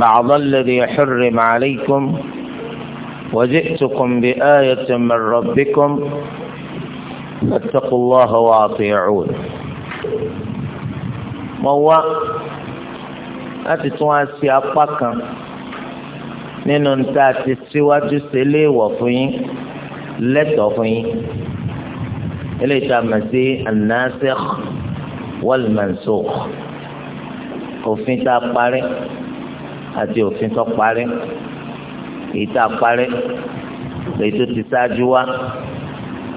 بعض الذي حرم عليكم وجئتكم بآية من ربكم فاتقوا الله واطيعون موا أتي تواسي من ننون تاتي سوا جسلي وفين لتوفين إلي تامسي الناسخ والمنسوخ وفين تاباري àti òfin tó parẹ́ èyí tá a parẹ́ èyí tó ti ṣáájú wá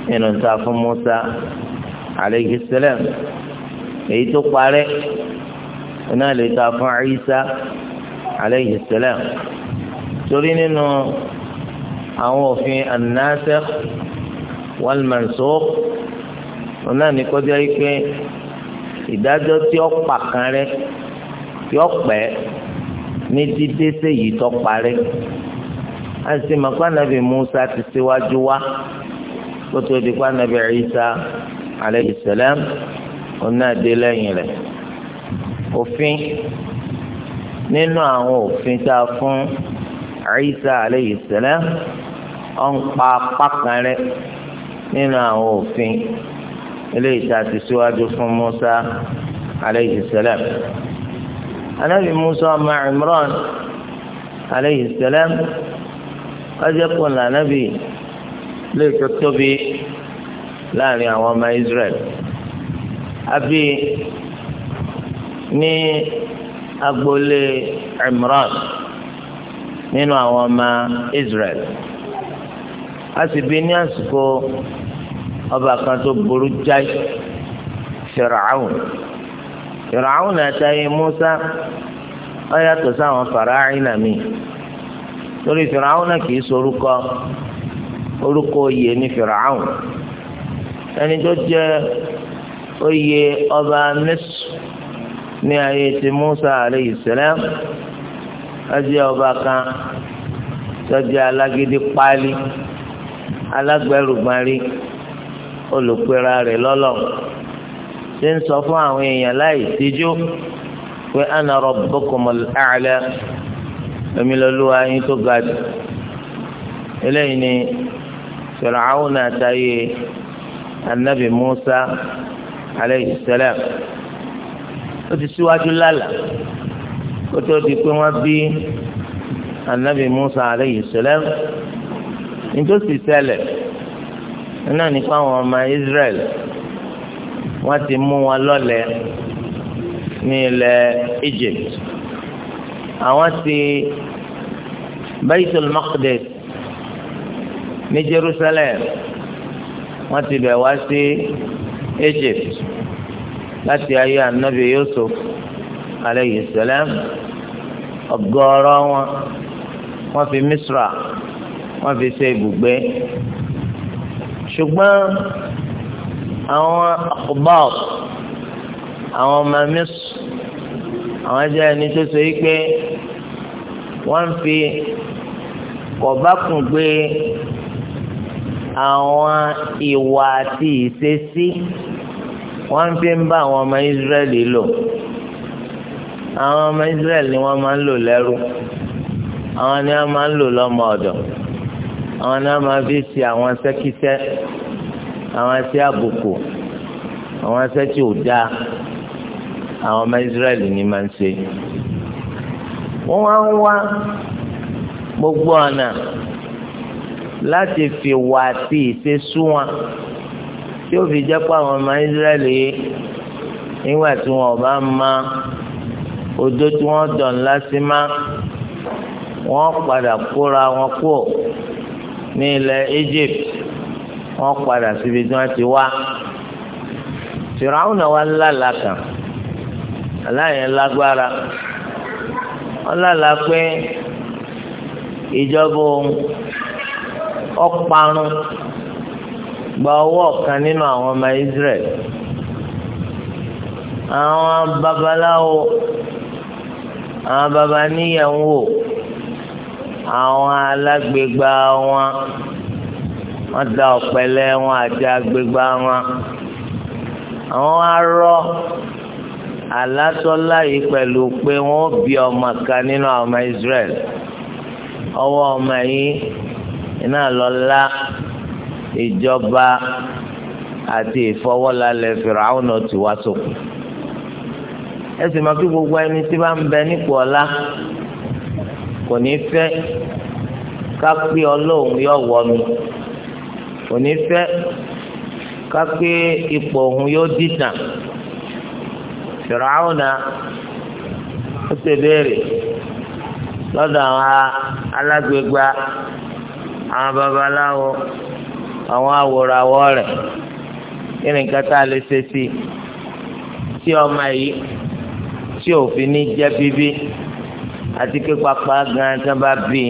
nínú ta fún Musa aleyhi salam èyí tó parẹ́ náà lè ta fún Isa aleyhi salam torí nínú àwọn òfin an-nasikh wal ní kọjá yìí pé ìdájọ́ tí ó pa kan rẹ̀ tí ó pẹ́ ní dídé séyìí tó parí àti màkà nàbì Musa ti síwájú wá kótó dikwa nàbì Isa alayhi salam ọ̀nà àdé lẹ́yìn rẹ̀ òfin nínú àwọn òfin tá a fún Isa alayhi salam ọ̀ ń pa apá kan nínú àwọn òfin eléyìí tá a ti síwájú fún Musa alayhi anabi musa ọmọ imran aleyhi salam ọjọ́ kan lànàbì lè tó tóbi láàrin àwọn ọmọ israel àbí ní agboolé imran nínú àwọn ọmọ israel a sì bí ní àsìkò ọba kan tó burú jáì fìràwùn. Fìràwọn àtàyè Musa ó yàtọ̀ sáwọn fàráàìnà mi torí Fìràwọn náà kì í sorúkọ orúkọ oyè ní Fìràwọn tó jẹ oyè ọba Misr ní ayé ti Musa aleyhi sẹlẹm ẹjẹ ọba kan tó jẹ́ alágídí rẹ̀ lọ́lọ́. ṣe ń sọ fún àwọn èèyàn láì tijú pé ana rabbukumul a'la èmi lọ́lúwa yín tó ga jù eléyìí ni Fir'auna àtàyè anabi Musa alayhi salam ó ti síwájú lálà kó tó di pé wọ́n bí anabi Musa alayhi salam nítòsí ṣẹlẹ̀ náà nípa àwọn ọmọ Israẹli wọ́n ti mú wọn lọ́lẹ ní ilẹ̀ Egypt àwọn ti Baitul Maqdis ní Jerusalem wọ́n ti bẹ̀ wá sí Egypt láti ayé anabi Yusuf aleyhi salam ọ̀gọ̀rọ̀ wọn wọ́n fi Misra wọ́n fi ṣe ibùgbé ṣùgbọ́n àwọn akọbáw àwọn mamis, mẹsù àwọn jẹ ẹni tó so yìí pé wọn fi kọbákùn gbé àwọn ìwà àti ìṣesí wọn fi ń bá àwọn ọmọ Israẹli lò àwọn ọmọ Israẹli ni wọn máa ń lò lẹ́rú àwọn ni wọn máa ń lò lọ́mọ ọ̀dọ̀ àwọn ni wọn máa fi ṣe àwọn ṣẹ́kíṣẹ́ àwọn ẹsẹ̀ àbùkù àwọn ẹsẹ̀ tí ò dáa àwọn ọmọ Israẹli ni máa ń ṣe wọ́n wá ń wá gbogbo ọ̀nà láti fi wà àti ìṣe súnwọ̀n tí ó fi jẹ́ pé àwọn ọmọ Israẹli nígbà tí wọn ò bá ma odó tí wọ́n dàn lásì má wọ́n padà kóra wọn kú ní ilẹ̀ Egypt wọ́n padà síbi tí wọ́n ti wá fìràwọn wa lálà kan aláyẹn lágbára wọ́n lálà pé ìjọba òun ọparun gba ọwọ́ kan nínú àwọn ọmọ Israel àwọn babaláwo àwọn baba níyàwó àwọn alágbègbà wọn. wọ́n da ọ̀pẹ̀lẹ̀ wọn àti agbègbè wọn àwọn arọ alásọ́lá yìí pẹ̀lú pé wọ́n bí ọmọ kan nínú ọmọ Israel ọwọ́ ọmọ yìí iná lọlá ìjọba àti ìfọwọ́lálẹ̀ Fìràwọn náà ti wá gbogbo ẹni tí bá ń bẹ nípò ọlá kò ní fẹ́ ká pé ọlọ́run yọ̀ òní fẹ́ kápé ipò òun yóò dìtàn fìràwùnà ó ṣe béèrè lọ́dọ̀ àwọn alágbègbà àwọn babaláwo àwọn awòràwọ̀ rẹ̀ kí ni kátà lè ṣe sí tí ọmọ yìí tí òfin ní jẹ́ bíbí àti pé pápá gan-an tí bá bí i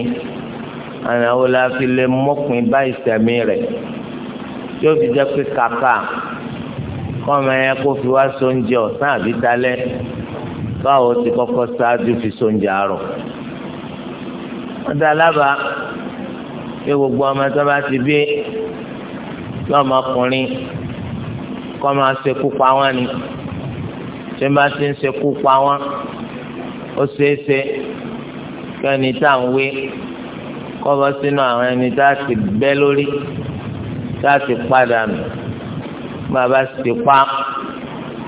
ọ̀nà wo la fi lè mọ́pin bá ìsẹ̀mí rẹ̀ yóò fi jẹ́ pé kàkà kọ́mọ yẹn kó fi wá sóúnjẹ ọ̀sán àbí dalẹ́ báwo ti kọ́kọ́ ṣáájú fi sóúnjẹ àárọ̀ wọ́n dá lábàá pé gbogbo ọmọ tó bá ti bí lọ́mọkùnrin kọ́ máa ṣekú pa wọ́n ni tí wọ́n bá ti ń ṣekú pa wọ́n ó ṣeé ṣe kẹ́ni tá à ń wé kọ́bọ́ sínú àwọn ẹni tá a ti bẹ́ lórí tá a ti padà nù bàbá ti pa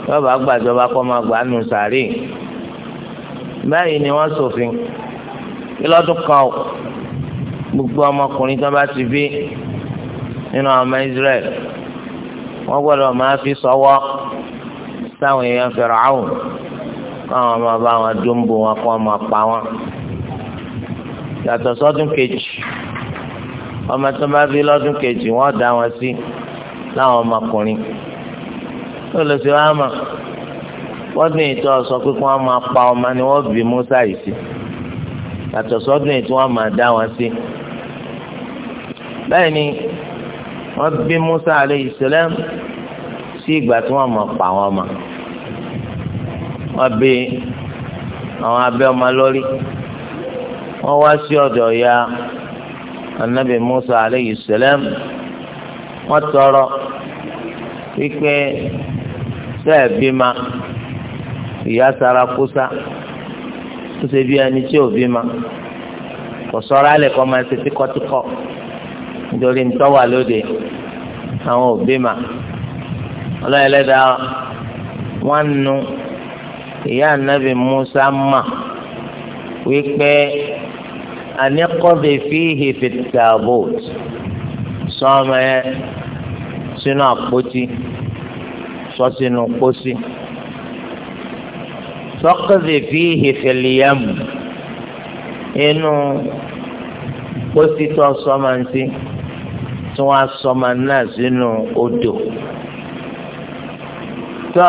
bàbá gbàjọba kọ́ máa gbà nù sàárè báyìí ni wọ́n ṣòfin kí lọ́dún kan o gbogbo ọmọkùnrin tó bá ti bí nínú ọmọ Israẹli wọ́n gbọ́dọ̀ máa fi sọ́wọ́ sáwọn èèyàn Fáráò káwọn máa bá wọn dúnbò wọn kó máa pa wọn yàtọ̀ sọ́dún kejì ọmọ tó bá bí lọ́dún kejì wọ́n dá wọn sí láwọn ọmọkùnrin tó lè ṣe wọ́dún ètò ọ̀sọ́ pé kí máa pa ọmọ ni wọ́n bí Musa yìí sí yàtọ̀ sọ́dún ètò wọ́n máa dá wọn sí bẹ́ẹ̀ ni wọ́n bí Musa alayhi salam sí ìgbà tí wọ́n máa pa wọn mà wọ́n bí àwọn abẹ́ ọmọ lórí wọ́n wá sí ọ̀dọ̀ ya anabi musa aleyhi salam wọ́n tọrọ wípé sẹ́ẹ̀ bímá ìyá sarakusa tó ṣe bí ẹni tí ò bímá kò sọ́ra alẹ́ kọ́ máa ṣe tíkọ́tíkọ́ nítorí ntọ́wà lóde àwọn ò bímá ọlọ́yẹlẹ́dàá wọ́n nu ìyá anabi musa mà wípé anikọbi fihi fitabot sọọma yẹ sínú àpótí sọsínú kposi sọkọbi fihi filiyam inú kposi tó sọọma ntí tí wọn sọọma náà sínú odò tó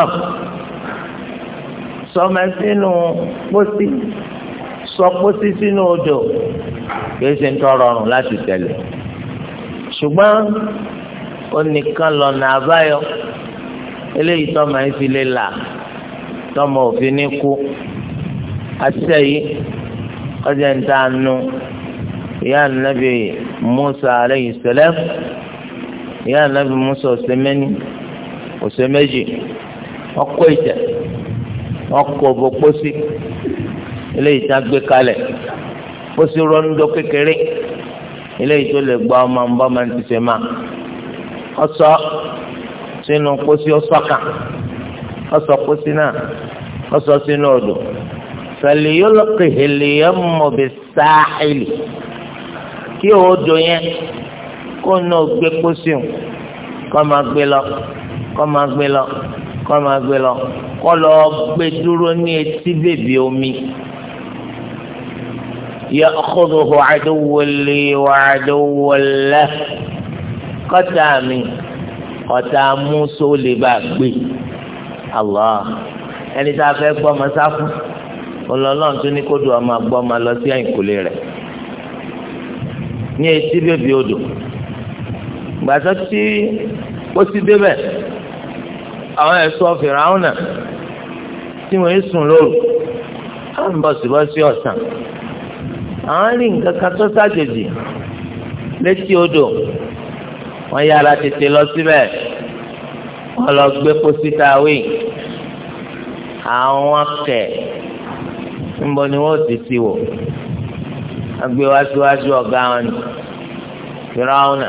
sọọma sínú kposi. sọ sínú odò kìí ṣe ń tọrọ ọrùn láti ṣùgbọ́n onìkan lọ́nà àbáyọ eléyìí tọ́mọ yìí lè là òfin ní kú àṣẹ yìí ọjà ń tà nù ìyá ànábì Musa alayhi ìyá ànábì Musa ọkọ̀ eléyìí tá a gbé kalẹ̀ bó sì ronú dó kékeré eléyìí tó lè gba ọmọ nbọ máa ń tìṣe máa ọsọ sínú kósí ọsọkà ọsọ kósí náà ọsọ sínú odò fẹlẹyọlọkẹhẹlẹyọmọ bẹ sáàhìlì kí odò yẹn kó náà gbé kósí o kó máa gbé lọ kó máa gbé lọ kó máa gbé lọ kó lọ gbé dúró ní etí bèbí omi. يأخذه عدو لي وعدو له mi ọ̀tá mùsùn lè bá gbé ẹni tá a fẹ́ gbọ́ ọmọ sáfù ọlọ́lọ́run tún ní kó do ọmọ gbọ́ ọmọ lọ sí àyìnkùlé rẹ̀ ní etí bèbí odò gbàtọ́ tí ó sì débẹ̀ àwọn ẹ̀ṣọ́ fìràwọ̀nà tí wọ́n ń sùn àwọn rí nǹkan kan tó ṣàjèjì létí odò wọ́n yára tètè lọ síbẹ̀ wọ́n lọ gbé pósítà wíì àwọn kẹ̀ níbo ni wọ́n ti ti wò agbéwájúwájú ọ̀gá wọn ni fìràwọnà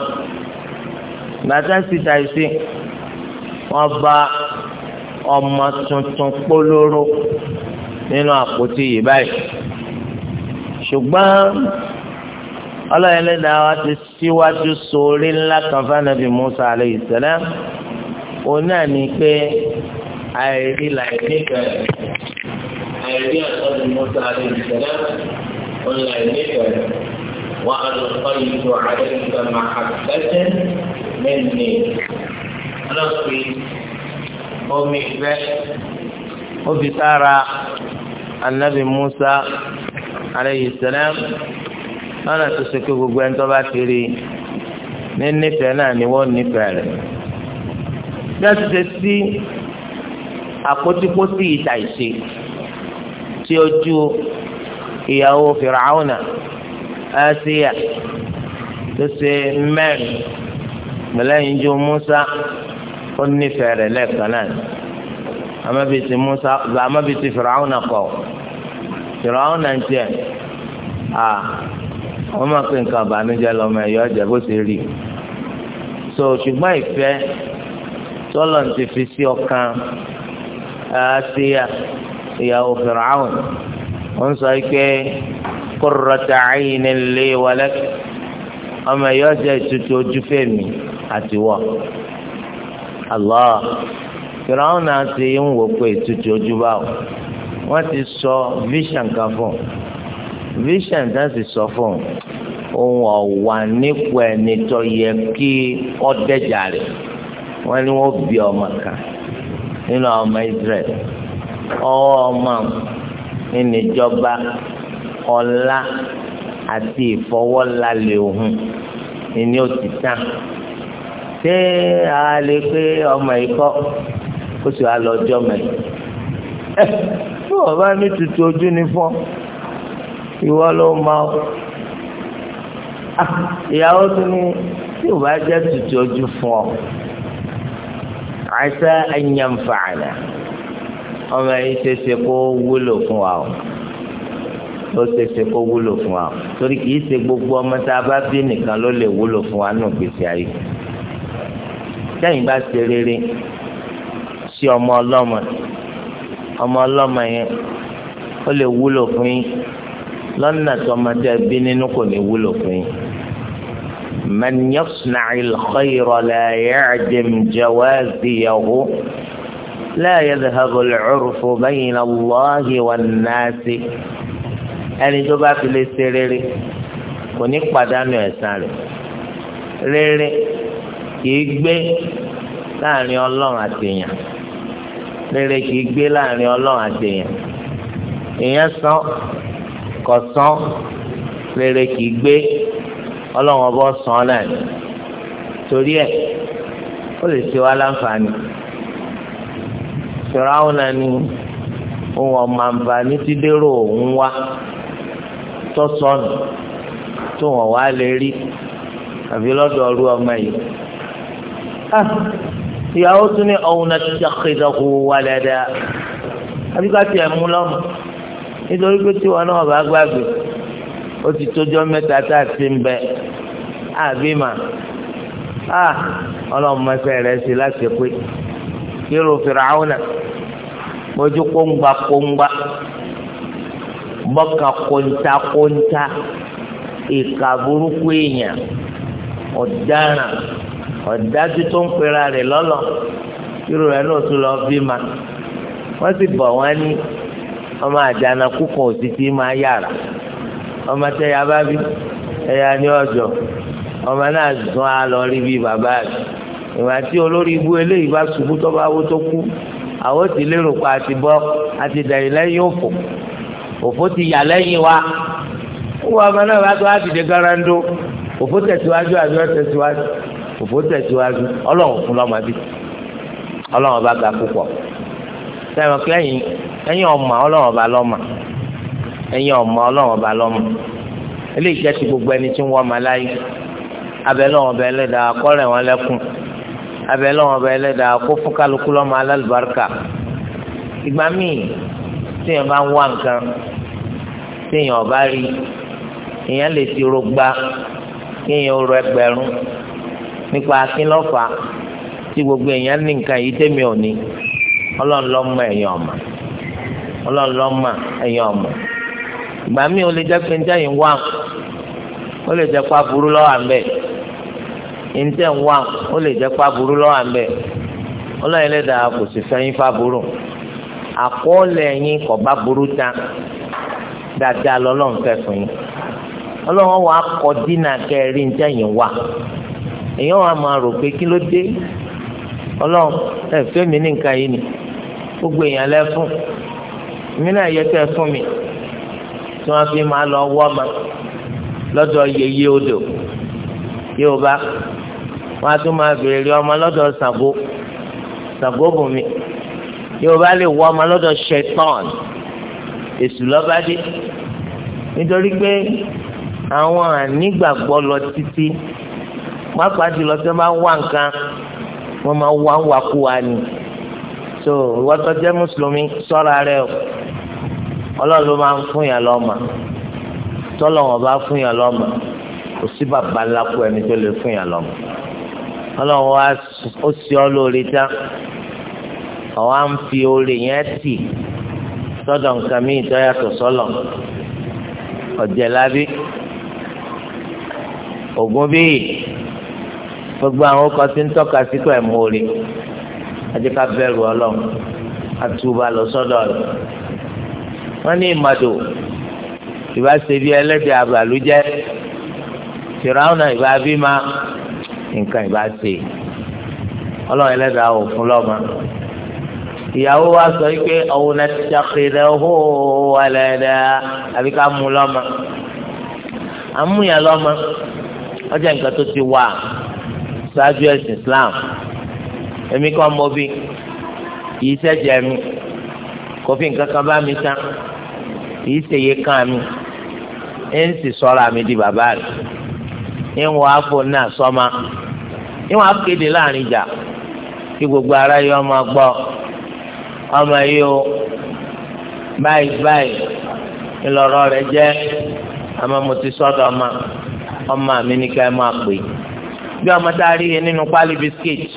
gbàtà síta ìsí wọ́n bá ọmọ tuntun polówó nínú àpótí yìí báyìí ṣùgbọ́n ọlọ́run ẹlẹ́dàá wa ti síwájú sórí ńlá kan fánàbí Musa alayhi salam òun náà ní pé àìrí làìní kan àìrí àtọ́jú Musa alayhi salam òun làìní kan wà á lọ sọ ìlú àdéhùn máa àgbẹ̀sẹ̀ mẹ́ni ọlọ́sìn omi ìfẹ́ ó fi sára anabi Musa alayhi salam lọ́nà tó ṣe pé gbogbo ẹni tó bá ti rí ní nífẹ̀ẹ́ náà ni wọ́n nífẹ̀ẹ́ rẹ̀ bí a ti ṣe sí àpótípótí ìta ìṣe tí ojú ìyàwó fìràwọnà àṣìyà tó ṣe mẹ́rin gbẹlẹyìn ju Musa ó nífẹ̀ẹ́ rẹ̀ lẹ́ẹ̀kan náà àmọ́ bí ti Musa àmọ́ bí ti fìràwọnà kọ. fìràwọn náà ń à wọ́n máa pe nǹkan àbànújẹ́ lọ́mọ bó ṣe so ṣùgbọ́n ìfẹ́ tọ́lọ̀ ti fi sí ọkàn Asiya ìyàwó fìràwọn wọ́n sọ pé qurrata aynin li wa lak ọmọ ẹ̀yọ́ ọ̀jẹ̀ ìtutù ojú fèmí àtiwọ́ Allah fìràwọn náà ti ń wò pé ojú báwò. wọ́n ti sọ vision kan fún vision tá sì sọ fún ohun ọ̀wà nípò ẹni tó yẹ kí ọ̀dẹ́jà rẹ̀ wọ́n ní wọ́n bí ọmọ kan nínú ọmọ Israẹli ọwọ́ ọmọ ìníjọba ọlá àti ìfọwọ́lálẹ̀ òhun ìní òtí tán ṣé a lè pé ọmọ ikọ́ ó sì wá lọ ọjọ́ mẹ́rin. ọba ní tutù ojú ni fọ́ ìwọ ló máa ah, ìyàwó tún ní tí ò bá jẹ́ tutù ojú fún ọ àṣà ẹ̀yànfàànà ọmọ yìí ṣeéṣe kó wúlò fún wa o ó ṣeéṣe kó wúlò fún wa torí kìí ṣe gbogbo ọmọ tá a bá bí nìkan ló lè wúlò fún wa nù gbèsè ayé sẹ́yìn bá ṣe rere sí ọmọ ọlọ́mọ ọmọ ọlọ́mọ yẹn ó lè wúlò fún yín lọ́nà tó ọmọdé bí nínú kò ní wúlò fún yín. من يصنع الخير لا يعدم جوازيه لا يذهب العرف بين الله والناس ẹni tó bá fi lè ṣe rere kò ní pàdánù ẹ̀san rẹ̀ rere kì í gbé láàrin ọlọ́run àti èèyàn rere kìí gbé láàrin ọlọ́run àti èèyàn èèyàn san kò san rere kìí gbé ọlọ́run ọbọ̀ san náà ni torí ẹ̀ ó lè ṣe wá láǹfààní fìràwọn náà ni òun ọmọ àǹfààní ti dérò òun wá tó sọnù tó wọn wá lè rí àfi lọ́dọ̀ ọmọ yìí. Ah! ìyàwó tún ní ọ̀hún náà ti ṣàkíyèsí wà dáadáa àbí ká tiẹ̀ mú lọ́mù nítorí pé tiwọn náà bá gbàgbé ó ti tójọ́ mẹ́ta tá a ti ń bẹ àbí mà á ọlọ́run mọ́sẹ̀ rẹ̀ sí láti pé kírò fìràwọ́nà ojú kóńgbà kóńgbà bọ́kà kóńtà kóńtà ìkà burúkú èèyàn ọ̀daràn ọ̀dájú tó ń pera rẹ̀ lọ́lọ́ irú rẹ̀ náà tún lọ bí ma wọ́n sì bọ̀ wọ́n ní ọmọ àjànà kúkan òtítí máa yàrá ọmọ tẹ́yà bá bí ẹ̀yà ní ọjọ́ ọmọ náà zùn á lọ rí bí bàbá rẹ̀ ìwà tí olórí ibú eléyìí bá ṣubú tó bá wó tó kú àwọn ò sì lérò pa àti bọ́ àti dẹ̀yìn lẹ́yìn òfò òfò ti yà lẹ́yìn wa wọ́n ọmọ náà bá tó á dìde garando òfò tẹ̀síwájú àbí ọ̀tẹ̀síwájú òfò tẹ̀síwájú ọlọ́run fún lọ́mọ bí ọlọ́run bá ga púpọ̀ sẹ́wọ̀n pé ẹ̀yin ẹ̀yin ọmọ ọlọ́run bá lọ́mọ ẹ̀yin ọmọ ọlọ́run bá lọ́mọ eléyìí jẹ́ ti gbogbo ẹni tí ń wọ́n ọmọ láyé abẹ́lọ́wọ́n bẹ ẹlẹ́dàá kọ́rẹ̀ wọn lẹ́kùn abẹ́lọ́wọ́n bẹ ẹlẹ́dàá kó fún kálukú lọ́mọ alálùbáríkà ìgbà míì téèyàn bá ń wá nǹkan téèyàn ò bá rí èèyàn lè ti rogba kéèyàn ó rọ ẹgbẹ̀rún nípa akínlọ́fà tí gbogbo èèyàn ní nǹkan yìí tẹ́mi ò ní ọlọ́run ló mọ̀ ẹ̀yin ọ̀mọ̀ ọlọ́run ìgbà míì ó lè jẹ́ pé njẹ́ yìí ń wá ó lè jẹ́ pa burú lọ́wọ́ àmbẹ̀ njẹ́ ń ó lè jẹ́ pa burú lọ́wọ́ àmbẹ̀ kò sì fẹ́ yín fa burú àkọọ́lẹ̀ yín wá. èèyàn wa máa rò pé kí ló dé ọlọ́run ẹ fẹ́ mi ní nǹkan yìí ni gbogbo èèyàn lẹ fún mi náà yẹ kẹ́ fún mi tí wọ́n fi máa lọ wọ́ ma lọ́dọ̀ yeye odò yorùbá wọ́n á tún máa béèrè ọmọ lọ́dọ̀ Ṣàngó Ṣàngó bùnmi yorùbá lè wọ́ ọmọ lọ́dọ̀ ṣẹtọ́n èṣù lọ́bádé nítorí pé àwọn ànígbàgbọ́ lọ títí pàápàá jùlọ tí wọ́n bá ń wá nǹkan wọ́n máa wá ń wá kú wa ni so ìwọ́tọ̀ jẹ́ mùsùlùmí sọ́ra rẹ o ọlọ́run ló máa ń fún yàn lọ́mọ tọ́lọ̀ wọn bá fún yàn lọ́mọ kò sí bàbá ńlá kú ẹni tó lè fún yàn lọ́mọ ọlọ́run wa ó sì ọ́ lórí tán àwọn ń fi oore yẹn tì sọ́dọ̀ nǹkan míì tó sọ́lọ̀ ọ̀jẹ̀ lábí ògùn bíi gbogbo àwọn kan ti ń tọ́ka sí pẹ̀ mórí àti ká bẹ̀rù ọlọ́run àtúbà lọ sọ́dọ̀ rẹ̀ wọ́n ní ìmàdò ìbá ṣe bí ẹlẹ́dẹ̀ àbàlújẹ́ tìrọ̀nà ìbá bí ma nǹkan ìbá ṣe ọlọ́run ẹlẹ́dẹ̀ àwọn òfin lọ́mọ ìyàwó wa sọ pé ọ̀hún náà ti ṣàkìlẹ̀ ọ̀hún ẹlẹ́dẹ̀ àbí ká mú lọ́mọ àmúyàn lọ́mọ ọjà nǹkan tó ti wà ṣáájú ẹ̀sìn Islam èmi kọ́ mọ bí kì í ṣẹ̀jẹ̀ mi kò fi nǹkan kan bá mi tán kì ṣèyí kan mi ń sì sọ́ra mi di bàbá rẹ̀ ń wọ àpò náà sọ́ma ń wọ akéde láàrin ìjà kí gbogbo ara yọ ọmọ gbọ́ ọmọ yìí o báyìí báyìí ńlọrọ rẹ̀ jẹ́ àmọ́ mo ti sọ́dọ̀ ọmọ ọmọ mi ní ká ẹ máa pè é. bí ọmọ tá a rí yẹn nínú pálí bisikíìtì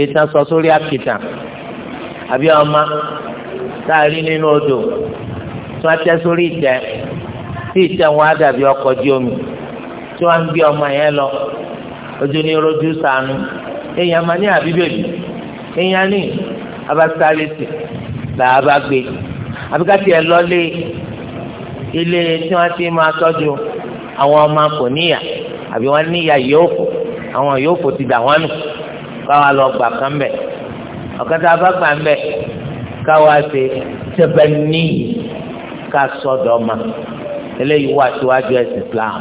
ìtàn sọ sórí àkìtàn àbí ọmọ tá a rí nínú odò tí wọ́n tẹ́ sórí di omi tí wọ́n ń gbé ọmọ yẹn lọ ojú ni rojú sànú èèyàn máa ní àbí bèbí èèyàn ní abasálẹsì làá bá gbé àbíkátì ẹ lọlé ilé tí ti máa tọ́jú àwọn ọmọ kò àbí wọ́n ní ìyá yòófò àwọn yòófò ti dà wọ́n nù káwa lọ gbà kán bẹ̀ ọ̀kẹ́tà bá gbà ń bẹ̀ káwa ṣe tẹ́bẹ̀ níyì ká sọ̀dọ̀ ma eléyìí wà síwájú ẹ̀sìn Islam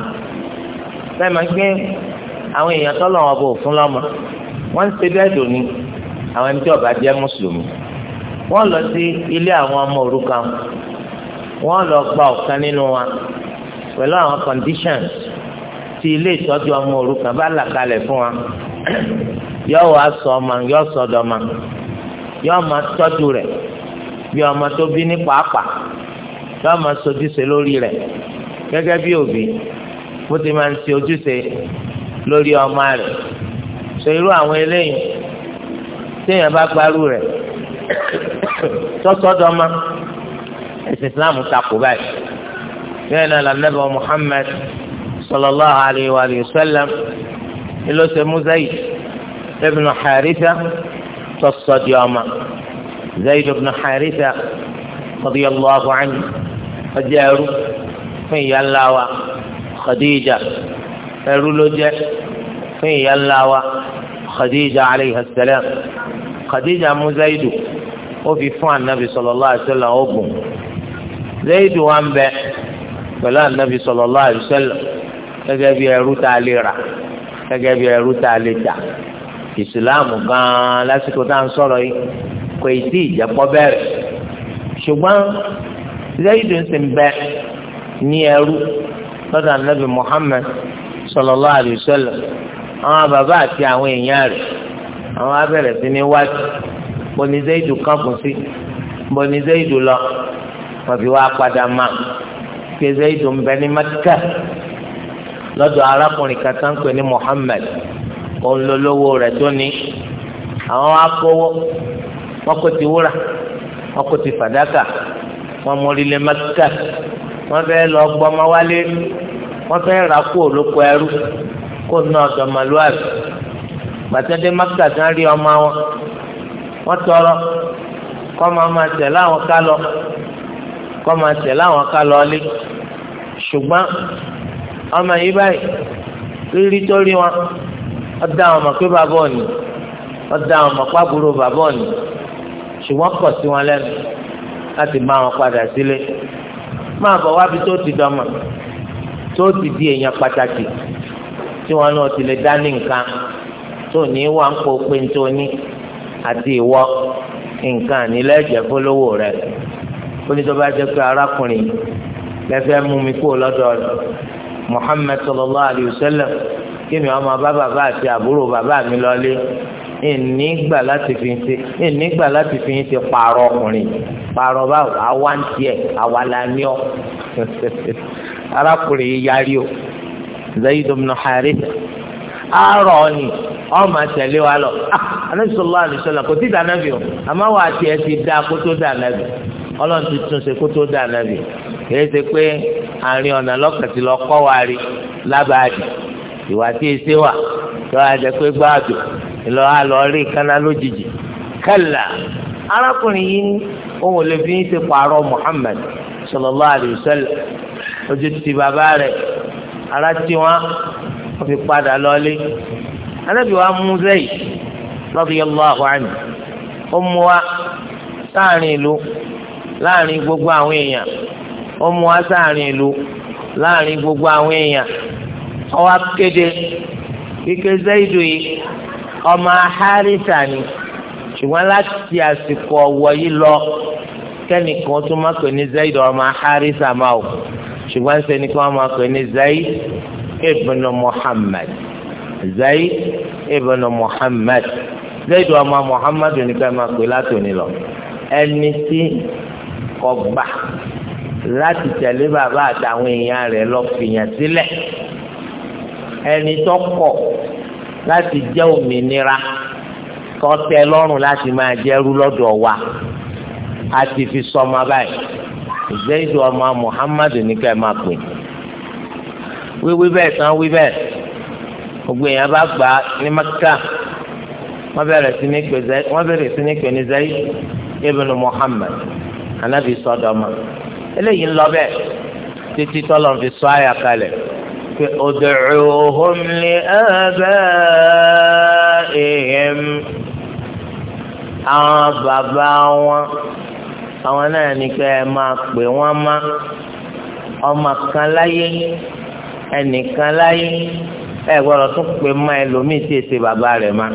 bẹ́ẹ̀ máa gbé àwọn èèyàn tọ́lọ̀ wọn bò fún lọ́mọ wọ́n ń ṣe bẹ́ẹ̀ dòní àwọn ẹni tí ọba jẹ́ mùsùlùmí wọ́n lọ sí ilé àwọn ọmọ òrukàn wọ́n lọ gba ọ̀kan nínú wa pẹ̀lú àwọn conditions tí ilé ìtọ́jú ọmọ òrukàn bá là kalẹ̀ fún wa yóò wá sọ ọmọ yóò sọdọ̀ ọmọ yóò máa tọ́jú rẹ̀ bí ọmọ tó bí ní pàápàá yóò máa sojúṣe lórí rẹ̀ gẹ́gẹ́ bí òbí bó ti máa ń ṣe ojúṣe lórí ọmọ rẹ̀ sọ irú àwọn eléyìí téèyàn bá gbarú rẹ̀ tọ́sọ́dọ̀ ọmọ ẹ̀sìn Islam takò báyìí bẹ́ẹ̀ náà lànà bá sallallahu alayhi wa sallam ló ṣe mú Zayd ibn Haritha tọ́sọ̀ di ọmọ Zayd ibn Haritha radiyallahu anhu ọjọ́ ẹrú fún ìyá ńlá wa Khadija ẹrú ló jẹ́ fún ìyá ńlá wa Khadija alayhi salam Khadija mú Zaidu ó fi fún anabi sallallahu alayhi wasallam ogun Zaidu wa ń bẹ pẹ̀lú anabi sallallahu alayhi wasallam gẹ́gẹ́ bí ẹrú tá a lè rà gẹ́gẹ́ bí ẹrú tá a lè tà ìsìláàmù gan-an lásìkò tá à ń sọ̀rọ̀ yìí kò ì tí ìjẹ́pọ̀ bẹ̀rẹ̀ ṣùgbọ́n zayidu ń sìn bẹ ní ẹrú lọ́dọ̀ anabi muhammed sallallahu alaihi wasallam àwọn bàbá àti àwọn èèyàn rẹ̀ àwọn abẹ̀rẹ̀ sí ní wájú bọ́ni zayidu kankun sí bọ́ni zayidu lọ wọ́n fi wá padà máa ké zayidu ń bẹ ní mẹ́kà lọ́dọ̀ arákùnrin kan tá ní Muhammad òun ló lówó rẹ̀ tó ní àwọn akówó wọn kò ti wúrà wọn kò ti fàdákà wọn mórílẹ̀ Mẹ́kà wọn fẹ́ lọ gbọ́mọ wálé wọn fẹ́ rà kú olóko ẹrú kó ná ọ̀dọ́mọlúwàbí gbàtẹ́dẹ́ Mẹ́kà tán rí ọmọ wọn wọn tọrọ kọ́ máa máa tẹ̀lé àwọn ká lọ kọ́ máa tẹ̀lé àwọn ká lọ lé ṣùgbọ́n ọmọ yìí báyìí rírí tó rí wọn ọdá àwọn ọmọ pé bàbá òní ọdá àwọn ọmọ pàbúrò bàbá òní ṣùgbọ́n kọ̀ sí wọn lẹ́nu láti bá wọn padà sílé máa bọ̀ wábi tó ti dọ́mọ̀ tó ti di èèyàn pàtàkì tí wọn náà ti lè dá ní nǹkan tó ní wà ń pò pé ń tó ní àti ìwọ nǹkan ànílẹ́jẹ̀ fọlọ́wọ́ rẹ̀ ó pé arákùnrin lẹ́fẹ́ mú mi kúrò lọ́dọ̀ rẹ̀ muhammed sallallahu alayhi wa sallam kémi ọmọ bá bàbá àti àbúrò bàbá mi lọlé ìnígbà láti fi ṣe ìnígbà láti fi ṣe pààrọ̀ ọkùnrin pààrọ̀ bá àwa ń tiẹ̀ àwa la ní ọ arákùnrin yìí yarí o Zayd ibn Haritha àárọ̀ ni ọmọ àtẹ̀lé wa lọ ah, Ànábì sallallahu alayhi wa kò tí dànàbì o àmọ́ wà á tiẹ̀ ti dá kótó dànàbì. ọlọ́run ti tún ṣe kó tó dà nàbì kìí ṣe pé àárín ọ̀nà lọ́kàtí lọ wa rí lábàádì ìwà tí e ṣe wà tó a jẹ pé gbáàdùn ìlọ àlọ́ rí kánná lójijì kálá arákùnrin yìí òun lè fi ń ṣe sallallahu alayhi ojú ti bàbá rẹ̀ ara tí wọn fi padà lọ́lé anábì wa mú zayi ó mú wa láàrin gbogbo àwọn èèyàn ó mú wá sáàrin ìlú láàrin gbogbo àwọn èèyàn ó wá kéde kíkẹ́ Zaidu yìí ọmọ Harisa ni ṣùgbọ́n láti àsìkò ọ̀wọ̀ yìí lọ kẹ́nìkan tún máa pè ní Zaidu ọmọ Harisa máa o ṣùgbọ́n ṣe ni kí wọ́n máa pè ní Zaid ibn Muhammad Zaid ibn Muhammad Zaidu ọmọ Muhammad nìkan máa pè látòní lọ ẹni tí kọ́ gbà láti tẹ̀lé bàbá àtàwọn èèyàn rẹ̀ lọ fìyàn sílẹ̀ ẹni tó kọ̀ láti jẹ́ òmìnira tọ́tẹ lọ́rùn láti máa jẹ́rú lọ́dọ̀ wa a ti fi sọmọ báyìí Zaidu ọmọ Muhammadu ní ká ẹ máa pè wíwí bẹ́ẹ̀ tán wí bẹ́ẹ̀ gbogbo èèyàn bá gbà á ní Mẹ́kà wọ́n bẹ̀rẹ̀ sí ní pè ní Zaidu ibn Muhammad anábì sọ́dọ̀ ma eléyìí ń lọ bẹ́ẹ̀ títí tọ́lọ̀ fi sọ àyà kalẹ̀ pé ud'uuhum li aabaa'ihim àwọn bàbá wọn àwọn náà ní kẹ́ ẹ máa pè wọ́n má ọmọ kan láyé ẹnìkan láyé ẹ gbọ́dọ̀ tún pè má ẹlòmíì tí èsè bàbá rẹ̀ má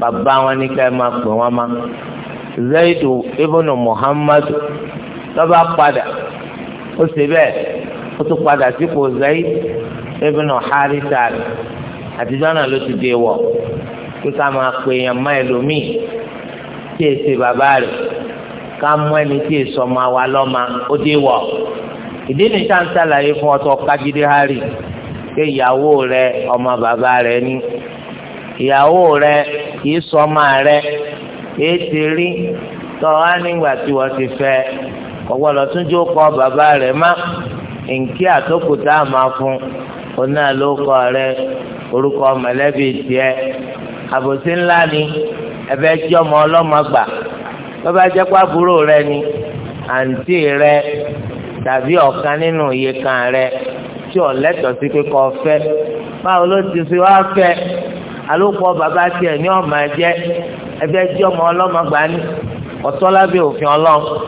bàbá wọn ní kẹ́ ẹ máa pè wọ́n má. zaidu ibnu muhammad lọ́ba padà ó sì bẹ́ẹ̀ ó tún padà sípò zaid ibnu harisa àtijọ́ náà ló ti dé wọ̀ pé ká máa pe èèyàn má ẹlòmíì tí èsì bàbá rẹ̀ ká mú ẹni tí èso ọmọ wa lọ́ma ó dé wọ̀ ìdí ni tá à ń ṣàlàyé fún ọtọ kájídé harry pé ìyàwó rẹ ọmọ bàbá rẹ ìyàwó rẹ kì í sọ ọmọ rẹ. ètè rí tọ́ á nígbà tí wọ́n ti fẹ́ ọ̀gbọ́dọ̀ tún jó kọ́ bàbá rẹ̀ má nkí àtòkùtà máa fún oná ló kọ́ rẹ orúkọ mọ̀lẹ́bí tiẹ̀ àbòsí ńlá ni ẹbẹ jẹ́ ọmọ ọlọ́mọ gbà bàbá àbúrò rẹ ni àǹtí rẹ tàbí ọ̀kan nínú iye kan rẹ tí letọ lẹ́tọ̀ọ́ sí pé kọ́ fẹ́ báwo ló ti fi wá fẹ́ ẹfẹ́ jẹ́ ọmọ ọlọ́mọ gbà ní ọ̀tọ́ lábẹ́ òfin ọlọ́run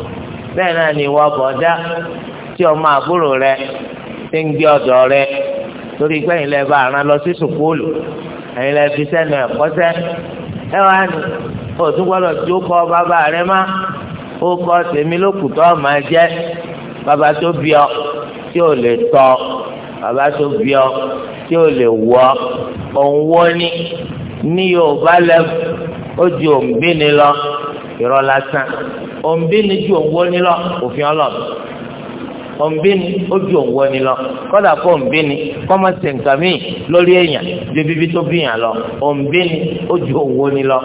bẹ́ẹ̀ náà ni ìwọ bọ̀dá tí ọmọ àbúrò rẹ ti ń gbé ọ̀dọ̀ rẹ torí pé ẹ̀yin lẹ bá àrán lọ sí sùkúlù ẹ̀yin lẹ fi sẹ́nu ẹ̀kọ́sẹ́ ẹ wá ní òtún gbọ́dọ̀ tí ó kọ́ bàbá rẹ má ó kọ́ tèmi lókùtọ́ máa jẹ́ bàbá tó bí ọ tí ò lè tọ́ bàbá tó bí ọ tí ò lè wọ́ òun wọ́ ní ní Yorùbá lẹ́fù ó ju òǹbíni lọ irọ́ lásán òǹbíni ju òǹwó ni lọ òfin ọlọ́ọ̀bì òǹbíni ó ju òǹwó ni lọ kọ́dà kó òǹbíni kọ́mọ̀sì nǹkan míì lórí èèyàn ju bíbí tó bíyàn lọ òǹbíni ó ju òǹwó ni lọ.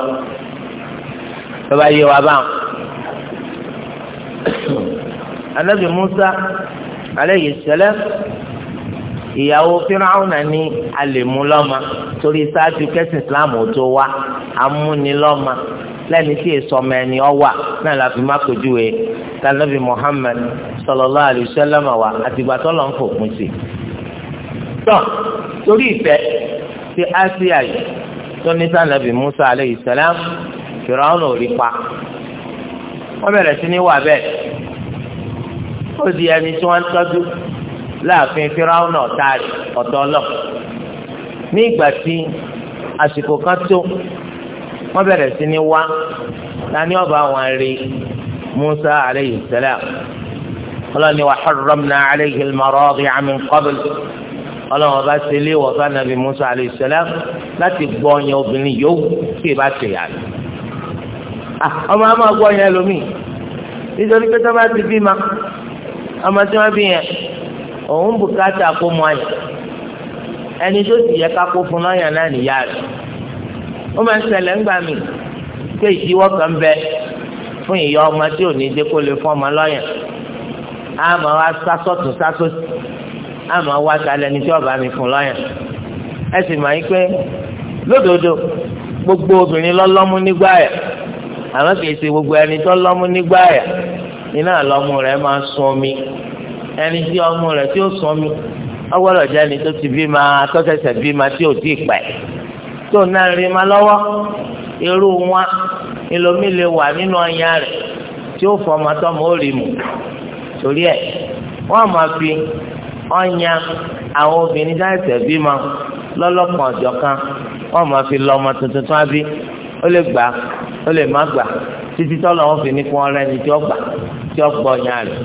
bàbá yìí wà bá anabi Musa aleyhi sẹlẹm ìyàwó fíráhùn ni alèmúlọ́mà torí sáájú kẹ́sìn islam ò tó wá amúnilọ́mà lẹ́ni tí èsọmọ ẹni ọwà náà la fi má tànàbí Muhammad sallallahu alaihi wa àtìgbà tó lọ́n fòpin sí. tọ́ torí ìfẹ́ ti Áṣíà tó ní Musa alaihi salam fíráhùn ò rí pa wọ́n bẹ̀rẹ̀ sí ní wà bẹ́ẹ̀ ó di ẹni tí wọ́n láàfin firawuna ọ̀tá rẹ̀ ọ̀tọ̀ lọ. ní ìgbà tí àsìkò kan tó wọ́n bẹ̀rẹ̀ sí ní wá tani ọba àwọn rí musa aleyhi salam ọlọ́ni wa harramna aleyhi al-maradi'a min qabl ọlọ́run ọba ṣe lé wọ́fà nàbì musa aleyhi salam láti gbọ́ ọyàn obìnrin yòówù tí ì bá ṣe yà ah, ọmọ àmọ́ gbọ́ ọyàn ẹlòmíì nítorí pé sábà ti bí ma ọmọ tí wọ́n bí yẹn. òun bùkátà kó mọ àyàn ẹni tó sì yẹ ká kó fún lọ́yàn náà nìyá rẹ̀ ó máa ń ṣẹlẹ̀ ńgbà mí pé ìdíwọ́ kan bẹ fún ìyá ọmọ tí ò ní dé kó lè fún ọmọ lọ́yàn á máa wá sásọ̀tún sásòsì á máa wá sálẹ̀ ní tí ọba gbogbo obìnrin lọ́lọ́mú nígbà yà àwọn gbogbo ẹni tó lọ́mú nígbà yà iná ẹni tí ọmọ rẹ̀ tí ó sọmi ọwọ́lọ̀ jẹ́ ẹni tó ti bí ma tọ́sẹ̀sẹ̀ bí ma tí ò tí ì pẹ́ tó náà rí ma lọ́wọ́ irú wọn ìlòmí lè wà nínú ọyàn rẹ̀ tí ó fọ ọmọ tọmọ ó rí mu torí ẹ̀ wọ́n máa fi ọyàn àwọn obìnrin dáìsẹ̀ bí ma lọ́lọ́kan ọ̀jọ̀ kan wọ́n máa fi lọ ọmọ tuntun tó á bí ó lè gbà ó lè má gbà títí tọ́lọ́ wọn fi ní kí wọ́n rẹ́ni tí ó gbà tí ó gbọ́ ọyàn rẹ̀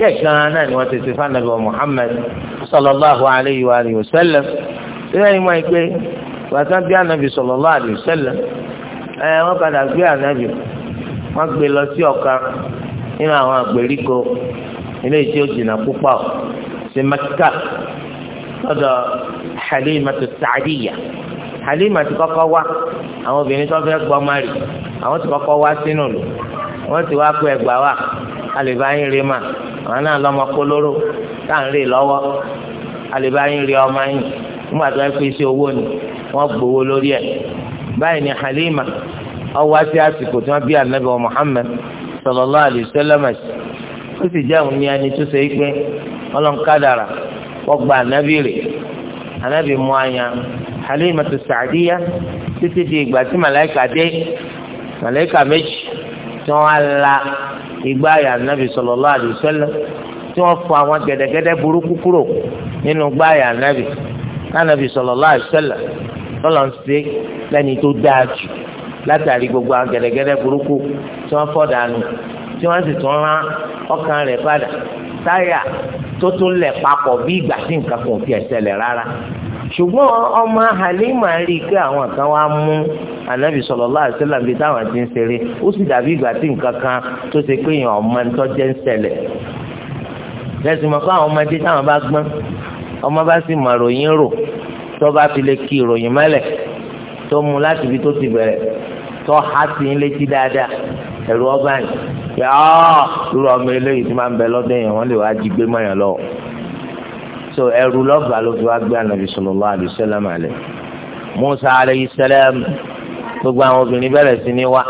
bẹ́ẹ̀ gan-an náà ni wọ́n ti ṣe fánàbí wa Muhammad sallallahu alayhi wa alihi wa sallam síbẹ̀ ni wọ́n gbé wàtá bí ànábì sallallahu alayhi wa sallam ẹ wọ́n padà gbé ànábì wọ́n gbé lọ sí ọ̀kan nínú àwọn àgbèríko ilé tí ó jìnnà púpọ̀ sí Mẹ́kà lọ́dọ̀ Halimatu Sa'diya Halima ti kọ́kọ́ wá àwọn obìnrin tó fẹ́ gbọ́ mari àwọn ti kọ́kọ́ wá sínú lò wọ́n ti wá pé ẹgbàá wà alèbáyín rí mà àwọn náà lọ́mọ kólóró tá à ń rí lọ́wọ́ alèbáyín rí ọmọ yín nígbà tó ẹ fi ṣe owó ni wọ́n gbowó lórí ẹ̀ báyìí ni Halima ọwọ́ sí àsìkò tí wọ́n bí anabi wa Muhammad sallallahu alayhi wa sallam ó sì jẹ́ òun ní ẹni tó ṣe é pé ọlọ́nkádàrà wọ́n gba anabi rè anabi mú anya Halima tó sàdíyà títí di ìgbà tí màláìka dé màláìka méjì tí wọ́n á la ìgbà àyà nàbì sallallahu alaihi wasallam tí wọ́n fọ àwọn gẹ̀dẹ̀gẹ̀dẹ̀ burúkú kúrò nínú ìgbà àyà nàbì nàbì sallallahu alaihi wasallam lọ́lọ́ ń ṣe lẹ́ni tó dáa jù látàrí gbogbo àwọn gẹ̀dẹ̀gẹ̀dẹ̀ burúkú tí wọ́n fọ́ dànù tí wọ́n sì tún rán ọkàn rẹ̀ padà táyà tó tún lẹ̀ papọ̀ bí ìgbà tí nǹkan kan ò fi ẹ̀ṣẹ̀lẹ̀ rárá ṣùgbọ́n ọmọ Halima rí i pé àwọn kan wá mú anabi sallallahu alaihi wasallam bíi táwọn ti ń ṣeré ó sì dàbí ìgbà tí nǹkan kan tó ṣe pé èèyàn ọmọ ní tọ́jẹ́ ń ṣẹlẹ̀ lẹ́sìn mọ́ pé àwọn ọmọdé táwọn bá gbọ́n ọmọ bá sì mọ ìròyìn rò tó bá fi lè ki ìròyìn mọ́lẹ̀ tó mu láti ibi tó ti bẹ̀rẹ̀ tó há sí ń létí dáadáa ẹ̀rù ọba ni yàá irú ọmọ eléyìí tí máa ń bẹ lọ́dọ̀ yẹn wọ́n lè wá jí gbé mọ́yàn lọ. so ẹ̀rù lọ́gbàá ló fi wá gbé ànàbì sallallahu alaihi wasallam Musa alaihi salam gbogbo àwọn obìnrin bẹ̀rẹ̀ sí ní wá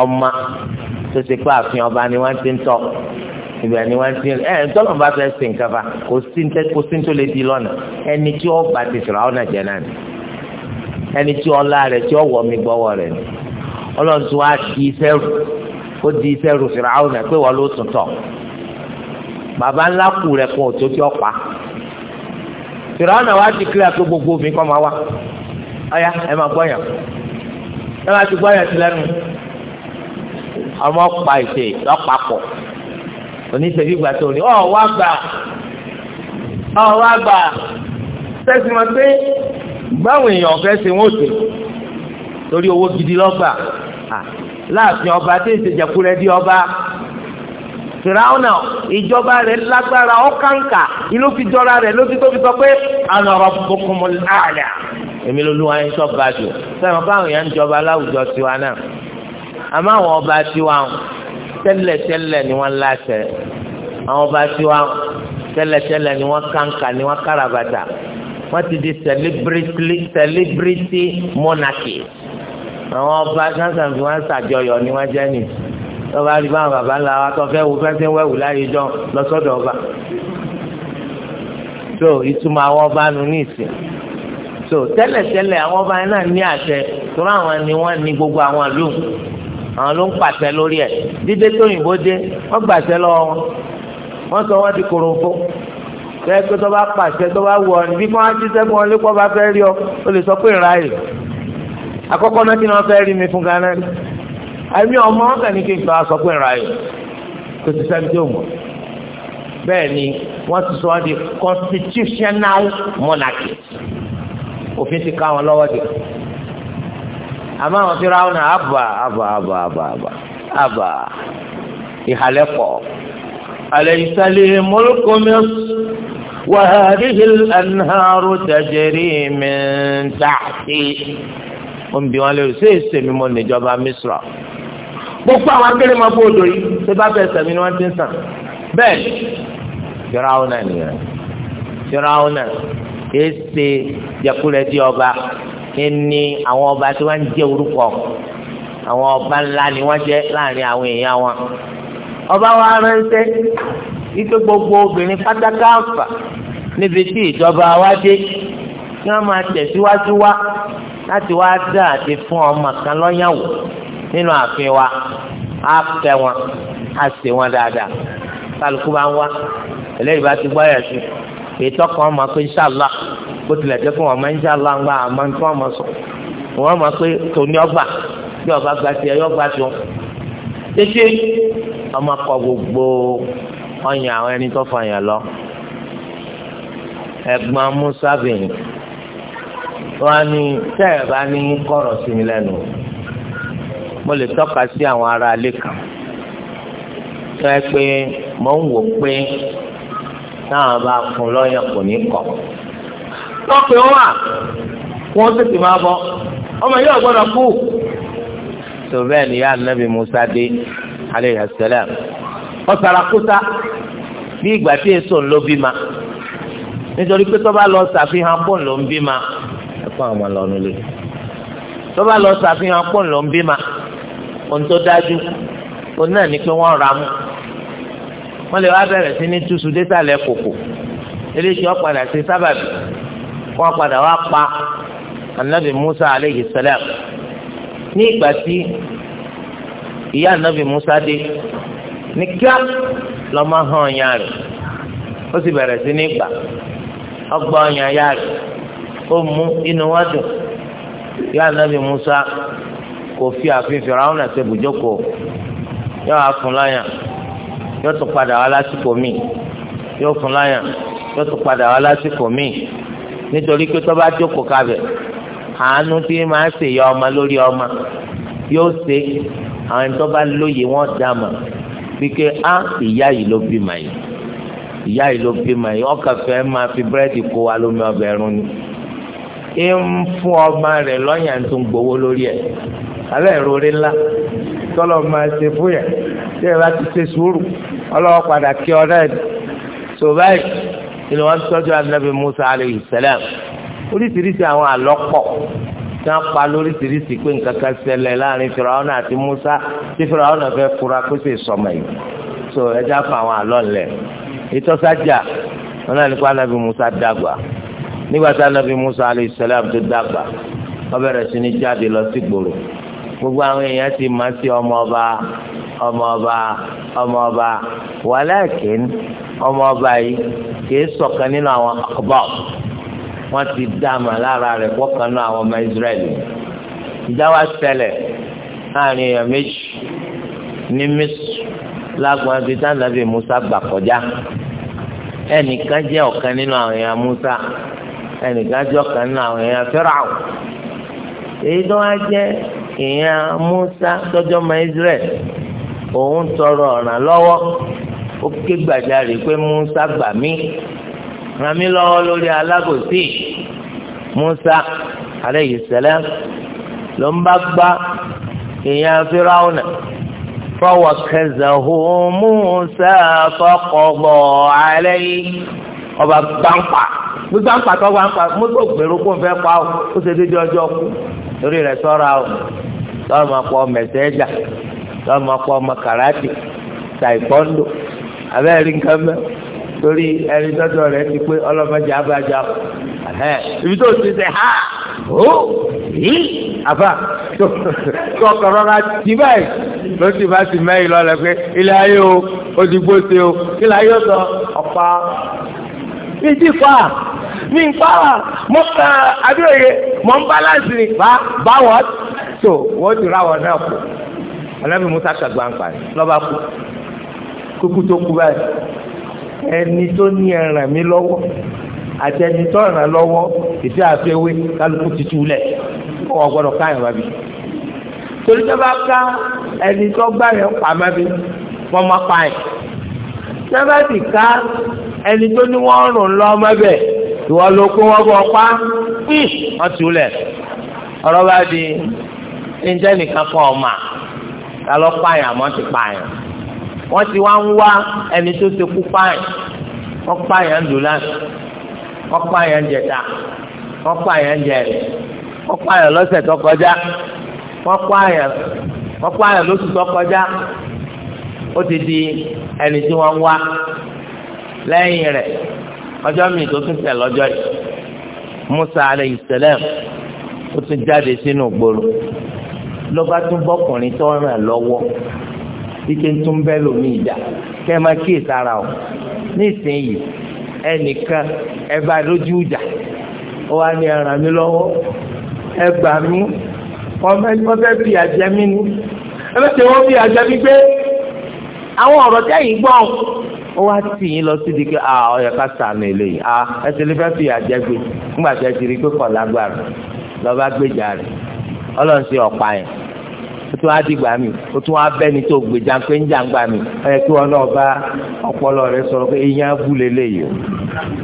ọmọ tó ṣe pé àfihàn ọba ni wọ́n ti ń tọ́ ibẹ̀ ni wọ́n ti ń ẹ̀ tọ́lọ̀ bá fẹ́ sìn kafa kò sí tó lè di lọ́nà ẹni tí ó bá ti sọ̀rọ̀ àwọn nàìjẹ́ náà ni ẹni tí ọlá rẹ̀ tí ó wọ̀ mí gbọ́wọ́ rẹ̀ ni ọlọ́run tí wàá di iṣẹ́ rù ó di iṣẹ́ rù sọ̀rọ̀ àwọn pé wọ́n ló tún tọ̀ bàbá ńlá kù rẹ̀ kan ò tí ó pa sọ̀rọ̀ àwọn nàìjẹ́ ti kílẹ̀ àti gbogbo ẹ máa ti gbọ́ ayọ̀ sí lẹ́nu ọmọ pa ìṣe lọ́pàpọ̀ oníṣẹ́bí gbà tó ní ọ̀ wá gbà ọ̀ wá gbà tẹ́sí ma pé báwọn èèyàn fẹ́ ṣe wọ́n ṣe torí owó gidi lọ́gbà láàfin ọba tí èsì jẹ́kúrẹ́ di ọba fìràwọnà ìjọba rẹ̀ lágbára ọkànkà inú fi jọra rẹ̀ lójú tó fi sọ pé ana rabbukumul a'la èmi lolúwa yín sọ ga jù sẹ́wọ̀n báwọn yẹn ń jọba láwùjọ tiwa náà àmọ́ àwọn ọba tiwa tẹ́lẹ̀ tẹ́lẹ̀ ni wọ́n láṣẹ àwọn ọba tiwa tẹ́lẹ̀ tẹ́lẹ̀ ni wọ́n kànkà ni wọ́n kárabàtà wọ́n ti di celebrity celebrity monarchy àwọn ọba sánsàn fi wọ́n ṣàjọyọ̀ ni wọ́n jẹ́ nìyí lọ́ba rí báwọn bàbá ńlá wa tó fẹ́ wo fẹ́sẹ̀ wẹ̀wù láyé jọ lọ́sọ̀dọ̀ ọba tó ìtumọ̀ àwọn ọba nu ní ìsìn tó tẹ́lẹ̀tẹ́lẹ̀ àwọn ọba yẹn náà ní àṣẹ tó ráwọn ni wọ́n ní gbogbo àwọn ìlú àwọn ló ń pàṣẹ lórí ẹ̀ dídé tóyìnbó dé wọ́n gbàṣẹ lọ́wọ́ wọn wọ́n sọ wọ́n di korofo bẹ́ẹ̀ pé tó bá pàṣẹ tó bá wù ọ́ níbí kí wọ́n ti sẹ́gun ọ lẹ́kọ́ bá fẹ́ rí ọ ó lè sọ pé ìráyè àkọ́kọ́ náà kí ni wọ́n fẹ́ rí mi fún ganan àmì ọmọ wọn kàn ní kí n fà sọ pé ra yìí kò sí sẹ́ni tí ò mọ̀ bẹ́ẹ̀ ni wọ́n ti sọ di constitutional monarchy òfin ti ká wọn lọ́wọ́ dé àmọ́ àwọn tí ráwọn náà àbà àbà àbà àbà àbà àbà ìhàlẹ́ pọ̀ àlẹ́yìísálẹ̀ mọ́lùkọ́mẹ́s wàhálìhì ànàrò tàjẹrí mẹ́ntàkì. ó ń bí wọn lérò sí èsèmí mọ́ níjọba misra gbogbo àwọn akéré máa bó odò yìí ṣé bá bẹ sẹmí ni wọn ti ń sàn bẹ́ẹ̀ firawo náà nìyẹn firawo náà kìí ṣe jẹkulẹ di ọba kí ni àwọn ọba tí wọn ń jẹ orúkọ àwọn ọba ńlá ni wọn jẹ láàrin àwọn èèyàn wọn ọba wa ránṣẹ́ ike gbogbo obìnrin pátákà àfà níbi tí ìjọba wa dé kí wọn máa tẹ̀síwájú wá láti wá dá àti fún ọmọ kan lọ́yàwó nínú ààfin wa á tẹ wọn á sè wọn dáadáa kálukú bá ń wá eléyìí bá ti gbọ́ yẹ̀ sí ètò kan máa pé inṣàlá bó tilẹ̀ jẹ́ fún wọn máa inṣàlá ń gbà àmọ́ tí wọ́n máa sọ wọ́n máa pé tòní ọgbà bí ọba gba tiẹ̀ yọ gba tiwọn. títí ọmọ kọ gbogbo ọyàn àwọn ẹni tó fọyàn lọ ẹ̀gbọ́n musa bìnrin wọn ni tẹ́ ẹ̀ bá ní kọ̀rọ̀ sí mi lẹ́nu mo lè tọ́ka sí àwọn ará ilé kan tó yẹ pé mo ń wò pé táwọn bá fún lọ́yàn kò ní kọ̀. wọ́n wà wọ́n tètè máa bọ̀ ọmọ yóò gbọ́dọ̀ kú. tó ni yáa nàbì Musa dé aleyhi salam wọ́n sàràkúta bí ìgbà tí èso ń lo bímọ nítorí pé tó bá lọ ṣàfihàn pọ̀ ló ń bímọ ẹ̀kọ́ àwọn ọmọ lọ́nu lé tó lọ ṣàfihàn pọ̀ ló ń bímọ ohun tó dájú òun náà ni pé wọ́n ra mú wọ́n lè wá bẹ̀rẹ̀ sí ní túṣu désàlẹ̀ kòkò eléyìí wọ́n padà sí sábàbí wọ́n padà wá pa anabi musa aleyhi salam ní ìgbà tí ìyá anabi musa dé ní kíá lọ́mọ hàn ọ̀yà rẹ̀ ó sì bẹ̀rẹ̀ sí ní gbà ọgbà ọ̀yà ya rẹ̀ ó mú inú wá dùn ìyá anabi musa kò fi ààfin fìràwọn náà ṣe bùjókò yóò wá fún láyà yóò tún padà wá lásìkò míì yóò fún láyà yóò tún padà wá lásìkò míì nítorí pé tó bá jókòó kabẹ̀ àánú tí máa ṣe ya ọmọ lórí ọmọ yóò ṣe àwọn ẹni tó bá lóye wọn dá mọ̀ á ìyá yìí ló bí màá yìí ìyá yìí ló bí màá yìí ọkàn fẹ́ máa fi búrẹ́dì kó wa lómi ọbẹ̀ ẹ̀rún ni ń fún ọmọ rẹ̀ lọ́yàn tó ń gbowó lórí ẹ̀ alẹ́ ìròrí ńlá tọ́lọ̀ máa ṣe fún yẹn tí ẹ bá ti ṣe sùúrù ọlọ́wọ́ padà kí ọ náà ni tó báyìí ni wọ́n tọ́jú anabi musa alayhi salam oríṣiríṣi àwọn àlọ́pọ̀ tí wọ́n pa lóríṣiríṣi pé nǹkan kan ṣẹlẹ̀ láàrin Fìràwọ́nà àti musa tí Fìràwọ́nà fẹ́ fura kó sì sọmọ yìí so ẹja fún àwọn àlọ́ ńlẹ̀ ìtọ́sájà wọn náà ní kó anabi musa dàgbà nígbà tí anabi musa alayhi salam tó dàgbà wọ́n bẹ̀rẹ̀ sí ní jáde lọ sí gbòòrò gbogbo àwọn èèyàn ti máa sí ọmọọba ọmọọba ọmọọba wàlákìn ọmọọba yìí kìí sọ̀kan nínú àwọn akọbọ wọn ti dáàmà lára rẹ̀ pọkàn nínú àwọn ọmọ Israẹli ìdáwà ṣẹlẹ̀ láàrin èèyàn méjì ní mísù lágbọn bíi tánàbí Musa gbà kọjá ẹnìkan jẹ́ ọ̀kan nínú àwọn èèyàn Musa ẹnìkan jẹ́ ọ̀kan nínú àwọn èèyàn Fẹ́ràn èyí tó wá jẹ́ ìyá Musa tọjọ́ ọmọ Israẹl òun tọrọ ọ̀ràn lọwọ ó ké pé Musa gbà mí ràn mí lọwọ lórí Musa aleyhi salam ló ń bá gbá ìyá Firawuna fọwọ́kẹsàhó Musa fọkọ̀gbọ̀ ọba gbàǹpà Musa ò gbèrú kó n pa ó ó ṣe torí rẹ̀ sọ́ra o lọ́wọ́ máa pọ̀ mẹ̀sẹ́jà lọ́wọ́ máa pọ̀ ọmọ kàràtì taekwondo abẹ́rẹ́ nǹkan mẹ́ torí ẹni tọ́jọ́ rẹ̀ ti pé ọlọ́mọdé abájá ibi tó ti sẹ́ ha ó yí àbá tó kọ̀rọ̀ ra ti báyìí ló ti bá ti mẹ́yìn lọ́lẹ̀ pé ilé ayé o ó ti gbó se o kí láyé ó sọ ọ̀pá ìdí fa mi power mo kàn adóye mo ń balance ni ba bá wọ́n so what you ra wọn náà kù alábì musa kàgbà ń parí lọ́ba kú kúkú tó kú báyìí ẹni tó ní ẹran mi lọ́wọ́ àti ẹni tó ràn lọ́wọ́ ìdí àfẹ́wé kálukú ti tú lẹ̀ ọ̀ gbọ́dọ̀ káyọ̀ wá bi. torí tó bá ká ẹni tó gbà yẹn pàmò bí wọ́n máa pa yẹn tó bá sì ká ẹni tó ní wọ́n rùn lọ́mọ bẹ́ẹ̀ ìwọ ló kó wọn bọ pa wọn tù lẹ ọ̀rọ̀ bá di ǹjẹ́ nìkan kan ọmọ alọ pààyàn àmọ́ ti pààyàn wọn ti wá ń wá ẹni tó ti kú pààyàn wọn pààyàn ń dùn lánàá wọn pààyàn ń jẹta wọn pààyàn ń jẹrẹ wọn pààyàn lọ́sẹ̀ tó kọjá wọn pààyàn wọn pààyàn lóṣù tó kọjá ó ti di ẹni tí wọn ń wá lẹ́yìn rẹ̀ ọjọ́ mi tó tún tẹ̀ lọ́jọ́ yìí Musa alayhi salam ó tún jáde sínú gbòòrò lọ́ba tún bọ́kùnrin tó ràn lọ́wọ́ ike ń tún bẹ́ lómi ìjà kẹ́ ẹ máa kíyè sára o nísìnyìí ẹnìkan ẹ bá lójú ìjà ó wá ní ẹran mi lọ́wọ́ ẹ gbà mí ọmọ ẹni wọ́n fẹ́ fi àjẹ ni ẹ bẹ́ẹ̀ tí wọ́n fi àjẹ mí gbé àwọn ọ̀rọ̀ tẹ́yìn gbọ́ ó wá tì yín lọ sí di pé a ah, ó yẹ ká sànù a ẹsẹ̀ fi àjẹ́ gbé nígbà tí ẹ ti rí pé kọ̀ lágbára lọ́ba gbèjà rẹ̀ otu ṣe yẹn ó tún wá mi ó tún wá tó gbèjà pé ń jàǹgbà kí wọn náà bá ọpọlọ rẹ pé eyín abúlé o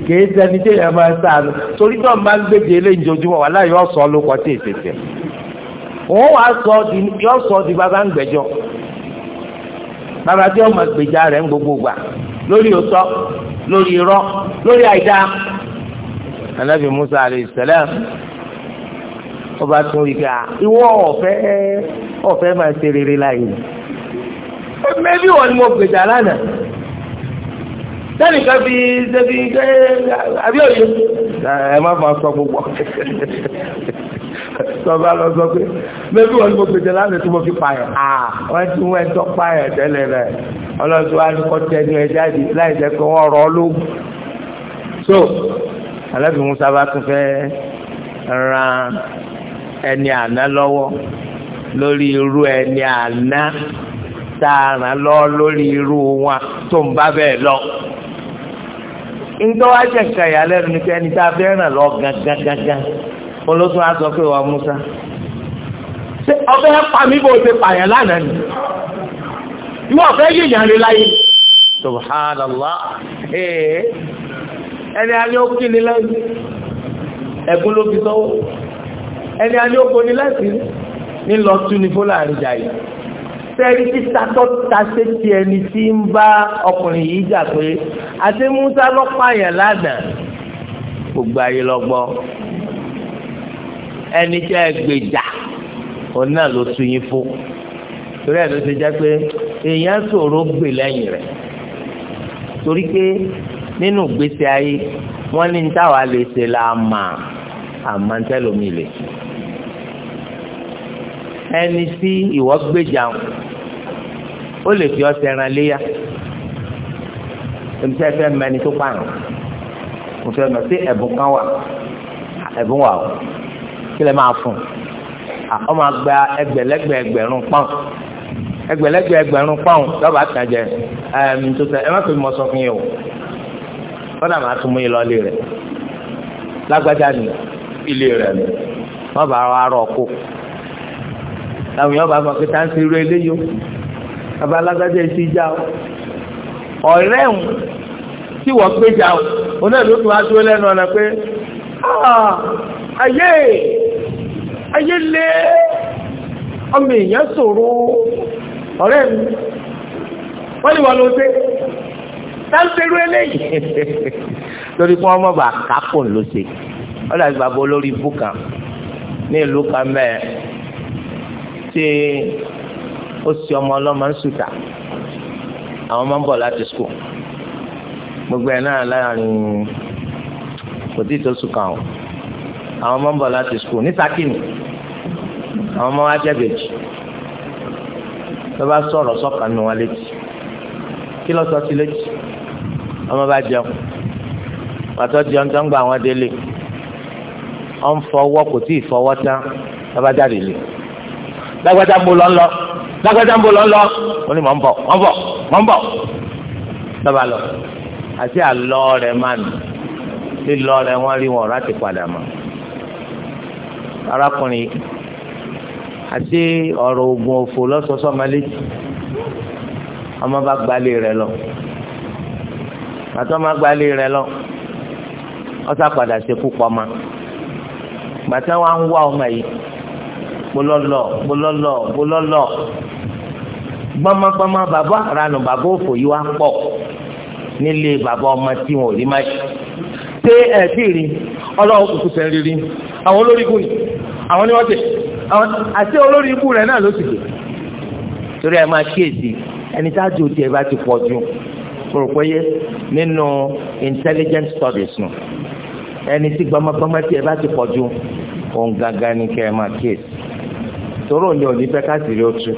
kìí sẹni tí èèyàn máa sànù torí tó ń bá ń gbèjà eléyìí jojúmọ́ wà láyé ọ̀sán ló kọ́ tẹ̀ wọ́n wá bàbá tí ọmọ gbèjà rẹ̀ ń gbogbo gbà lórí òótọ́ lórí irọ́ lórí àìdá anabi musa alayhi salam ó bá tún rí ká ìwọ ọ̀fẹ́ ọ̀fẹ́ máa ṣe rere láàyè mẹ́bí wọn ni mo gbèjà lánàá sẹ́ni kan fi ṣe fi ṣe àbí òye ẹ má máa sọ gbogbo tó lọ sọ pé mẹ́bí wọn ni mo pèsè lánàá tí mo fi pààyàn wọ́n ti wọ́n ẹjọ́ pààyàn tẹ́lẹ̀ rẹ̀ ọlọ́sọ wa ni kọ́ tẹ́nu ẹ jáde láì jẹ́ pé wọ́n rọ́ ló. so alábì musa bá tún fẹ́ ran ẹni àná lọ́wọ́ lórí irú ẹni àná tá a ràn lọ lórí irú wọn tó ń bá bẹ́ẹ̀ lọ ntọ́wájẹ̀ kàyà lẹ́nu ni pé tá a fẹ́ ràn lọ gangan gangan olóṣù á sọ pé wà Musa ṣé ọbẹ̀ pa mí bó ṣe pààyàn lánàá ni ìwọ ọ̀fẹ́ yíyan lè láyé subhanallah ee ẹni a ní ó kí ni lẹ́yìn ẹ̀gún ló fi sọ́wọ́ ẹni a ní ó kó ni lẹ́sìn ní lọ tún ní fúlàní jàyè sẹ́rí títa tó ta sétí ẹni tí ń bá ọkùnrin yìí jà pé àti Musa lọ́pàá yẹn lánàá gbogbo ayé lọ ẹni tí ẹ gbèjà òun náà ló tu yín fún torí ẹ̀ ló ti jẹ́ pé èèyàn ṣòro gbè lẹ́yìn rẹ̀ torí pé nínú ìgbésí ayé wọ́n ní táwa lè ṣe la mà àmọ́ tẹ́lómi lè ẹni tí ìwọ gbèjà ó lè fi ọsẹ ẹran léyà ebi tẹ́ fẹ́ mẹ́ni tó pààyàn mo fẹ́ mọ̀ sí ẹ̀bùn kan wà ẹ̀bùn wà o kílẹ̀ máa fún ọ máa gba ẹgbẹ̀lẹ́gbẹ̀ ẹgbẹ̀rún pọ́n ẹgbẹ̀lẹ́gbẹ̀ ẹgbẹ̀rún pọ́n lọ́ba àtàjẹ ẹ̀ẹ́m tó sẹ ẹ má pè mọ́ sọ fún yín o wọ́n náà máa tún mú yín lọ́ọ́lé rẹ̀ lágbájá ni ilé rẹ̀ ni wọ́n bá wa rọ̀ kó làwọn yóò bá fọ pé tá à ń ṣe irú eléyìí o bàbá alágbájá ẹ ti já o ọ̀rẹ́ ń tí wọ́n gbé já o onáà ló tún wá dúró lẹ́nu ọ̀nà pé Ah, ayé ayé lé ọmọ èèyàn ṣòro ọ̀rẹ́ mi wọ́n lè wà ló ṣe táńtẹ́rú eléyìí lórí fún ọmọ bá kápò ló ṣe wọ́n dàbí bàbá olórí búkà ní ìlú kan mẹ́ẹ̀ tí ó sì ọmọ ọlọ́mọ ń sùtà àwọn máa ń bọ̀ láti skul gbogbo ẹ̀ náà láàrin kò tí ì tó sùn kàn ọ́ àwọn ọmọ ń bọ̀ láti skul ní sakini àwọn ọmọ wa jẹ́bẹ̀jì tó bá sọ̀rọ̀ sọ̀kan nù wọn létí kí ló sọ sí létí ọmọ bá jẹun pàtó jẹun tó ń gba àwọn délé ọ ń fọwọ́ kò tí ì fọwọ́ tán lọ́ba jáde lé lágbájá ń bọ̀ lọ́nlọ́ lágbájá ń bọ̀ lọ́nlọ́ ó ní mọ̀ ń bọ̀ mọ̀ ń bọ̀ mọ̀ ń bọ̀ lọ́ba lọ àti àlọ́ rẹ̀ máa nù lílọ rẹ̀ wọ́n rí wọn láti padà mọ́ arákùnrin àti ọ̀rọ̀ oògùn òfò lọ́sọ̀ọ́sọ́ máa létí ọmọ bá gbalé rẹ̀ lọ àti ọmọ gbalé rẹ̀ lọ ọsà padà ṣekú pọmọ gbàtà wa ń wá ọmọ yìí gbolọlọ gbolọlọ gbolọlọ gbọmọgbọmọ bàbá àrànù bàbá òfò yìí wá pọ̀ nílé bàbá ọmọ tí wọn ò rí má yìí ṣé ẹ̀ sí rí ọlọ́run kùkù sẹ́ rírí àwọn olórí ikú ni àwọn ni wọ́n tẹ̀ àti olórí ikú rẹ̀ náà ló sì dé torí ẹ máa kíyèsí ẹni tá a jò tiẹ̀ bá ti pọ̀ jù pòròpóyé nínú intelligent studies nù ẹni tí gbọmọgbọmọ tiẹ̀ bá ti pọ̀ jù òun gangan ni kẹ́ ẹ máa kíyèsí torí òun ni òní fẹ́ ká sì rí ó tu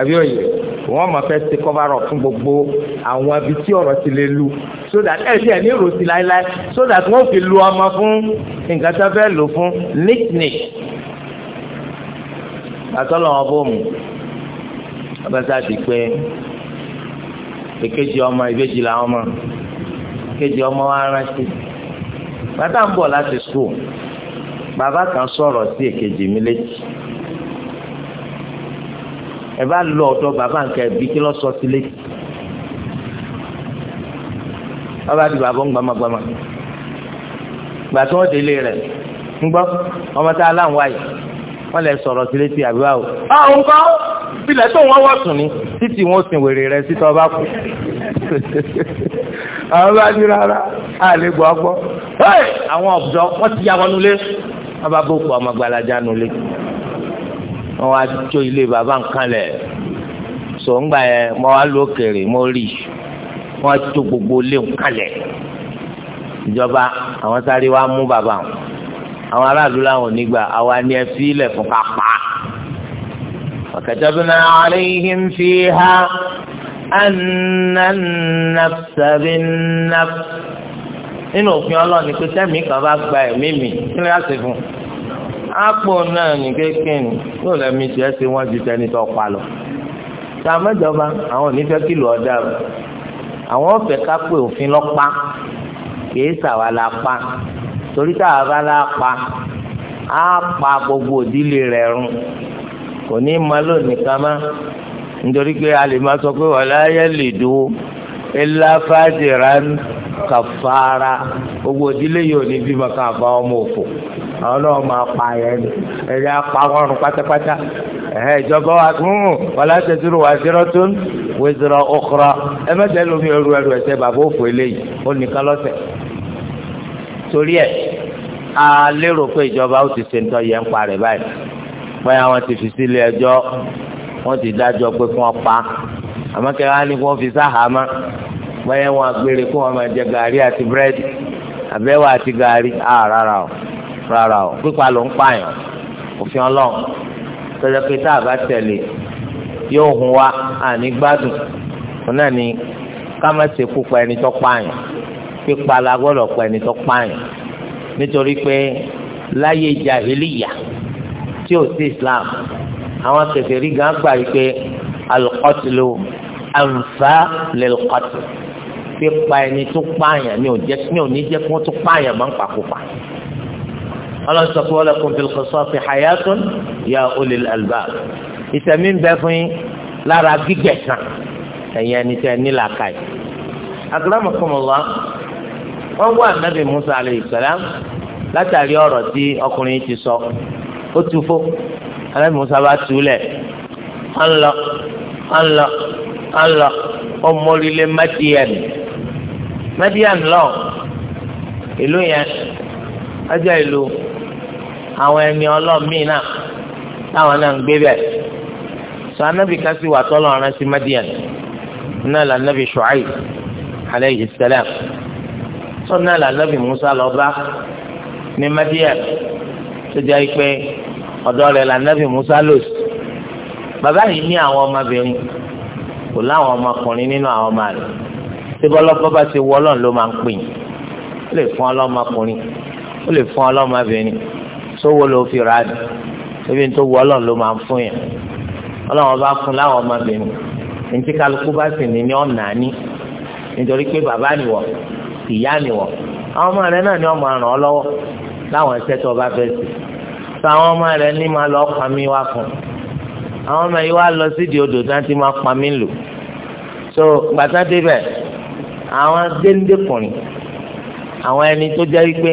àbí òye wọ́n mọ̀ fẹ́ ṣe kọ́bárọ̀ fún gbogbo àwọn ibi tí ọ̀rọ̀ ti lè lu so that ẹ̀ tiẹ̀ ní ìròsì láéláé so that wọ́n fi lu ọmọ fún nǹkan tó fẹ́ lò fún nicknick àtọ́lọ̀ wọn bó mu abẹ́sà ti pé èkejì ọmọ ìbejì làwọn ọmọ èkejì ọmọ wa rántí bàtà ń bọ̀ láti school bàbá kan sọ̀rọ̀ sí èkejì mi létí ẹ bá lọ ọ̀dọ̀ bàbá nǹkan ẹbí kí lọ sọ sí létí bàbá ti bàbá ń gbamagbama gbà tí wọn délé rẹ ń gbọ́ ọmọ tá a láwọn wáyé wọn lè sọ̀rọ̀ sí létí àbí báwo. àwọn nǹkan ilẹ̀ tó wọ́n wọ̀ sùn ní títí wọn sìn wèrè rẹ sí tọ́ba kù àwọn bá ní rárá àlè gbọ́ gbọ́ àwọn ọ̀dọ́ wọ́n ti yá wọnú lé wọ́n bá bó pọ̀ ọmọ gbalaja nulẹ̀ wọ́n wá jó ilé bàbá nǹkan lẹ̀ sọ ń gbà yẹn mo wá lókèrè mo rí wọ́n jó gbogbo ilé nǹkan lẹ̀ ìjọba àwọn sáré wa mú bàbá wọn àwọn aráàlú làwọn ò àwa ni ẹ fi ilẹ̀ fún kápá. وكتبنا عليهم فيها أن النفس بالنفس inú òfin ọlọ́run ni pé sẹ́mi kan bá gba ẹ̀mí mi kí ló yà sí fún un àpò náà ní kékeré ní yóò lẹ́mí tiẹ̀ ṣe wọ́n ju tẹni tó pa lọ. tá a mẹ́jọba àwọn onífẹ́ kìlọ̀ ọ̀dà rẹ̀ àwọn ọ̀fẹ́ ká òfin lọ́pa kìí sàwà la pa torí tá a bá la pa á pa gbogbo òdílé rẹ̀ run kò ní ma lónìí kan mọ́ nítorí pé a lè máa sọ pé wọ́n láyé lè dúró ilá fàájì rán kàfàrà gbogbo òdílé yìí ò ní bímọ káfà ọmọ òfò àwọn náà máa pa yẹn ni ẹ̀rí apá ọrùn pátápátá ẹ̀hẹ́ ìjọba wa tún wọn láti dúró wá zero two wíṣọ ọkọrọ ẹ mẹ́tẹ́ lómi ẹrù ẹrù ẹ̀sẹ̀ bàbá òfò eléyìí ó nìkan lọ́sẹ̀ torí ẹ̀ a lérò pé ìjọba ó ti ṣe ń tọ́ yẹn ń parẹ́ báyìí báyà wọn ti fi sílé ẹjọ́ wọn ti dájọ́ pé kí wọ́n pa àmọ́ kẹwàá ni kí wọ́n fi sáhàámá báyà wọn àgbèrè kí wọ́n máa jẹ gàrí àti búrẹ́dì àbẹ́wò àti gàrí àràrà o rárá o pípa ló ń pààyàn òfin ọlọ́run tọ́jà pé tá a bá tẹ̀lé yóò hun wa àní gbádùn òun náà ni ká má ṣe kú pa ẹni tó pààyàn pípa la gbọ́dọ̀ pa ẹni tó pààyàn nítorí pé láyé jahiliya tí ò sí Islam àwọn kèfèrí gan gbà yí pé alqatlu anfa lilqatl pípa ẹni tó pààyàn ni ò ní jẹ́ kí wọ́n tó pààyàn máa ń pàkópa ọlọ́run sọ pé wọ́n lakum fil qisasi hayatun ya ulil albab ìtẹ̀mí ń bẹ fún yín lára gbígbẹ̀sán ẹ̀yìn ẹni tẹ́ nílàkà yìí. akramakumullah wọ́n wá ànábì Musa alayhi salam látàrí ọ̀rọ̀ tí ọkùnrin ti sọ ó túfó anábì Musa bá túlẹ̀ ń lọ ń lọ ń lọ ó lọ ìlú yẹn ọjọ́ ìlú àwọn ẹni ọlọ́mìn náà táwọn náà ń gbé bẹ̀ sọ anábì kan sì wà tọ́lọ̀ ọ̀ràn sí madian náà là nábì Shu'aib aleyhi salam sọ náà là nábì Musa lọ bá ní madian tó jẹ́ pé ọ̀dọ́ rẹ̀ là nábì Musa lò sí bàbá yìí ní àwọn ọmọbìnrin kò láwọn ọmọkùnrin nínú àwọn ọmọ rẹ̀ tí bọ́lọ́pọ̀ bá ti wọ́ ọlọ́run ló máa ń pè yín ó lè fún ọlọ́mọkùnrin ó lè fún ọlọ́mọbìnrin. sówó ló fi rà ní ebi tó wọ ọlọ́run ló máa fún yẹn ọlọ́run bá fún láwọn ọmọbìnrin ntí kálukú bá sì ní ní ọ̀nà ní nítorí pé bàbá ìyá àwọn ọmọ rẹ ni ọmọ ràn ọ lọ́wọ́ láwọn iṣẹ́ tó bá fẹ́ sí sọ àwọn ọmọ rẹ ní máa lọ wá fún àwọn ọmọ yìí wá lọ sídìí odò máa lò so gbàtà débẹ̀ àwọn àwọn ẹni tó jẹ́ wípé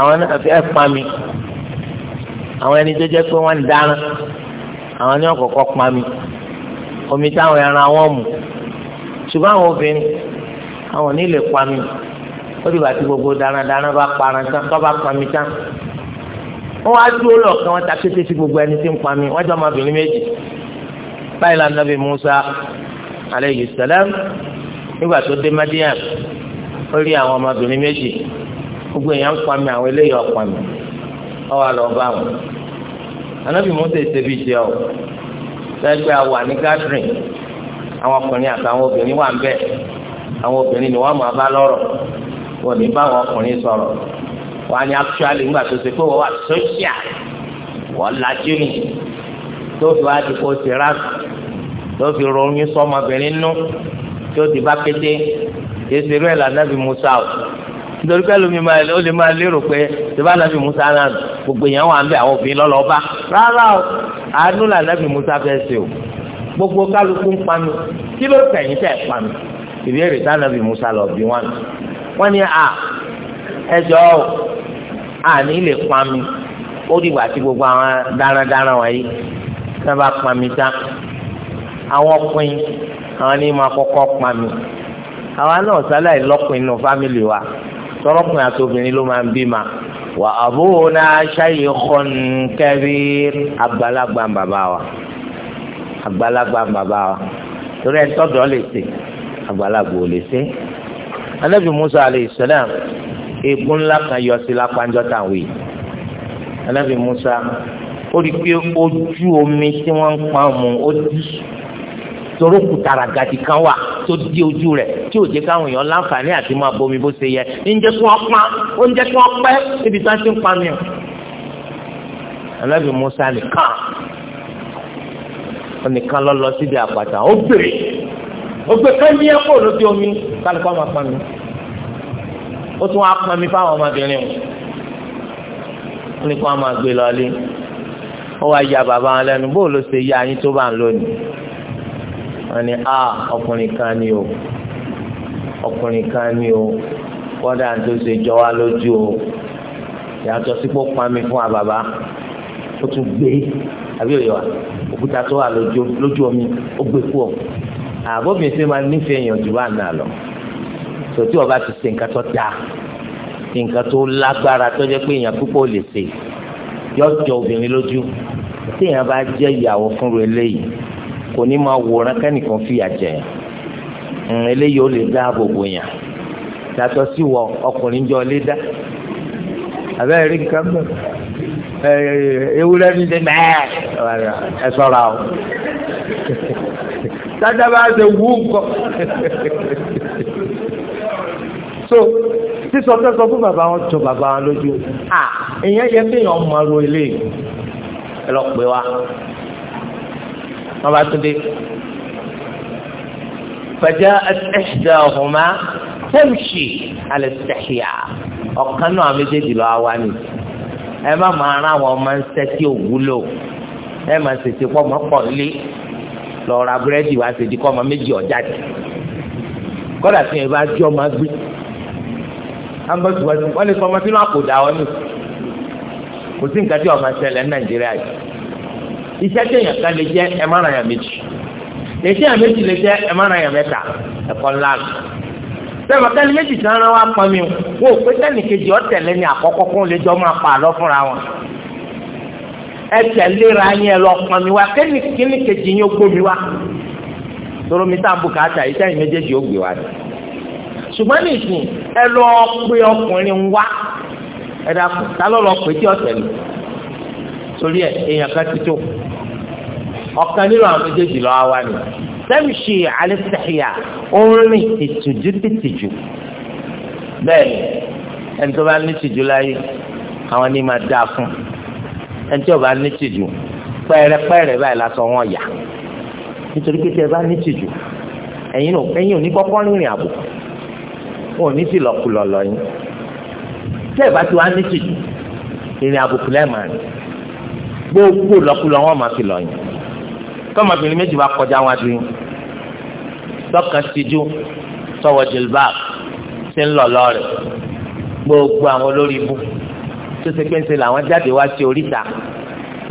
àwọn náà fẹ́ pa mi àwọn ẹni tó jẹ́ pé wọ́n ń dáná àwọn ní ọ̀kọ̀ọ̀kọ̀ pa mi omi táwọn ẹran wọn mú ṣùgbọ́n àwọn obìnrin àwọn ò ní lè pa mi ó dìgbà tí gbogbo dáradára bá paran tán tó bá pa mi tán wọ́n wá dúró lọ́ọ̀kan wọ́n ta kété sí gbogbo ẹni tí ń pa mi wọ́n jọ ọmọbìnrin méjì báyìí la nàbì Musa aleyhi salam nígbà tó dé Madian ó rí àwọn ọmọbìnrin méjì gbogbo èèyàn ń pami àwọn eléyìí ọ̀pami ọwọ́ àlọ́ bá wọn anábì Mùsá ìṣẹ́bí jẹ́ ọ lẹ́gbẹ́ àwà ní gádùrìn àwọn ọkùnrin àtàwọn obìnrin wà ń bẹ̀ àwọn obìnrin ni wọ́n máa bá lọ́rọ̀ wọ́n ní bá àwọn ọkùnrin sọ̀rọ̀ wọ́n á ní actually ńgbà tó ṣe pé wọ́n wà social wọ́n lajú ni tó fi wá di kó ti rà tó fi ronú sọmọbìnrin nú tó ti bá kété èsì rẹ̀ lànà bí Mùsá o nítorí pé lómi ó lè máa lérò pé ṣèbá nàbì musa náà gbogbo èèyàn wà ń bẹ àwọn obìnrin lọ́lọ́ba rárá o àánú là nàbì musa fẹ́ ṣe o gbogbo kálukú ń panu kí ló tẹ̀yìn tẹ̀ panu ìbéèrè tá nàbì musa lọ bí wọn. wọ́n ní à ẹjọ́ àní lè pami ó dìgbà tí gbogbo àwọn darandaran wọ̀nyí náà bá pami tán àwọn ọkùnrin àwọn ní ma kọ́kọ́ pami àwa náà sáláì lọ́kùnrin nù fámìlì wa tọrọkùnrin àti obìnrin ló máa ń bí ma wà àbúrò shaykhun kabir àgbàlagbà bàbá wa àgbàlagbà bàbá wa torí ẹ tọdọ lè ṣe àgbàlagbà ò lè ṣe anabi musa alayhi salam egun ńlá kan yọ sí lápánjọ táwọn yìí anabi musa ó rí i pé ojú omi tí wọn ń pa mu ó dì í torí òkúta ràgàdì kan wà tó di ojú rẹ̀ tí ò jẹ́ káwọn èèyàn láǹfààní àti máa bomi bó ṣe yẹ oúnjẹ tí wọ́n pa oúnjẹ tí wọ́n pẹ́ níbi tí wọ́n ti ń pa mi. alábì musa nìkan nìkan lọ lọ síbi àpàtà ó bèrè ó gbé kẹ́mi ẹ̀kọ́ lójú omi kálukọ́ máa pa mi ó tún wá pọn mi fáwọn ọmọbìnrin o ní kó a máa gbé lọ lé ó wá ya bàbá wọn lẹ́nu bó ló ṣe ya yín tó bá ń lónìí wọn a ah, ọkùnrin kan ni o ọkùnrin kan ni o kọ́dà tó ṣe jọ wá lójú o yàtọ̀ sípò pami fún wa bàbá ó tún gbé àbí òye wa òkúta tó wà lójú omi ó gbé kú ọ àbómi ṣe máa nífẹ̀ẹ́ èèyàn jù bá nà lọ sòtí ọba ti ṣe nǹkan tó dáa nǹkan tó lágbára tó jẹ́ pé èèyàn púpọ̀ lè ṣe yọjọ obìnrin lójú tí èèyàn bá jẹ́ ìyàwó fúnru eléyìí kò ní máa wòran kẹ́nìkan fìyà jẹ yàn eléyìí ó lè dáàbò bò yàn yàtọ̀ sí wọ ọkùnrin jọ lé dá abẹ́rẹ́ rí nǹkan bẹ́ẹ̀ ewúrẹ́ mi ṣe mẹ́ẹ̀ ẹ sọ́ra o dáadáa bá ṣe wú nǹkan so sísọ tó sọ fún bàbá wọn jọ bàbá wọn lójú à ìyẹn yẹ kéèyàn máa ro eléyìí ẹ lọ pè wá wọn bá tún dé. فجاءت إحداهما تمشي على استحياء ọ̀kan náà méjèèjì lọ wá ni ẹ má máa rán àwọn ọmọ ńṣe tí ò wúlò ẹ má tètè pọ̀ mọ́ pọ̀ lé lọ ra búrẹ́dì wá ṣèdí kọ́ ọmọ méjì ọ̀já jù kọ́dà tí ẹ bá jọ́ máa gbé ambọ̀tìwọ́sì wọ́n lè sọ ọmọ sínú àpò dà ọ́ nù kò sí nǹkan tí ọmọ ṣẹlẹ̀ ní Nàìjíríà yìí iṣẹ́ téèyàn kan lè jẹ́ ẹ má ra yàn méjì lèṣẹ́ yàn méjì lè jẹ́ ẹ má ra yàn mẹ́ta ẹ̀kọ́ ńlá nù. sẹ́wọ̀n kẹ́ni méjì tí wọ́n wá mi wò pé sẹ́ni kejì ọ̀tẹ̀lẹ́ ni àkọ́kọ́ kún lè jọ máa pa àlọ́ fúnra wọn. ẹ tẹ̀léra yín ẹ lọ pọn mi wá kẹ́ni kíní kejì yín ó gbó mi wá. toro mi sáà bùkátà iṣẹ́ yìí méjèèjì ó gbé wá ni. ṣùgbọ́n ní ìsìn ẹ lọ ẹ èèyàn kan ti tó ọ̀kan nínú àwọn méjèèjì lọ́wọ́ wa ni sẹ́mùsì alẹ́sẹ̀yà orin ìtìjú dìtìjú bẹ́ẹ̀ ẹni tó bá ní tìjú láyé àwọn ni máa dáa fún ẹni tó bá ní tìjú pẹ́ẹ́rẹ́pẹ́ẹ́rẹ́ báyìí lásán wọn yà nítorí pé tẹ́ bá ní tìjú ẹ̀yin ẹ̀yin ò ní kọ́kọ́ rìnrìn àbò wọn ò ní sì lọ́kùlọ̀ lọ́yìn tẹ́ ẹ̀ bá ti wá ní tìjú ìrìn àbùkù lẹ́ẹ̀mọ́ rẹ̀ gbogbo lọ́kùlọ̀ wọn máa fi lọ́yìn tọmọbìnrin méjì bá kọjá wọn adùn yín lọkàn síjú tọwọ jìlbà ṣe ń lọ lọrẹ gbogbo àwọn olórí ibú tó ṣe pé ń ṣe làwọn jáde wá sí oríta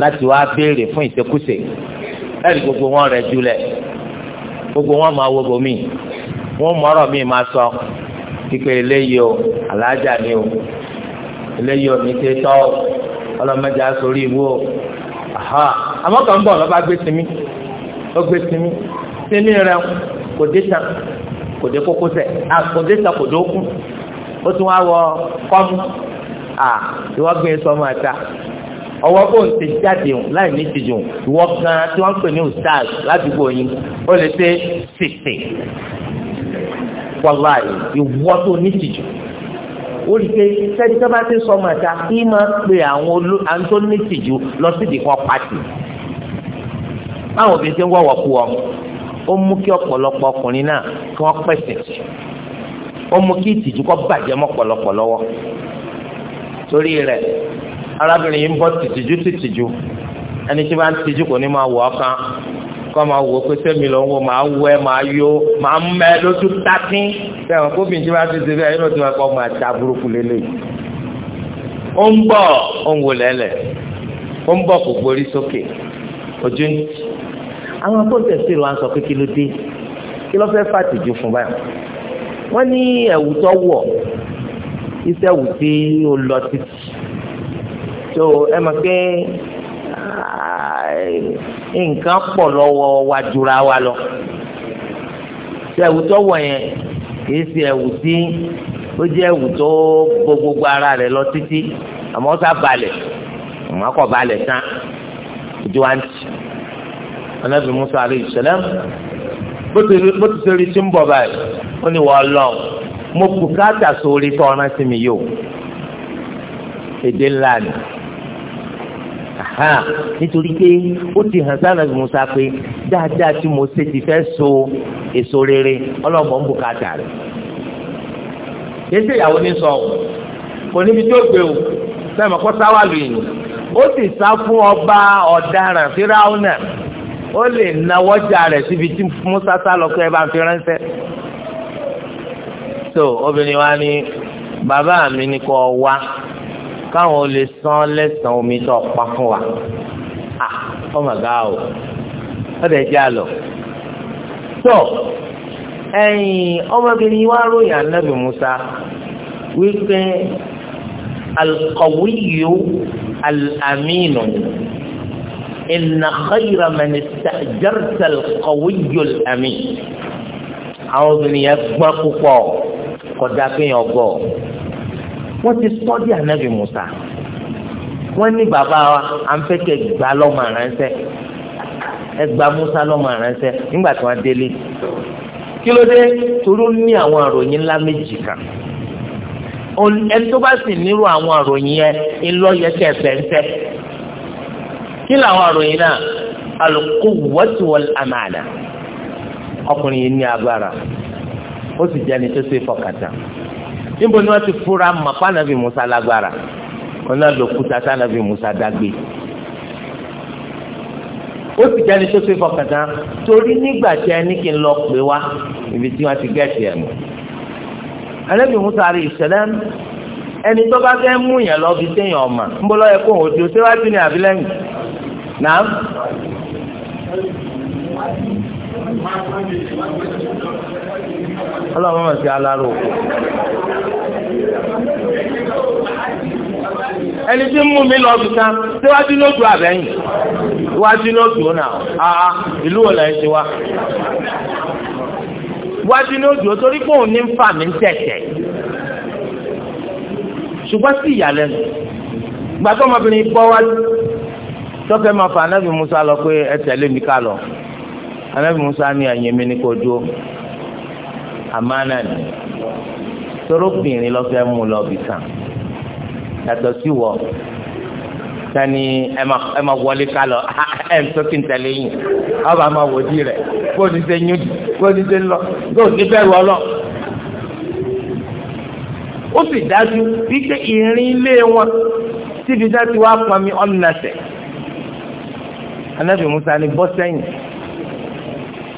láti wá béèrè fún ìṣekúṣe ẹ̀rí gbogbo wọn rẹ̀ jùlẹ̀ gbogbo wọn máa wo bòmí wọn mọ̀rọ̀ mi máa sọ pípé eléyìí o alájà ni o eléyìí o mi ti tọ́ ọlọ́mọdé asorí ìwú o àmọ́ kàn ń bọ̀ lọ́ba gbé sí ọgbẹ́ sinmi sinmi rẹ kò dé tán kò dé kókó sẹ̀ kò dé tán kò dé ókún ó tún wá wọ kọ́mú à ìwọ́gbìn sọmọ àta ọwọ́ bó ń ti jáde hùn láì ní ti jù ìwọ kan tí wọ́n ń pè ní ustaz ládùúgbò yín ó lè ṣe sèse wàlá ìwọ tó ní ti jù ó rí i pé sẹ́ni tó bá ti sọmọ àta kí máa pe àwọn olú àwọn tó ní ti jù lọ sí ìdíkọ́ pàtì báwọn obìnrin ti ń wọ̀wọ̀ kú ọ ó mú kí ọ̀pọ̀lọpọ̀ ọkùnrin náà kí wọ́n pẹ̀sẹ̀ tì ó mú kí ìtìjú kọ́ bàjẹ́ mọ́ pọ̀lọpọ̀ lọ́wọ́ torí rẹ̀ arábìnrin yìí ń bọ́ tìtìjú tìtìjú ẹni tí bá ń tìjú kò ní máa wọ̀ ọ́ kan kọ́ máa wò pé sẹ́mi ló ń wo máa wọ ẹ máa yó máa mẹ́ lójú tátín sẹ́wọ̀n kóbi tí wọ́n ti ṣe bẹ́ẹ̀ yóò ti wọ́n kọ́ máa ta burúkú lélẹ̀ ó ń bọ̀ ó ń wò lẹ́lẹ̀ ó ń bọ̀ kò gborí sókè ojú ń tì àwọn tó ń tẹ̀sí rẹ̀ wá ń sọ pé kí ló dé kí ló fẹ́ fàtìjú fún báyìí wọ́n ní ẹ̀wù tó wọ̀ iṣẹ́ ẹ̀wù tí ó lọ títì tó ẹ mọ̀ pé nǹkan pọ̀ lọ́wọ́ wa jura wa lọ ṣe ẹ̀wù tó wọ̀ yẹn kì í ṣe ẹ̀wù tí ó jẹ́ ẹ̀wù tó bo gbogbo ara rẹ̀ lọ títí àmọ́ ó sá balẹ̀ àmọ́ kò balẹ̀ tán ìjọ àǹtí anabi musa aleyhi sẹlẹm bó ti ṣe rí tí ń bọ̀ báyìí ó ní wọ́n lọ mo kù káàtà sórí tó ọ̀ràn sí mi yóò èdè ńlá ni nítorí pé ó ti hàn sáà nàbì musa pé dáadáa tí mo ṣe ti fẹ́ so èso rere ọlọ́mọ ń bù káàtà rẹ̀ yéésì ìyàwó ní sọ kò níbi tí ó gbé o sẹ́mi kọ́ sáwà lóyìn ó sì sá fún ọba ọ̀daràn fíráúnà ó lè nawọ́jà rẹ̀ síbi tí Musa sá lọ pé ẹ bá fi ránṣẹ́. so obìnrin wa ni bàbá mi ni kò wá káwọn ò lè san lẹ́sàn-án omi tó pa fún wa ah oh my god o ó dẹ̀ jẹ́ àlọ́. so ẹ̀yìn ọmọbìnrin wa ròyìn anábì Musa wípé alqawiyyu alaminu inna khayra man istajarta al-qawiyul amin àwọn obìnrin yẹn gbọ́n púpọ̀ kọjá kéèyàn gbọ́ wọ́n ti sọ́dí ànábì Musa wọ́n ní bàbá wa à ń fẹ́ kẹ́ gbà lọ́mọ ránṣẹ́ ẹ gba Musa lọ́mọ ránṣẹ́ nígbà tí wọ́n délé kí ló dé torí ó ní àwọn àròyìn ńlá méjì kan ẹni tó bá sì nírú àwọn àròyìn yẹn ńlọ yẹ kẹsẹ̀ ńṣẹ́. kí làwọn àròyìn náà al-quwwatu wal-amana ọkùnrin yìí ní agbára ó sì jẹ́ ẹni tó ni wọ́n ti fura Musa lágbára wọn náà lò kúta Musa dágbé ó sì jẹ́ ẹni tó ṣe fọkàtà torí nígbà tí ẹni kì í lọ pé wá ibi tí wọ́n ti gẹ̀ẹ́sì ẹ̀ mọ́ alẹ́bí Musa ẹni tó bá fẹ́ mú yẹn fi ọmọ yẹ kó òun ò Nàám. Ọlọ́run mọ̀ sí aláró. Ẹni tí ń mú mi lọ bìkan síwájú ló dùn àbẹ́yìn. Iwájú ló dùn náà. Àá ìlú wo lẹ́yìn ti wá? Iwájú ló dùn torí pé òun ní ń fà mí ń tẹ̀tẹ̀. Ṣùgbọ́n sí ìyàlẹ́nu. Gbàtọ́ ọmọbìnrin bọ́ wájú tọ́fẹ́ máa fa anabi musa lọ pé ẹ tẹ̀lé mi ká lọ anabi musa ní ẹ̀yìn mi ní dúró àmánà ni torókùnrin lọ́fẹ́ mú lọ bì sàn yàtọ̀ sí wọ sani ẹ ma wọlé ká lọ ẹ n tó kí n tẹ̀lé yìí ọba ma wò di rẹ kó ní ṣe nyú kó ní ṣe lọ kó ní bẹ́ẹ̀ wọ lọ ó sì dájú wípé ìrìn ilé wọn síbi dá ti wá mi ọ̀nà sẹ̀ anabi musa ni bọ́ sẹ́yìn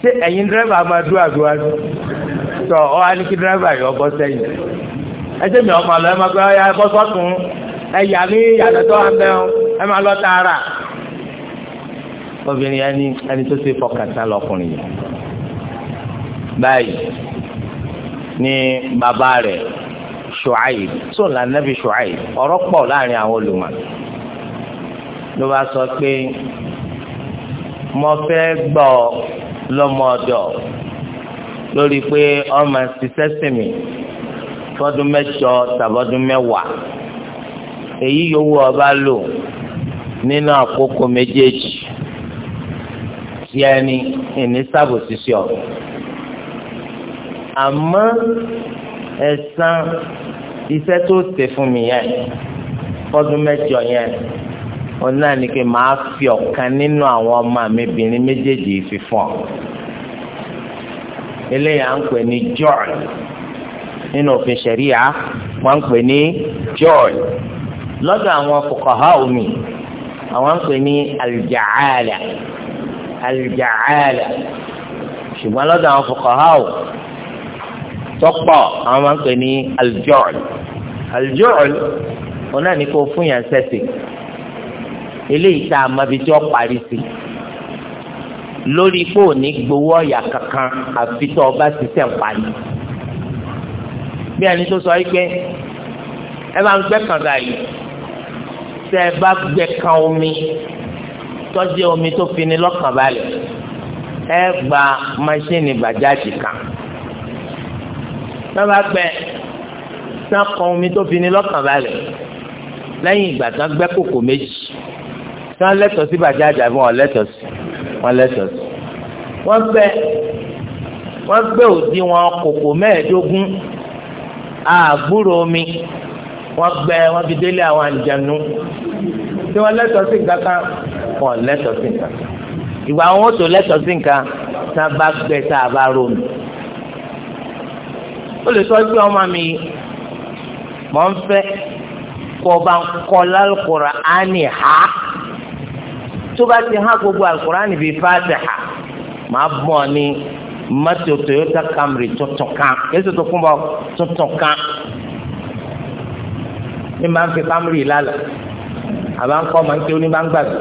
ṣé ẹ̀yin dírẹ́bà máa dúró àdúrà tọ ọ wá ní kí dírẹ́bà yọ bọ́ sẹ́yìn ẹsẹ̀ mi ọmọ àlọ́ ẹ máa gbé ọyà bọ́ sọ́tún ẹ yà ní yàtọ̀ tó wà bẹ́ẹ̀ ẹ máa lọ tààrà obìnrin yẹn ni ẹni tó ṣe fọkàtà lọkùnrin yẹn báyìí ní bàbá rẹ̀ ṣùáyì tó là nẹ́bí ṣùáyì ọ̀rọ̀ pọ̀ láàrin àwọn olùmọ̀ ló bá sọ pé mo fẹ́ gbọ́ lọ́mọ ọ̀dọ̀ lórí pé ọmọ ṣiṣẹ́ sí mi fọdún mẹ́jọ tàbọ́dún mẹ́wàá èyí yòówù ọba lò nínú àkókò méjèèjì tí ẹni ìní sábò ṣiṣẹ́ ọ àmọ́ ẹ̀san iṣẹ́ tó ṣe fún mi yẹn fọdún mẹ́jọ yẹn òun náà ni pé màá fi ọ̀kan nínú àwọn ọmọ mi bìnrin méjèèjì fi fún ọ eléyà ń pè ní joy nínú òfin ṣẹ̀ríà wọ́n ń pè ní joy lọ́dọ̀ àwọn fuqaha omi àwọn ń pè ní alìjàálà alìjàálà ṣùgbọ́n lọ́dọ̀ àwọn fuqaha o tọ́pọ̀ àwọn máa ń pè ní alìjọ́ọ̀lù alìjọ́ọ̀lù ọ̀nà ni kò fún yàn sẹ́sì eléyìí tá a mọ ibi tí ó parí sí lórí pé òní gbowó ọ̀yà kankan àfi tó ọba ṣiṣẹ́ ń parí bí ẹni tó sọ yìí pé ẹ máa ń gbẹ́ kànga yìí tẹ́ ẹ bá gbẹ́ kan omi tọ́jú omi tó fi ni lọ́kàn balẹ̀ ẹ gba máṣíìnì bàjáàjì kan tọ́ba gbẹ́ sákan omi tó fi ni lọ́kàn balẹ̀ lẹ́yìn ìgbà tán gbẹ́ kòkò méjì tí wọ́n lẹ́tọ̀ọ́ sí bàjáde àbí wọ́n lẹ́tọ̀ọ́ sí wọ́n lẹ́tọ̀ọ́ sí. wọ́n gbẹ́ wọ́n gbẹ́ òdi wọn kòkò mẹ́ẹ̀ẹ́dógún àgbúrò omi wọ́n gbẹ́ wọ́n fi délé àwọn àjẹnú tí wọ́n lẹ́tọ̀ọ́ sí nǹkan kan wọ́n lẹ́tọ̀ọ́ sí nǹkan kan ìgbà wọn tó lẹ́tọ̀ọ́ sí nǹkan tá a bá gbẹ tá a bá romi. ó lè sọ pé ọmọ mi mọ̀ ń fẹ́ kó o bá ń kọ́ lálùkùránì ha tó bá ti há gbogbo alukur'an bíi fatiha máa bọ̀ ní mọ́tò toyota camry tuntun kan èso tó kún bọ́ tuntun kan ní máa ń fi camry lálẹ́ àbá ń kọ́ máa ń ké oní bá ń gbàgbé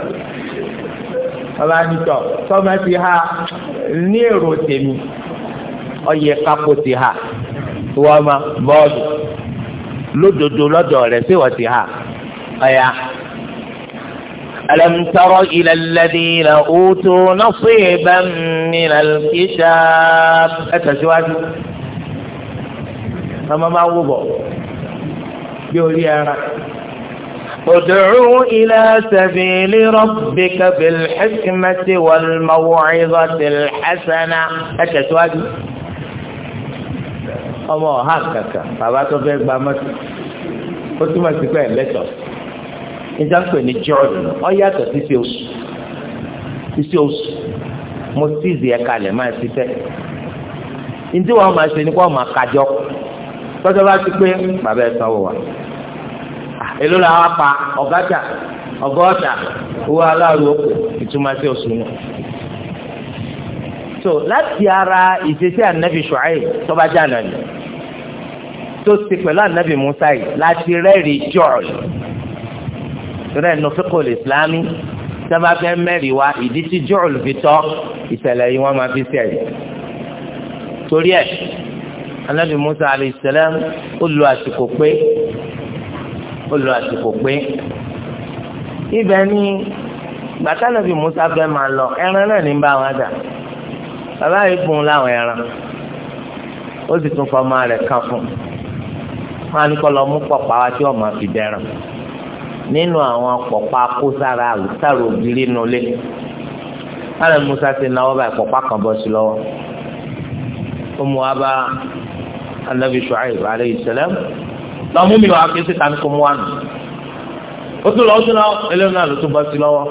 bàbá ń tọ̀ sọ́mọ́ ti ha ní èrò tèmi ọyẹ kápò ti ha wọ́n ma bọ́ọ̀lù lódodo lọ́dọ̀ rẹ̀ sí wọ́n ti ha ọ̀ya. ألم تر إلى الذين أوتوا نصيبا من الكتاب أتسواجه أما ما وضع يقول يا رب إلى سبيل ربك بالحكمة والموعظة الحسنة أتسواجه أما هكذا بابا تفيق بامت قلت ما تفيق لتوس níta ń pè ní jọ́ọ̀dù ọ yàtọ̀ sí sí oṣù sí oṣù mo tíìzì ẹ̀ kalẹ̀ máa ti tẹ́ ntí wọn máa ṣe ni kó máa kájọ tọ́jọ́ bá ti pé bàbá ẹ̀ sanwó wa èló la wá pa ọ̀gájà ọgọ́ta owó aláàrú ìtumọ̀ sí oṣù náà so láti ara ìṣesí ànábì ṣùáì tọ́ba jẹ́ ànábì tó ti pẹ̀lú ànábì musa yìí láti rẹ́rìí jọ́ọ̀lù rẹ̀ nù fíkòlì ìsìlámì sábà fẹ́ mẹ́rin wa ìdí tí jọ́ọ̀lù fi tọ́ ìṣẹ̀lẹ̀ yìí wọ́n máa fi ṣe ẹ̀yìn. torí ẹ̀ anábì musa alayhi salam ó lo àsìkò pé ó lo àsìkò pé ibẹ̀ ni gbàtà anábì musa fẹ́ máa lọ ẹran náà ní bá wọn dà bàbá yìí fún un láwọn ẹran ó sì tún fọmọ rẹ̀ kan fún un wọn á ní kọ́ lọ mú pọ̀ pàwá tí wọ́n máa fi dẹ́ràn nínú àwọn pọ̀pá kó sára àlùsára ògiri nulẹ̀ alẹ́ musa ti náwó báyìí pọ̀pá kan bọ́ sí lọ́wọ́ ó mú wa bá anabi shuaib aleyhi salam lọ́mú mi wàá kéésì kan kó mú wa nù ó tún lọ́wọ́ tún lọ́wọ́ eléyìí náà ló tún bọ́ sí lọ́wọ́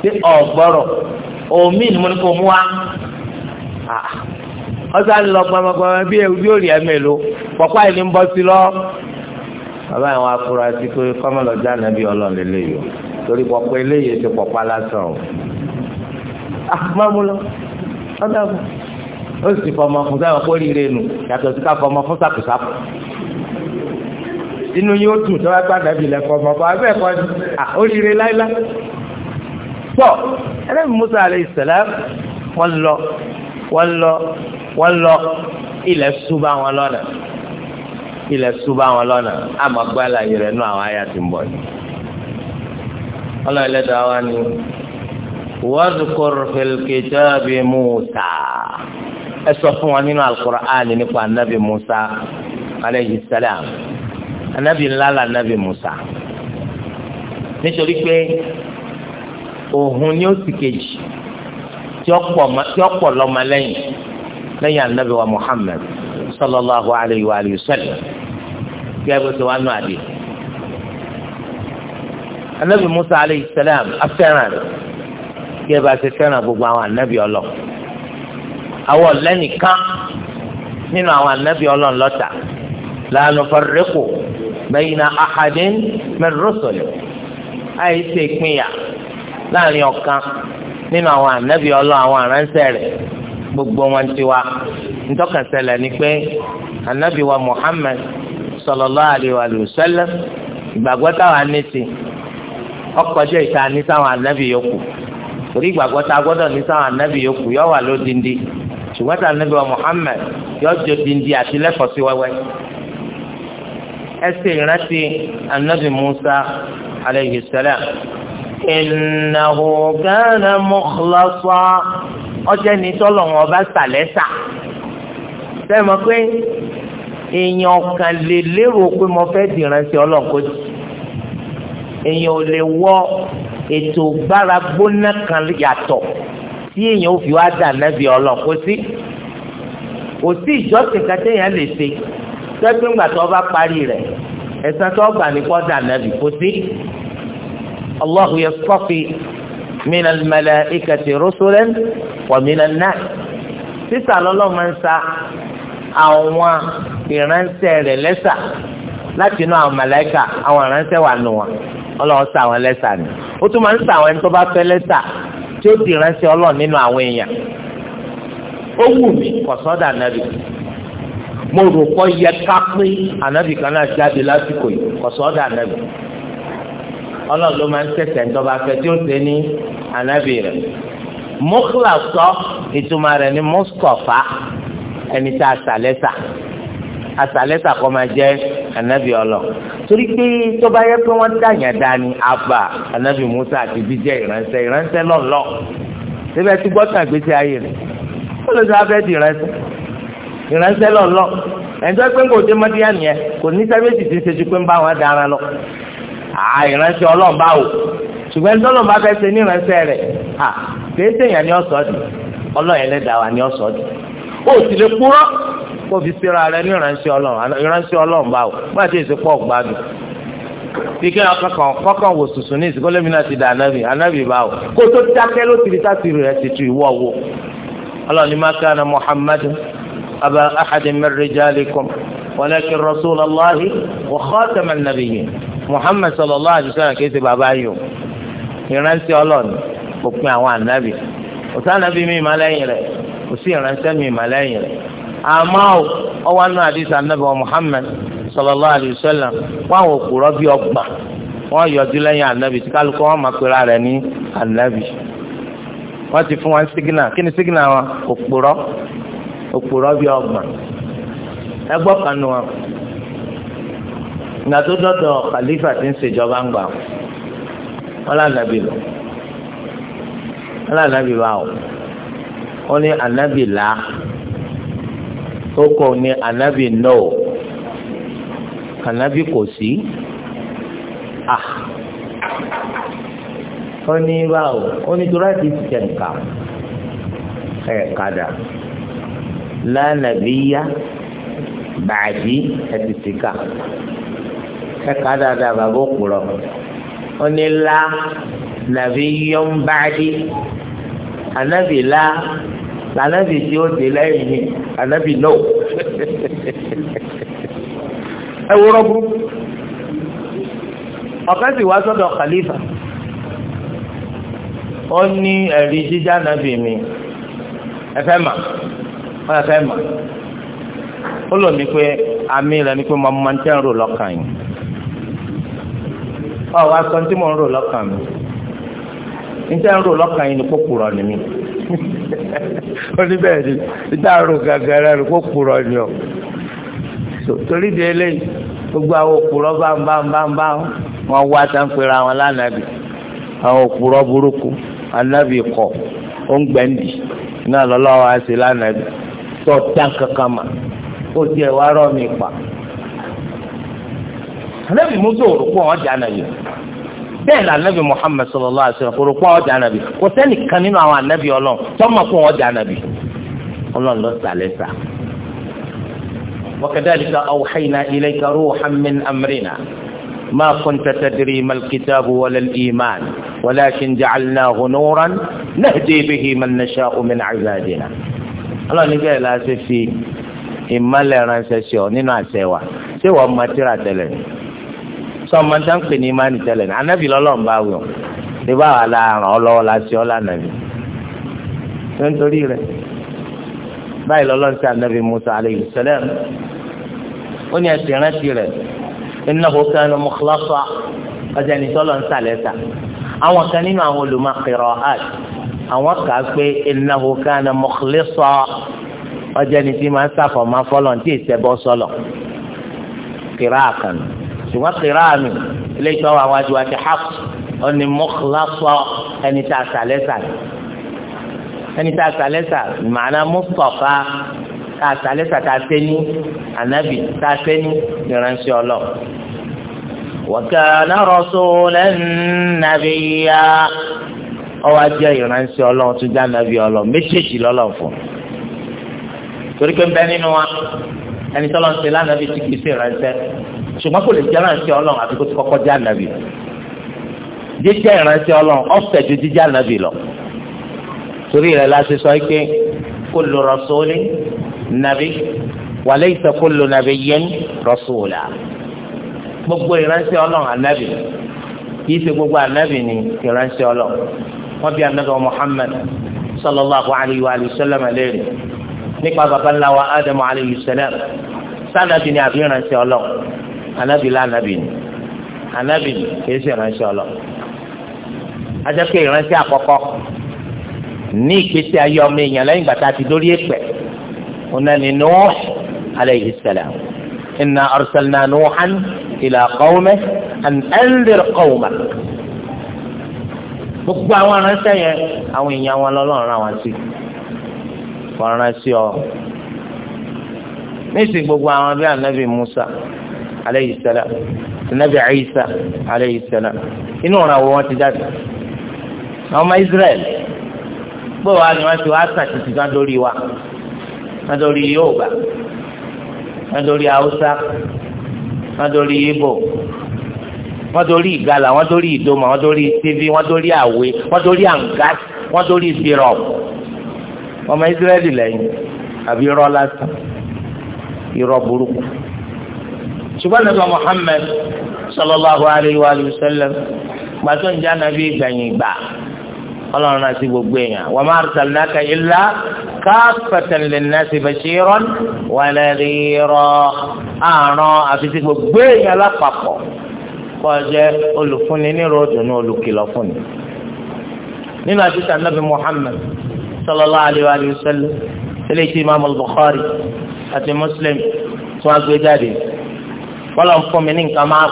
sí ọ̀gbọ́rọ̀ omi ni mo ní kó mú wa ah, ọ̀sán lọ gbọmọgbọmọ bí ewu yóò rí ẹ̀mí lo pọ̀pá yìí ni ń bọ́ sí lọ́wọ́ bàbá àwọn afurasí pé kọ́mọlọ́jà nàbí ọlọ́run lélẹ́yìí o torí pọ̀pọ̀ eléyìí ti pọ̀pọ̀ lásán o. àmọ́ ah, lọ ọ̀dà bọ̀ ó sì fọmọ fún sáwọn kórìíre nù yàtọ̀ sí ká fọmọ fún sàkùsàkù. inú yóò tù tó wá gbà nàbí lẹ fọmọ fún abẹ́ ẹ̀kọ́ ni àóríire ah, láíláí. pọ̀ ẹlẹ́mi Musa alayhi salam wọ́n lọ wọ́n lọ wọ́n lọ ilẹ̀ ṣùgbọ́n àwọn lọ́nà ilẹ̀ ṣubá wọn lọ́nà àmọ́ gbala yìí rẹ̀ nù àwọn àyà ti ń bọ̀ yìí. ọlọ́ọ̀lẹ́dàá wa ni wadhkur fil kitabi Musa ẹ sọ fún wa nínú al-Qur'an nípa anabi Musa aleyhi salam anabi ńlá la anabi Musa nítorí pé òhun ni ó sì kejì tí ó pọ̀ lọ́mọ lẹ́yìn lẹ́yìn anabi wa Muhammad sallallahu alayhi wa sallam kí ẹ bó ti wá nù àdé anabi musa alayhi salam afẹ́ràn rẹ̀ kí ẹ bá ti fẹ́ràn gbogbo àwọn anabi ọlọ àwọn ọ̀lẹ́nìkan nínú àwọn anabi ọlọ ńlọ́ta la nufarriqu bayna ahadin min rusuli àìsè ìpínyà láàrin ọ̀kan nínú àwọn anabi ọlọ àwọn aránṣẹ́ rẹ̀ gbogbo wọn ti wa ntọ́kasẹ̀lẹ̀ ni pé anabi wa Muhammad sallallahu alayhi wa sallam ìgbàgbọ́ táwọn anẹ́tì ọkọjọ́ ìta ní sáwọn anabi yòókù torí ìgbàgbọ́ tá gbọ́dọ̀ ní sáwọn anabi yòókù yọ wà lódindi ṣùgbọ́n tá anabi wa yọ jọ dindi àti lẹ́kọ̀ọ́ sí wẹ́wẹ́ ẹsẹ̀ ìrántí anabi Musa alayhi salam innahu kana mukhlasa ọjọ́ ni tọ́lọ̀ wọn bá sàlẹ̀ sà sẹ́yìn mọ̀ pé èèyàn kan lè lérò pé mo fẹ́ dìránṣẹ́ ọlọ́ọ̀kọ́jì èèyàn ò lè wọ ètò gbára gbóná kan yàtọ̀ tí èèyàn ò fi wá dà nábì ọlọ́ọ̀kọ́sí kò sí ìjọsìn kan téèyàn lè ṣe sẹ́gbẹ́ ńgbà tó bá parí rẹ̀ ẹ̀sán tó gbà ní kọ́ dà nábì kò sí. Allahu yastafi min al-malaikati rusulan wa min an-nas sísà lọ́lọ́ máa sa àwọn iranse re lesa lati inú àwọn màláíkà àwọn ìránṣẹ́ wà nù wọn ọlọ́run sa àwọn lẹ́sà ni ó tún máa ń sa àwọn ẹni tó bá fẹ́ lẹ́sà tí ó di ìránṣẹ́ ọlọ́run nínú àwọn èèyàn anabi. wù mí kọ̀sọ́dà nàbì mo rò yẹ kan náà jáde lásìkò yìí ọlọ́run ló máa ń tẹ̀sẹ̀ ńdọ́ba fẹ́ tí ó ṣe ní ànábì rẹ̀ mọ́kìlá sọ ìtumọ̀ rẹ̀ ní mọ́sítọ̀fà ẹni tá a sàlẹ́sà a sàlẹ́sà kọ́ máa jẹ́ ànábì ọlọ́ torí pé tó bá yẹ pé wọ́n dàyàn dání àbà ànábì Musa àti bíjẹ́ ìránṣẹ́ ìránṣẹ́ lọ́lọ́ síbẹ̀ tí gbọ́tàn ìgbésí ayé rẹ̀ ó lè sọ abẹ́ di ìránṣẹ́ ìránṣẹ́ lọ́lọ́ ẹ̀ńtọ́ pé kò dé mọ́díyàn yẹn kò ní sábẹ́ à ah, ìránṣẹ́ ọlọ́run báwo ṣùgbọ́n tọ́lọ́run bá fẹ́ ṣe ní ìránṣẹ́ rẹ̀ à kìí ṣèyàn ní ọ̀sọ́ di ọlọ́run ẹlẹ́dàá wa ní ọ̀sọ́ di ó sì lè purọ́ kó fi síra rẹ ní ìránṣẹ́ ọlọ́run ìránṣẹ́ ọlọ́run báwo wọ́n ti ṣe pọ̀ gbádùn fíkẹ́ ọkàn kọ́kàn wò sùsùn ní ìsìnkú lẹ́mìnà ti dà ànábì ànábì báwo kó tó dákẹ́ ló ti di tásìrì rẹ̀ ti tu ìwọ́ wo muhammed sallallahu alaihi wasallam kìí ṣe bàbá yìí o ọlọ́ọ̀ni òpin àwọn ànábì ànábì mi ìmọ̀ lẹ́yìn rẹ̀ mi ìmọ̀ lẹ́yìn rẹ̀ àmọ́ ànábì muhammed sallallahu alaihi wasallam wọn àwọn ọgbà wọn yọjú lẹ́yìn ànábì tí wọn máa pera rẹ̀ ní ànábì wọn ti fún wọn sígínà kí ni sígínà wọn ọgbà ẹgbọ́ kan nù wọn. ìgbà tó dọ́dọ̀ khalifa ti ń ṣèjọba ń gbà wọn lànàbì lọ wọn lànàbì bá wọn wọn ní ànàbì là ó kọ ní ànàbì no ànàbì kò sí à wọn ní o wọn ní torí àti ìtìjẹ nìkan ẹ kàdà lánàbì yá bàdí ẹtì síkà ẹka dáadáa bàbá òkúrọ onílà nàbí yọm bàdí ànábì là lànàbì tí ó dé lẹ́yìn mi ànábì nọ ẹ wúrọ burúkú ọ̀kan sì wá sọ́dọ̀ khalifa ó ní ẹ̀rí jíjá nàbì mi ẹ fẹ́ mà ẹ fẹ́ mà. ó lò ní pé àmì rẹ̀ ni pé mo máa ń tẹ́ ń rò lọ́kàn yìí ọ wá tí mo ń rò lọ́kàn mi ní tẹ́ ń rò lọ́kàn yìí ni kó kúrọ̀ ó ní bẹ́ẹ̀ ni rò gàgàrà ni kúrọ̀ torí di eléyìí gbogbo àwọn òkúrọ̀ wọn wá ó tiẹ̀ wá rọ́ mi pa anabi musa orúkọ ọjà anabi bẹ́ẹ̀ ni anabi muhammed sallallahu alaihi wa sallam orúkọ ọjà anabi kò sẹ́ni kan nínú àwọn anabi ọlọ́run tọ́mọ kó ọjà anabi ọlọ́run lọ sàlẹ̀ sà. وكذلك أوحينا إليك روحا من أمرنا ما كنت تدري ما الكتاب ولا الإيمان ولكن جعلناه نورا نهدي به من نشاء من عبادنا الله نجعل أسفي ìmọ̀lẹ̀ ránṣẹ́ sí ọ nínú àṣẹ wa ṣé wọ́n mọ tíra tẹ́lẹ̀ sọ ma dá ń pè ní imáni tẹ́lẹ̀ ní anábì lọ́lọ́run bá wù ọ́ ṣé báwa la ràn ọ́ lọ́wọ́ la ṣe ọ́ lánàá ni ṣé ń torí rẹ̀ báyìí lọ́lọ́run sí anábì Musa alayhi salam ó ní ẹsẹ̀ rántí rẹ̀ innahu kana mukhlasa ọjà ní sọ́lọ́ ń sàlẹ̀ ta àwọn kan nínú àwọn olùmọ̀ qira'at àwọn kà á pé innahu kana mukhlasa ọjọ́ ẹni tí máa ń sàfọ̀mọ́ fọlọ́n tí ìṣẹ́bọ́ sọlọ̀ kìrá kan ṣùgbọ́n kìrá mi ilé ìtọ́ wa wájú àti haqq ọ̀nì mọ́kìlásọ ẹni tá a sàlẹ̀ sàlẹ̀ ẹni tá a sàlẹ̀ sàlẹ̀ màánà mustapha tá a sàlẹ̀ sàlẹ̀ tá a sẹ́ni anabi tá a sẹ́ni ìránṣẹ́ ọlọ́ wọ́kẹ́rẹ́ rọ́ṣọ́lẹ́ nàbíyá ọwọ́ ajẹ́ ìránṣẹ́ ọlọ́ tún já nàbí ọlọ́ méjèèjì lọ́lọ́ fún un torí pé bẹ́ẹ̀ nínú wa ẹni tọ́lọ́ ń ṣe lánàbí tí kìí ṣe ìránṣẹ́ ṣùgbọ́n kò lè jẹ́ ìránṣẹ́ ọlọ́run àti kó ti kọ́kọ́ jẹ́ ànàbì jíjẹ́ ìránṣẹ́ ọlọ́run ọ̀sẹ̀ ju jíjẹ́ ànàbì lọ torí rẹ̀ la ṣe sọ pé kullu rasulin nabi wa laysa kullu nabiyyin rasula gbogbo ìránṣẹ́ ọlọ́run ànàbì kìí ṣe gbogbo ànàbì ni ìránṣẹ́ ọlọ́run wọ́n bí nípa baba ńlá wa ádámù alayhi salam sànàbì ni àbí ìrànṣẹ́ ọlọ́ ànábì lánàbì ni ànábì ni kìí ṣe ìrànṣẹ́ ọlọ́ ajẹ́pẹ́ ìrànṣẹ́ àkọ́kọ́ ní ìgbésí ayé ọmọ èèyàn lẹ́yìn gbàtà ti dórí èpẹ̀ onani Nuh alayhi salam inna arsalna Nuhan ila qawmihi an anzir qawmak gbogbo àwọn ìrànṣẹ́ yẹn àwọn èèyàn wọn lọ́lọ́run àwọn sí fọ̀ràn sí ọ nísìnyí gbogbo àwọn bí anabi Musa aleyhi salam anabi Isa aleyhi salam inú ọ̀ràn wo wọn ti dá sí àwọn ọmọ Israel gbọ́ wa ni wọ́n ti wá sàn títí ká lórí wa wọ́n lórí Yorùbá wọ́n lórí Haúsá wọ́n lórí Igbo wọ́n lórí Ìgalà wọ́n lórí Ìdòmà wọ́n lórí Tífì wọ́n lórí Àwé wọ́n lórí Àǹgá wọ́n lórí Zirọ̀ ọmọ israẹli lẹ́yìn àbí irọ́ lásán irọ́ burúkú ṣùgbọ́n nàbà muhammed sallallahu alayhi wa sallam gbàtọ́ njẹ́ anabi gbẹ̀yìn gbà ọlọ́run náà ti gbogbo èèyàn wa ma arsalnaka illa kaffatan linnasi bashiran wa nadhira àrùn àfi ti gbogbo èèyàn lápapọ̀ kó jẹ́ olùfúnni nírò dùnú olùkìlọ̀ fúnni nínú àti sànàbì muhammed sallallahu alayhi wa sallam eléyìí tí imaamu al-bukhari àti muslim tún á gbé jáde wọ́n lọ fún mi ní nǹkan máa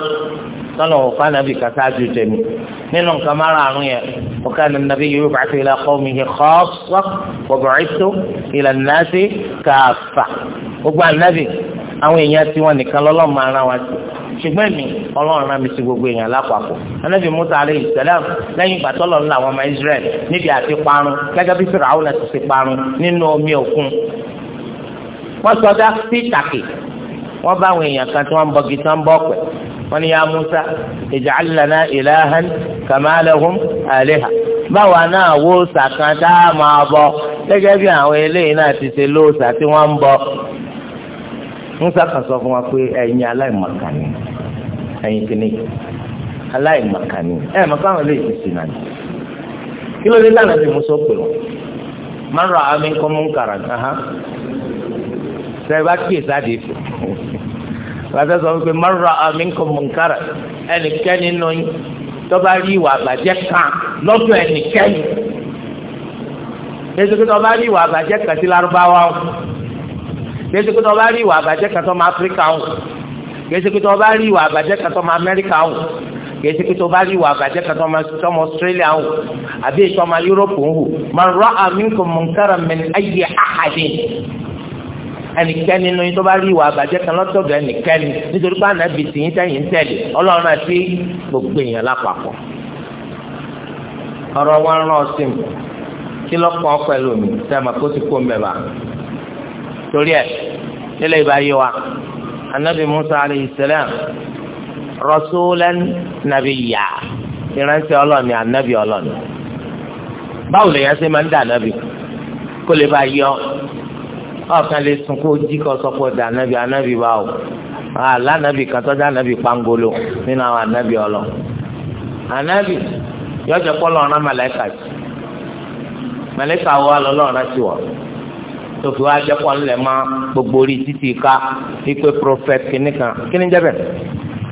sọ́nà òfà nàbì kàtà ju tèmi nínú nǹkan máa rà àrùn yẹn òkà ní nàbì yìí bàá fi ilà kọ́ mi yìí khassa wa bu'ithtu ila an-nasi kaffa gbogbo ànábì àwọn èèyàn tí nìkan lọ́lọ́ máa rán wa sí ṣùgbọ́n mi ọlọ́run rán mi sí gbogbo èèyàn lápapọ̀ anábì musa aleyhi salam lẹ́yìn ìgbà tọ́lọ̀ ńlá àwọn ọmọ israẹli níbi àti parun gẹ́gẹ́ bí fìràwọ́n ti ti parun nínú omi òkun wọ́n sọdá sí ìtàkì wọ́n bá àwọn èèyàn kan tí wọ́n ń bọ́gi tí wọ́n ń bọ́ ọ̀pẹ̀ wọ́n ní ya musa ij'al lana ilahan kama lahum aliha báwa náà wó sàkàn tá a máa bọ gẹ́gẹ́ bí àwọn eléyìí náà ti ṣe lóòsà tí wọ́n ń bọ musa kan sọ fún wa pé ẹ̀yin aláìmọ̀kànnì ẹ̀yin kìíní aláìmọ̀kànnì ẹ̀ mọ̀ káwọn lè ti sìn náà kí ló dé lánàá bí musa pè wọ́n máa ń rọ àmì kọ́ mú nkàrà náà sẹ́yìn bá kíyè sáàdì fún wàtí sọ wípé máa rọ àmì kọ́ mú nkàrà ẹnikẹ́ni nù yín tó rí ìwà àbàjẹ́ kan lọ́dọ̀ ẹnikẹ́ni ètò kí rí ìwà àbàjẹ́ kan sí lárúbáwá kìí ṣe pé tó bá rí ìwà àbàjẹ́ kan tó ma áfíríkà hù kìí ṣe pé tó bá rí ìwà àbàjẹ́ kan tó máa amẹ́ríkà hù kìí ṣe bá rí ìwà àbàjẹ́ kan tó máa australia hù àbí ìtọ́ máa europe hù man ra'a minkum munkaran min ayyi ahadin ẹnikẹ́ni nínú yín tó bá rí ìwà àbàjẹ́ kan lọ́tọ̀dọ̀ ẹnikẹ́ni nítorí pé ànábì tì yín tẹ̀yìn tẹ̀lé ọlọ́run àti gbogbo èèyàn lápapọ̀ ọ̀rọ̀ wọn rán ọ sí mi kí lọ́kàn pẹ̀lú mi sẹ́mi kó kó mẹ́wàá. torí ẹ tẹ́lẹ̀ ìbáyé wa anabi musa alayhi salam rasulan nabiyya ìránṣẹ́ ọlọ́ọ̀ni anabi ọlọ́ọ̀ni báwo lè yẹn ṣe máa ń dà anabi kó lè bá yọ ọ̀kan lè sùn kó jí kó sọ pé dà anabi anabi àlá anabi kan tọ́jú anabi pangolo nínú àwọn anabi ọlọ anabi yọjọ kọ́ lọ́ọ̀rán màláìkà sí màláìkà lọ́ọ̀rán tó fi wá jẹ́ kọ́ ńlẹ̀ mọ́ gbogbo orí títì ká ipe prophet kìnìkan kìnìún jẹ́ bẹ́ẹ̀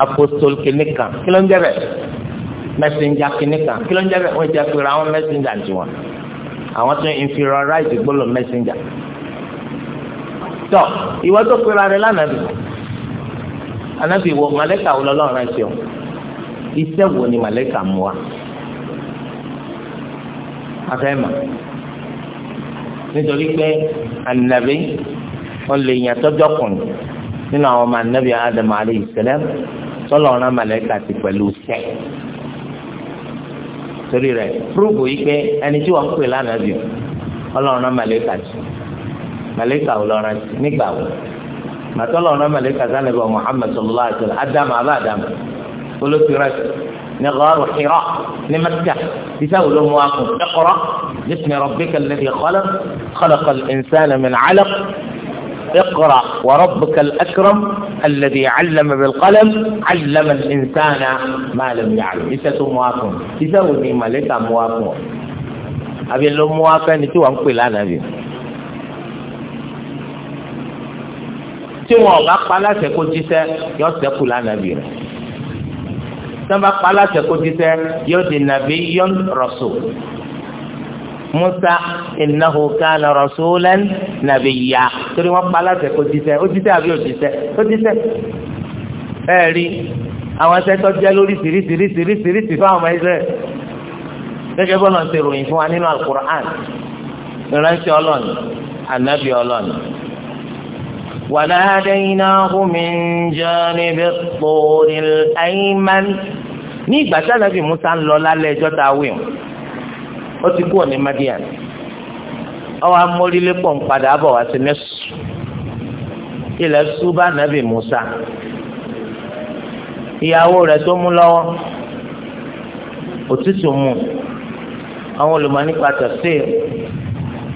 apostol kìnìkan kìnìún jẹ́ bẹ́ẹ̀ messenger kìnìkan kìnìún jẹ́ bẹ́ẹ̀ wọ́n jẹ́ pé àwọn messenger ti wọn àwọn tún inferiorize gbọ́dọ̀ messenger tọ́ ìwọ́n tó pera rẹ̀ lánàá bì anabi wo maleka wo lọ́lọ́run ẹsẹ o iṣẹ́ wo ni maleka mú wa afẹ ma nítorí pé ànàbí wọn lè yàn tọ́jọ́ kùn nínú àwọn ọmọ ànàbí Ádámù alayhi salam sọlọ ọ̀ràn màlẹ́kà ti pẹ̀lú sẹ́ torí rẹ̀ púrúbù yìí pé ẹni tí wọ́n ń pè lánàá bì ọlọ́run màlẹ́kà ti màlẹ́kà ò lọ́ràn nígbà wo màtọ́lọ̀ ọ̀ràn màlẹ́kà sálẹ̀bọ̀ Muhammad sallallahu alaihi wasallam ádámù àbá àdámù olóṣù rẹ̀ ní ọ̀rọ̀ Hira ní Mẹ́kà ìṣàwòlómù akùn ẹ̀kọ́rọ́. باسم ربك الذي خلق خلق الإنسان من علق اقرأ وربك الأكرم الذي علم بالقلم علم الإنسان ما لم يعلم إذا تمواكم إذا وديما لك مواكم أبي لو مواكم نتوى نقول أنا أبي تمو أبقى لا تكون جيسا يوسكو لنا أبي تمو أبقى لا تكون جيسا يوسكو لنا أبي رسول musa innahu kana rasulan nabiyya torí wọ́n pa aláṣẹ kó jíṣẹ́ ó jíṣẹ́ àbí ó jíṣẹ́ ó jíṣẹ́ ẹ rí àwọn sẹ́tọ́ jẹ́ lórí sírísírísírísírísí fáwọn ọmọ Israẹli gẹ́gẹ́ bọ́lá ń ṣe ròyìn fún wa nínú alukur'an ìránṣẹ́ ọlọ́ọ̀ni ànábì ọlọ́ọ̀ni. وناديناه من جانب الطور الأيمن ní ìgbà tí ànábì Musa ń lọ lálẹ́ ó ti kúrò ní madian ọwọ́ amórílé pọ̀ ń padà bọ̀ wá sí mẹ́sù ilẹ̀ ṣúbà nàbì Musa ìyàwó rẹ̀ tó mú lọ́wọ́ òtútù mu àwọn olùmọ̀ nípa tẹ̀sí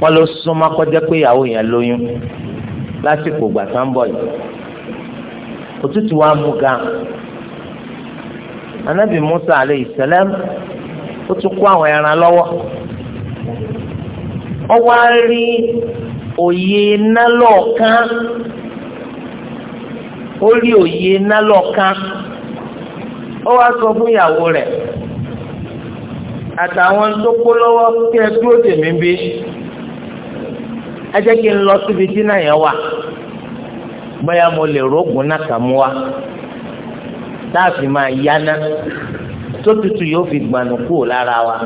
wọn ló súnmọ́ kọjá pé ìyàwó yẹn lóyún lásìkò ìgbà tá ń bọ̀ yìí òtútù wa mú gan anabi Musa aleyhi salam ó tún kó àwọn ẹran lọ́wọ́ ó wá rí òye iná lọ́ọ̀kan ó rí òye iná lọ́ọ̀kan ó wá sọ fún ìyàwó rẹ̀ àtàwọn tó kó lọ́wọ́ kí ẹ dúró tèmi bí ẹ jẹ́ kí n lọ síbi tí yẹn wà bóyá mo lè rógùn náà kà mú wa tó tutù yóò fi gbànú kúrò lára wa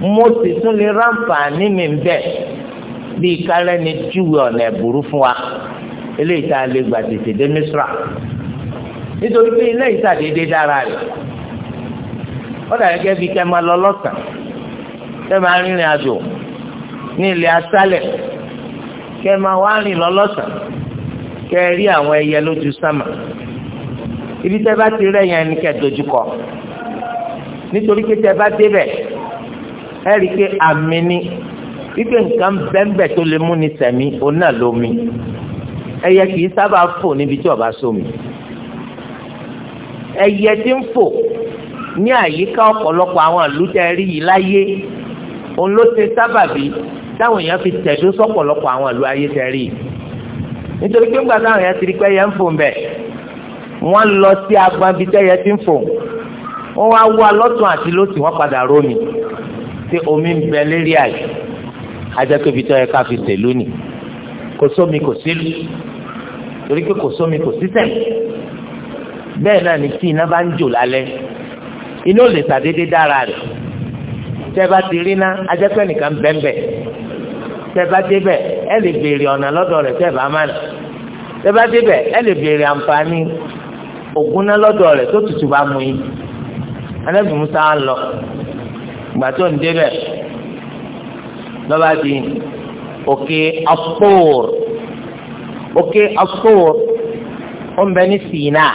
mo sì tún lè ráǹfààní mi ń bẹ bíi kálẹ́ni júwe ọ̀nà ẹ̀bùrú fún wa eléyìí tá a lè gbà tètè dé Misra nítorí pé ilé ìtàdédé dára rẹ̀ ó dàbí gẹ́gẹ́ bíi kẹ́ máa lọ lọ́sàn kẹ́ máa rìnrìn àjò ní ilẹ̀ asálẹ̀ kẹ́ máa wá rìn lọ lọ́sàn kẹ́ rí àwọn ẹyẹ lójú sámà ibi tẹ́ bá ti rẹ̀ yẹn ni kẹ́ dojúkọ nítorí pé tẹ́ bá débẹ̀ ẹ rí i pé àmì ni wípé nǹkan bẹ́ńbẹ̀ tó lè mú ni sẹ̀mí òun náà lómi ẹyẹ kì í sábà fò níbi tí ọba sómi ẹyẹ tí ń fò ní àyíká ọ̀pọ̀lọpọ̀ àwọn àlùtẹ̀rí yìí láyé òun ló ti sábàbí táwọn èèyàn fi tẹ̀dó sọ́pọ̀lọpọ̀ àwọn àlù ayé nítorí pé ńgbà táwọn èèyàn ti rí pé ẹyẹ ń fò ń wọ́n lọ sí agbọn bíi tẹ́yẹ ti ń fò wọ́n wá wá lọ́tún àti lósì wọ́n padà rómi tí omi ń bẹ lérí àyè tó yẹ ká fi tẹ̀ lónìí kò sómi kò sílù torí pé kò sómi kò sísẹ̀ bẹ́ẹ̀ náà ni tí iná bá ń jò lálẹ́ iná ò lè sàdédé dára rẹ̀ tẹ́ bá ti rí ná ajẹ́kẹ́ nìkan bẹ́ńbẹ́ tẹ́ bá débẹ̀ ẹ lè béèrè ọ̀nà lọ́dọ̀ rẹ̀ tẹ́ bá tẹ́ bá débẹ̀ ẹ lè béèrè anabi musa ń lọ ìgbà tó ń débẹ̀ lọ́ba di òkè asóòr òkè asóòr ó ń bẹ ní sinna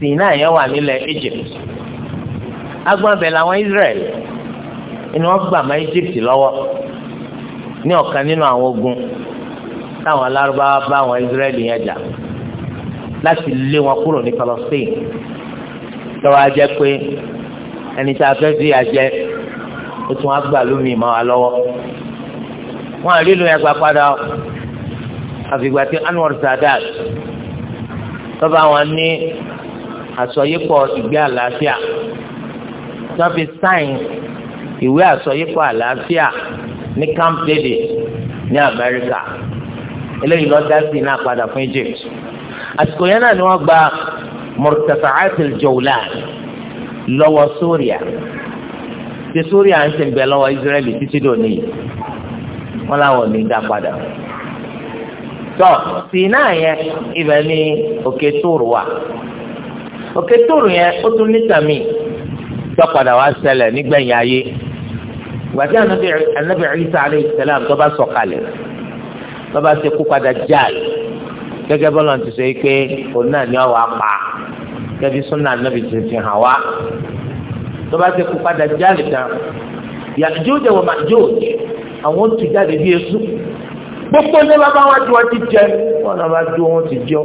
sinna yẹn wà nílẹ̀ egypt agbọ̀nbẹ̀ làwọn israel ni wọ́n gbà má egypt lọ́wọ́ ní ọ̀kan nínú àwọn ogun táwọn alárúbáwá bá àwọn israel yẹn jà láti lé wọn kúrò ní palestine tọ́wọ́ ajẹ́ pé ẹni tá a fẹ́ fi àjẹ́ ó tún á gbà lómi ìmọ̀ wa lọ́wọ́ wọn àrílù yẹn gba padà àfìgbà tí Anwar Sadat tọ́ba wọn ní àsọyípọ̀ ìgbé àlàáfíà wọ́n fi sáìn ìwé àsọyípọ̀ àlàáfíà ní Camp David ní Amẹ́ríkà eléyìí lọ́ọ́ dá sí iná padà fún Egypt àsìkò yẹn náà ni wọ́n gba murtafa'at al-jawlan lọ́wọ́ sóríà ti sóríà ń sìn bẹ lọ́wọ́ israẹli títí dòní wọn làwọn ní dá padà tọ sínà yẹn ibẹ̀ ní òkè tóòrù wà òkè tóòrù yẹn ó tún níta mi tọ́padà wá ṣẹlẹ̀ nígbẹ̀yìn ayé gbàtí anabi Isa alayhi salam tó bá sọ̀kalẹ̀ tó bá ṣekú padà jáde gẹ́gẹ́ bọ́lá ti sọ pé òun náà ni ọwọ́ apá gẹ́gẹ́ súnà nàbì ti fi hàn wá tó bá ti kú padà jáde tán Yájúj wa Májúj àwọn ó ti jáde bí esu gbogbo ní bàbá wọn ti wọn ti jẹ wọn náà bá dúró wọn ti jọ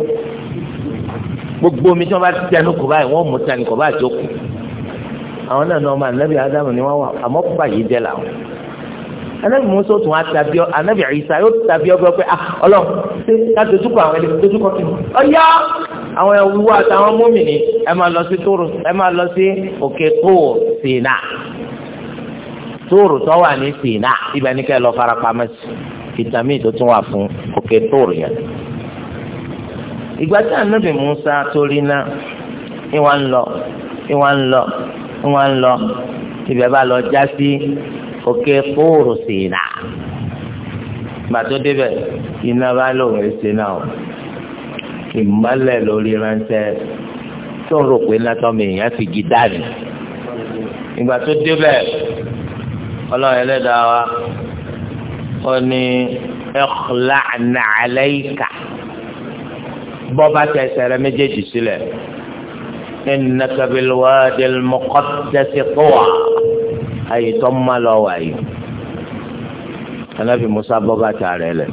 gbogbo omi tí wọn bá ti jẹ ní kò báyìí wọn mú tani kò tó kù àwọn náà ní ọmọ ànábì ádámù ni wọn wà àmọ́ kó báyìí jẹ làwọn anabi musa tún á tàbí ọ anabi isa yóò tàbí ọ gbọ́ pé ah ọlọ́run ṣe ká dojúkọ àwọn ẹni dojúkọ kí ni ọyá àwọn ẹwúwo àtàwọn mọ́mìnì ẹ máa lọ sí tóòrò ẹ máa lọ sí òkè tóò sínà tóòrò tó wà ní sínà ibẹ̀ ní ká ẹ lọ fara pamọ́ sí fìtàmì tó tún wà fún òkè tóòrò yẹn. ìgbà tí anabi musa torí náà ìwà ń lọ ìwà ń lọ ìwà ń lọ ibẹ̀ bá lọ já sí òkè kóòrò sí iná gbàtó débẹ̀ iná bá lòun èsì náà ìmọ́lẹ̀ lórí ránṣẹ́ tó ń rò pé látọ́mọ èèyàn fi jí dání ìgbà tó débẹ̀ ọlọ́run ẹlẹ́dàá wa ó ní ikhla'na 'alayka bọ́ba tẹsẹ̀ rẹ méjèèjì sílẹ̀ innaka bil wadi al muqaddasi tuwa ayé tó ń má lọ wà yìí anabi musa bọ́ bàtà rẹ̀ lẹ̀.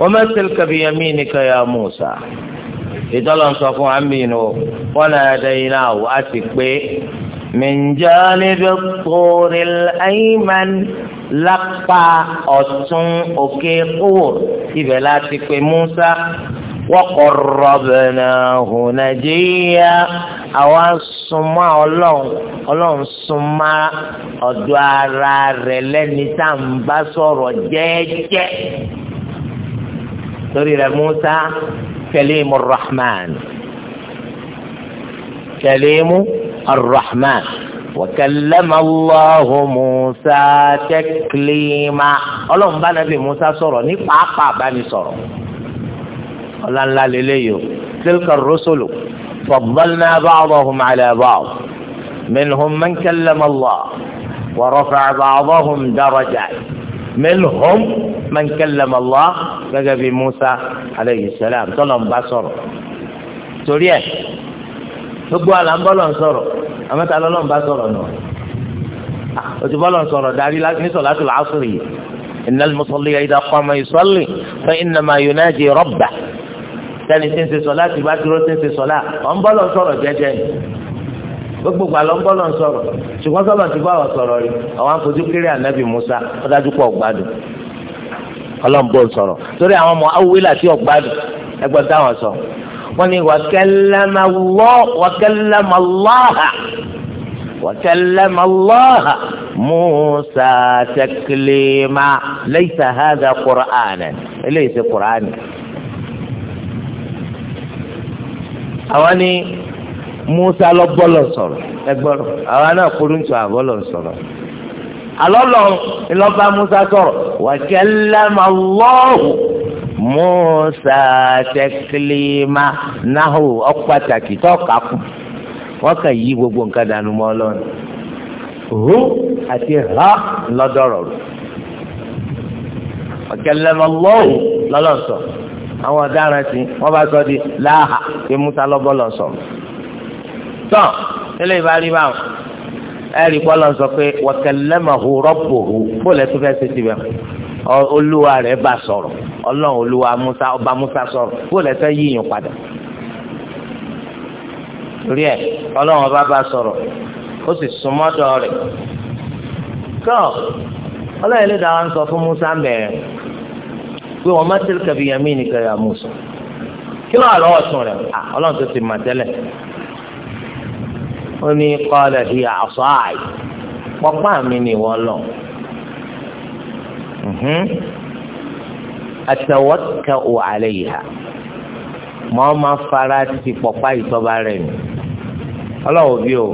wa ma tilka bi yaminika ya musa ìtọ́lọ̀ ń sọ fún amínú wọn náà dẹ́yìn náà wò á ti pé mìjáni bí kúrì ayman lápá ọ̀tún òkè kúrò ibẹ̀ láti pé musa waqarrabnahu najiyya àwa súnmọ́ ọlọ́run ọlọ́run súnmọ́ ọ̀dọ̀ ara rẹ̀ lẹ́ni tá à ń bá sọ̀rọ̀ jẹ́ẹ́jẹ́ torí rẹ̀ Musa kẹlímu rahman kẹlímu rahman wàkàlẹ́mà Allahu Musa tẹ́kílímà ọlọ́run bá nàbì Musa sọ̀rọ̀ ní pàápàá bá mi sọ̀rọ̀ ọlá ńlá lélẹ́yìí o tilka rusulu faddalna ba'dahum ala ba'd minhum man kallama Allah wa rafa'a ba'dahum darajat minhum man kallama Allah gẹ́gẹ́ bí Musa alayhi salam tọ́lọ̀ ń bá sọ̀rọ̀ torí ẹ̀ gbogbo àlàmbọ́lọ̀ ń sọ̀rọ̀ àmọ́ta lọ́lọ́ ń bá sọ̀rọ̀ náà òtún ah, bọ́lọ̀ ń sọ̀rọ̀ darí ní sọ̀láṣọ̀ làásùrì yìí. إن المصلي إذا قام يصلي فإنما يناجي ربه tẹni tí ń ṣe sọlá ti bá dúró tí ń ṣe sọlá ọ̀n bọ́lọ̀ sọ̀rọ̀ jẹ́jẹ́ ni gbogbo gbà bọ́lọ̀ sọ̀rọ̀ ṣùgbọ́n ti bá ọ̀ sọ̀rọ̀ rí àwọn afojú Musa ó dájú pọ̀ gbádùn ọlọ́n bọ́ sọ̀rọ̀ torí àwọn ọmọ ọ̀ gbádùn táwọn sọ wàkẹ́lẹ́mọlọ́hà wàkẹ́lẹ́mọlọ́hà Musa àwọn ní Musa lọ bọ́lọ̀ sọ̀rọ̀ ẹgbọ́rọ̀ àwọn náà kúrú ń tún àbọ̀lọ̀ sọ̀rọ̀ alọ́lọ́ ńlọ́ba Musa sọ̀rọ̀ wa kallama Allahu Musa taklima náà ọ̀pàtàkì tọ́ka kù wọ́n kàn yí gbogbo nǹkan dànù mọ́ ọlọ́run hu àti ha ńlọ́dọ̀rọ̀ wa kallama Allahu lọ́lọ́sọ̀rọ̀ àwọn ọ̀daràn sí wọ́n bá sọ di láhà pé musa lọ́bọ̀ lọ sọ. tọ́ nílẹ̀ ìbárí bá wọn ẹ̀rí bọ́lá sọ pé wakallamahu rabbuhu bóòlẹ̀ tó fẹ́ ṣe ti bẹ̀ olúwa rẹ̀ bá sọ̀rọ̀ ọlọ́run olúwa musa ọba musa sọ̀rọ̀ bóòlẹ̀ tó yíyan padà. torí ẹ ọlọ́run ọba bá sọ̀rọ̀ ó sì súnmọ́ dọ̀ tọ́ ọlọ́run ilé dáhà sọ fún musa mẹ́rin pé wọn má tilka bi yaminika ya Musa kí ló àlọ́ ọ̀tún rẹ̀ ọlọ́run tó ti mà tẹ́lẹ̀ ó ní qala hiya asai pọ́pá mi ni wọ́n lọ. Mhm. atawakka'u alayha mọ́ máa fara ti pọ̀pá ìtọ́ba rẹ̀ ni ọlọ́wọ́ bí o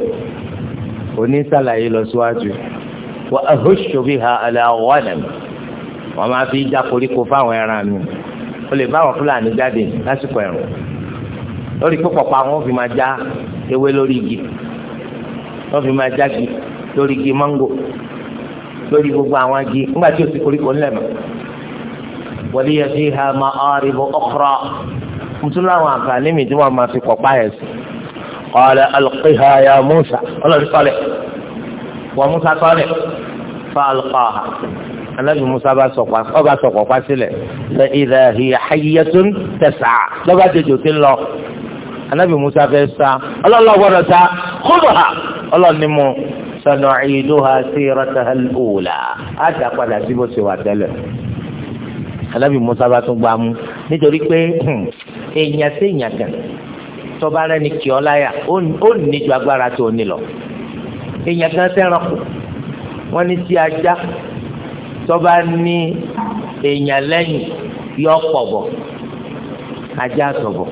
onísàlàyé lọ síwájú wa ahushu biha ala ghanam mi wọ́n máa fi já koríko fáwọn ẹran mi o lè bá àwọn fúlàní jáde lásìkò ẹ̀rùn lórí pípọ̀ pa wọn fi máa já ewé lórí igi wọ́n fi máa já igi lórí igi máńgò lórí gbogbo àwọn igi nígbà tí o sì koríko ńlẹ̀ mọ́ wọlé yẹ fi ha ma ọ̀rìbù ọ̀kọ̀rọ̀ mutu láwọn àǹfààní mi tí wọ́n máa fi pọ̀ pa ẹ̀sìn ọ̀rẹ́ alùpùpù ya Musa ọlọ́ọ̀dún sọ́lẹ̀ wọ́n Musa sọ́lẹ̀ fọ́ alùpùpù anabi musa bá sọ̀kọ́ ọba sọ̀kọ́ pa sílẹ̀ ṣe ìdá hiya hayyatun tẹ̀sà lọ́ba jẹjọ ti lọ anabi musa fẹ́ sá ọlọ́lọ́ gbọ́dọ̀ sá khudha ọlọ́ni mu sanu'iduha sirataha al-ula á dà padà sí bó ṣe wà tẹ́lẹ̀ anabi musa bá tún gbámú nítorí pé hmm, èèyàn sí èèyàn kan tọ́ba rẹ ni kì láyà ó ní agbára tó ní lọ èèyàn kan sẹ́ranko wọ́n ní sí ajá tọ́ba ní èèyàn lẹ́yìn yọ pọ̀bọ̀ ajá sọ̀bọ̀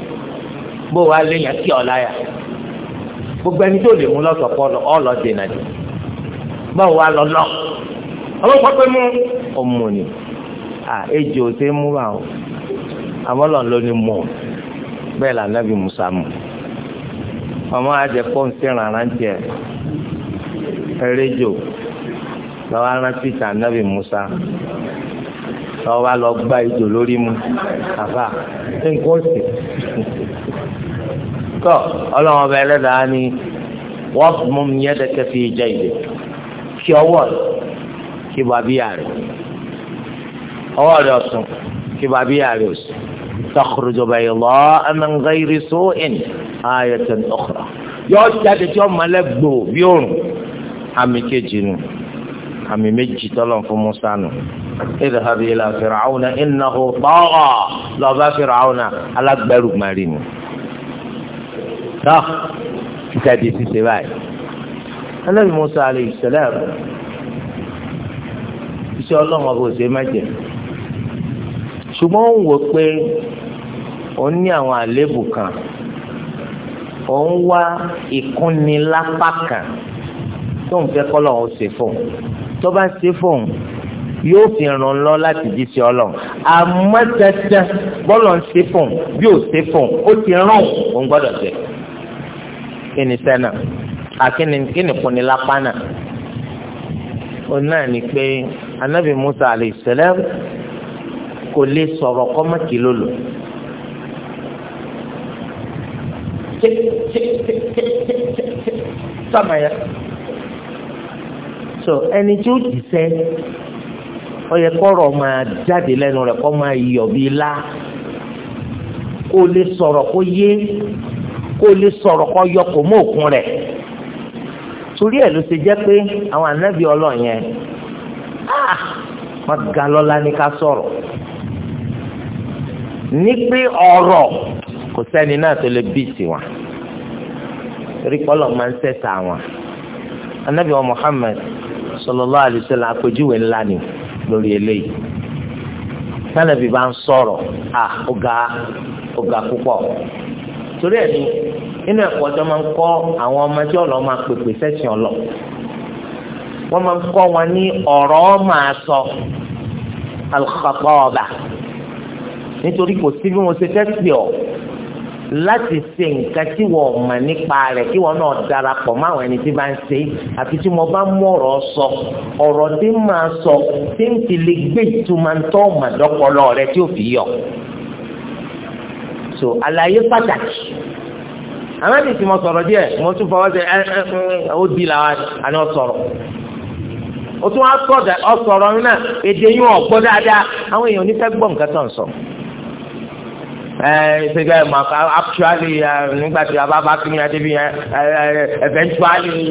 bó wàá léèyàn kí ọ gbogbo ẹni tó lè mú lọ́sọ̀pọ̀ ọlọ́ dènà dè báwo wàá lọ lọ ọlọ́pàá pé mú ọmọ ni ejò mú wa o bẹ́ẹ̀ là Musa mú ọmọ pọ́ǹsì lọ́wọ́ arántí tà nábì Musa lọ́wọ́ bá lọ gbá ìjò lórí mu àbá nǹkan ọ̀sẹ̀. tọ́ ọlọ́run ọba ẹlẹ́dàá ni wọ́n mú mi yẹ́ dẹ́kẹ́ fi jẹ́ ìdè kí ọwọ́ kí bàbíyà rẹ̀ ọwọ́ rẹ̀ ọ̀sùn kí bàbíyà rẹ̀ ọ̀sùn. تخرج بيضاء من غير سوء آية أخرى يوجد جمع لبو بيون عمي كجنون àmì méjì tọ́lọ̀ fún musa nù idhhab ila fir'auna innahu tagha lọ́ba fir'auna alágbẹ̀rù mari nù. tọ́ ìtàdí ti ṣe báyìí. anábì musa alayhi salam iṣẹ́ ọlọ́run ọba òṣèré má jẹ ṣùgbọ́n ó ń wò pé òun ní àwọn àléébù kan òun wá ìkúnnilápá kan tó ń fẹ́ kọ́ lọ́wọ́ ṣe fún un tó bá ṣe fóun yóò fi ràn lọ láti jí sí ọlọ́run àmọ́ tẹ́tẹ́ bọ́lọ̀ ń ṣe fóun bí ò ṣe fóun ó ti ràn òun gbọ́dọ̀ jẹ kí ni sẹ́nà àkíni kí ni kùnì lápá náà òun náà ni pé anabi musa alayhi salam kò lè sọ̀rọ̀ kọ́mọ́kì lólo. sọ́mọ yẹn sọ ẹni tí ó dìṣẹ́ ó yẹ kọ́rọ̀ máa jáde lẹ́nu rẹ̀ kó máa yọ̀ bí lá kó lè sọ̀rọ̀ kó yé kó lè sọ̀rọ̀ kó yọ kó mọ òkun rẹ̀ torí ẹ̀ ló ṣe jẹ́ pé àwọn ànábì Ọlọ́run yẹn wọ́n ah, ga lọ́lá ní ká sọ̀rọ̀ ní pé ọ̀rọ̀ kò sẹ́ni náà tó lè bí tiwọn torí pé máa ń sẹ́sà wọn ànábì wa Muhammad sallallahu alaihi wasallam àpèjúwe ńlá ni lórí eléyìí sanabi bá ń sọ̀rọ̀ à ọ̀gá ọ̀gá púpọ̀ torí ẹ̀ ní inú ẹ̀kọ́ tó máa ń kọ́ àwọn ọmọ tí máa pèpè sẹ́sìn ọlọ wọ́n máa ń kọ́ wọn ní ọ̀rọ̀ máa sọ alxapọ̀ọ̀bà nítorí kò sí bí wọ́n ṣe fẹ́ pè ọ́ láti ṣe nǹkan tí wọ́n mọ̀ nípa rẹ̀ kí wọ́n náà darapọ̀ mọ́ àwọn ẹni tí bá ń ṣe àfi tí mo bá mú ọ̀rọ̀ sọ ọ̀rọ̀ tí màá sọ tí n ti lè gbé ìtumọ̀ tó màdọ́pọ̀lọ rẹ tí ó fi yọ. so àlàyé pàtàkì àwọn èdè tí mo sọ̀rọ̀ díẹ̀ mo tún fọwọ́ sẹ ẹ ẹ ó di làwọn àná sọ̀rọ̀ o tún wá sọ̀rọ̀ náà èdè yín ọ̀gbọ́ dáadáa àwọn èèyàn onífẹ́ gbọ́ nǹkan tó ń sọ. So ṣe kẹ ma ka actually nígbà tí a bá bá kí ni a débi eventually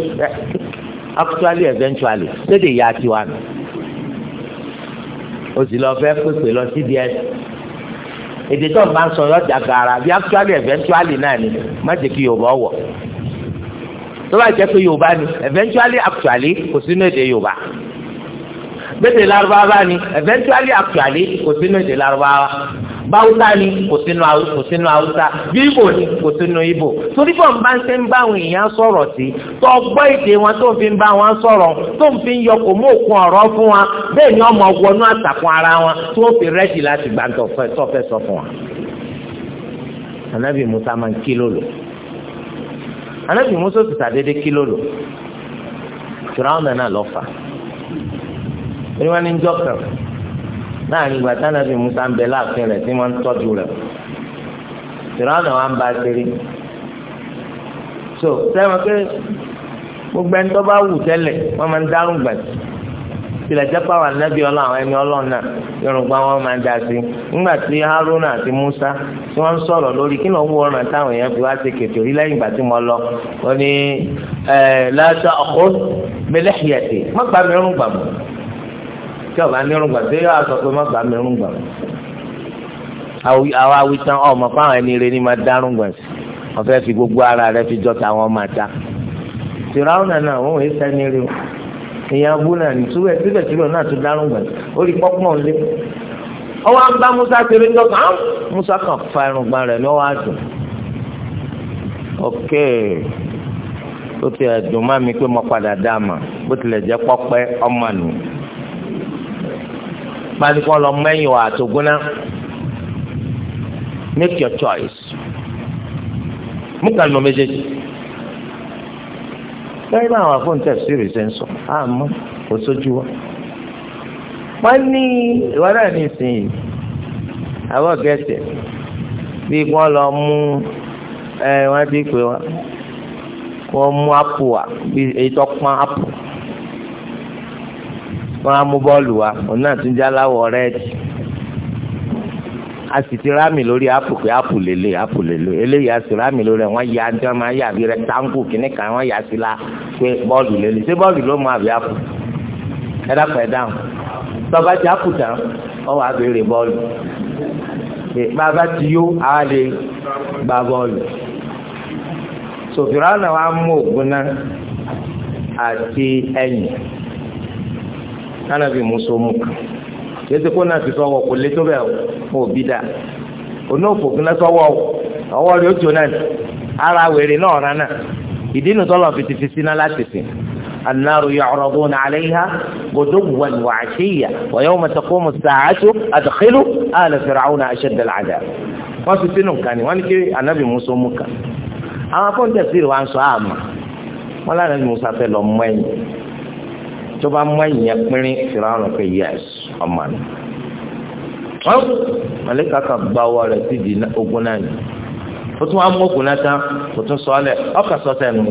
actually eventually lédè ya ti wa nù o sì lọ fẹ́ pèpè lọ sí díẹ̀ èdè tó ń bá ń sọ yọ jàgàrà bí actually eventually náà ni má jẹ́ kí Yorùbá wọ̀ tó bá jẹ́ pé Yorùbá ni eventually actually kò sínú èdè Yorùbá gbèdè Lárúbáwá ni eventually actually kò sínú èdè Lárúbáwá báwùsá ni kò sínú kò sínú haúsá bí ibò ni kò sínú ibò torí bọ́ọ̀ bá ń ṣe ń bá àwọn èèyàn sọ̀rọ̀ sí tó gbọ́ èdè wọn tó fi ń bá wọn sọ̀rọ̀ tó fi ń yọ kò mú òkun ọ̀rọ̀ fún wọn bẹ́ẹ̀ ni ọmọ wọnú àtàkùn ara wọn tó fi rẹ́dì láti gbà tọ́fẹ́ sọ fún wọn. Ànábì Musa máa ń kí lòlò Ànábì Musa ti sàdédé kí lòlò tùrọ̀ àwọn náà lọ fà. Oníwájú ń jọ́ láàrin ìgbà táwọn ẹbí musa ń bẹ láàfin rẹ̀ tí wọ́n ń tọ́jú rẹ̀ fìràwọ̀nà wa ń ba ṣeré so sẹ́wọ̀n pé gbogbo ẹni tó bá wù tẹ́lẹ̀ wọ́n máa ń dárùn gbà sí tilẹ̀ jẹ́ pàwọn anábì ọlọ́ àwọn ẹni ọlọ́run náà yorùbá wọn máa ń dá sí nígbà tí haruna àti musa tí wọ́n ń sọ̀rọ̀ lórí kí ló wọ́n ràn táwọn èèyàn fi wá ṣe kètò rí lẹ́yìn ìgbà tí mo lọ ó ní ẹ̀ lásán ọ̀hún mẹlẹ́hìẹ̀tì mọ́gbàmírùn gbàmù tí ọba nírùngbà tí yóò sọ pé má bàa mi rùngbà àwọn awitan ọmọ fáwọn ẹni rẹ ni máa dárùngbà sí wọn fẹẹ fi gbogbo ara rẹ fi jọ tàwọn máa ta tìrọ̀nà náà wọn èyí sẹ́ni rẹ o ìyẹn abú náà ní túbẹ̀ síbẹ̀síbẹ̀ náà tún dárùngbà ó rí pọ́pọ́n lé ọwọ́ à ń bá Musa ṣeré ńdọ́kàn án Musa kàn fa irùngbà rẹ̀ ní ọwọ́ àdùn ok ó ti ẹ̀dùn má mi pé mo padà dá a mà bó tilẹ̀ jẹ́ pọ́pẹ́ ọmọ nù máa ní kó lọ mẹ́yìn wà àtògùn náà make your choice mú kàn lọ méjèèjì lẹ́yìn náà àwọn afọ́ǹtẹ̀ sírì ṣe ń sọ àmọ́ kò sójú wa wọ́n ní ìwádà ní ìsinyìí àwọn gẹ̀ẹ́sì bí wọ́n lọ mú ẹ wọ́n ti pè wọ́n mú apò wá bí èyí tó pọ́n apò. wọn á mú bọ́ọ̀lù wa òun náà tún jẹ́ aláwọ̀ rẹ́ẹ̀dì a sì ti rámì lórí ápù pé ápù lélẹ̀ ápù lélẹ̀ eléyìí a sì rámì lórí ẹ̀ ya ní wọ́n máa yà bí rẹ táǹkù la pé bọ́ọ̀lù ṣé bọ́ọ̀lù ló mú àbí ẹ ẹ dáhùn ti ọ wà á béèrè bọ́ọ̀lù bàbá ti gba bọ́ọ̀lù sòfìrà náà mú ògùn anabi musa mu kan yẹtí kó náà ti sọwọ kò lé tó bẹ fún òbí dà oní òfòkun náà sọwọ ọwọ́ rẹ̀ ó jò náà ara wèrè náà rán náà ìdí nu tọ́lọ̀ fi ti fi síná láti sìn annaru yu'raduna 'alayha ghuduwwan wa 'ashiyyan wa yawma taqumu as-sa'atu adkhilu ala fir'auna ashadda al-'adhab wọ́n fi sínú nǹkan ni wọ́n ní anabi musa mú kan àwọn akọ́ńtẹ̀sì rẹ̀ wá ń sọ àmà wọ́n musa fẹ́ lọ mọ́ ẹ̀yìn tó bá mú ẹ̀yìn yẹn pínrín fìràwọ̀n pé yẹs ọmọ mi. wọ́n màlẹ́kà kan gba ọwọ́ rẹ̀ sí di ogun náà ni ó tún wá mú ogun náà tán kò tún sọ ọ́lẹ̀ ọkà sọ sẹ́nu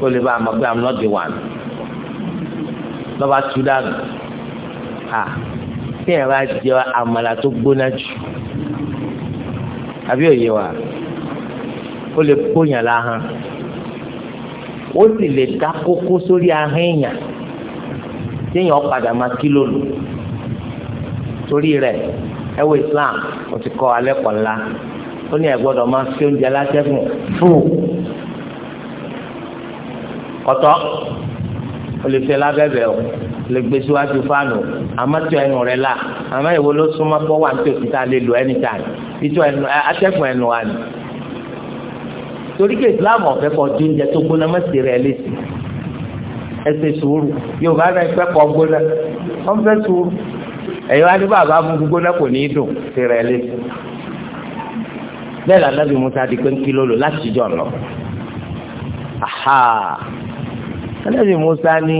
kó lè bá a mọ̀ pé i'm not the one lọ́ba tú dànù tí ẹ bá jẹ àmàlà tó gbóná jù àbí òye wa ó lè bóyàn láhàn ó sì lè dá kókó sórí ahọ́n téèyàn padà máa kí lólu torí rẹ̀ ẹ wo Islam ó ti kọ́ alẹ́ kọ́ ńlá ó ní ẹ gbọ́dọ̀ máa fi oúnjẹ látẹ́gùn fún kọ́tọ́ o lè fi lábẹ́bẹ́ o lè gbé síwájú fáànù amátí ẹnu rẹ la àmọ́ ìwo ló súnmọ́ pọ́ wà ní tòsí tá a lè lò ẹni tàn ìtọ́ ẹnu atẹ́kùn ẹnu wa ni torí kí Islam ọ̀fẹ́ kọ́ di oúnjẹ tó gbóná mọ́sí rẹ̀ lé sí i ẹsẹ̀ sùúrù yorùbá náà ẹgbẹ́ kọ́ gbóná wọ́n fẹ́ sùúrù ẹ̀yin wá ní bàbá mú gbóná kò ní í dùn tìrẹ̀ lé bẹ́ẹ̀ lànà bí musa di pé ń kí lólo láti jọ lọ aha lànàbí musa ní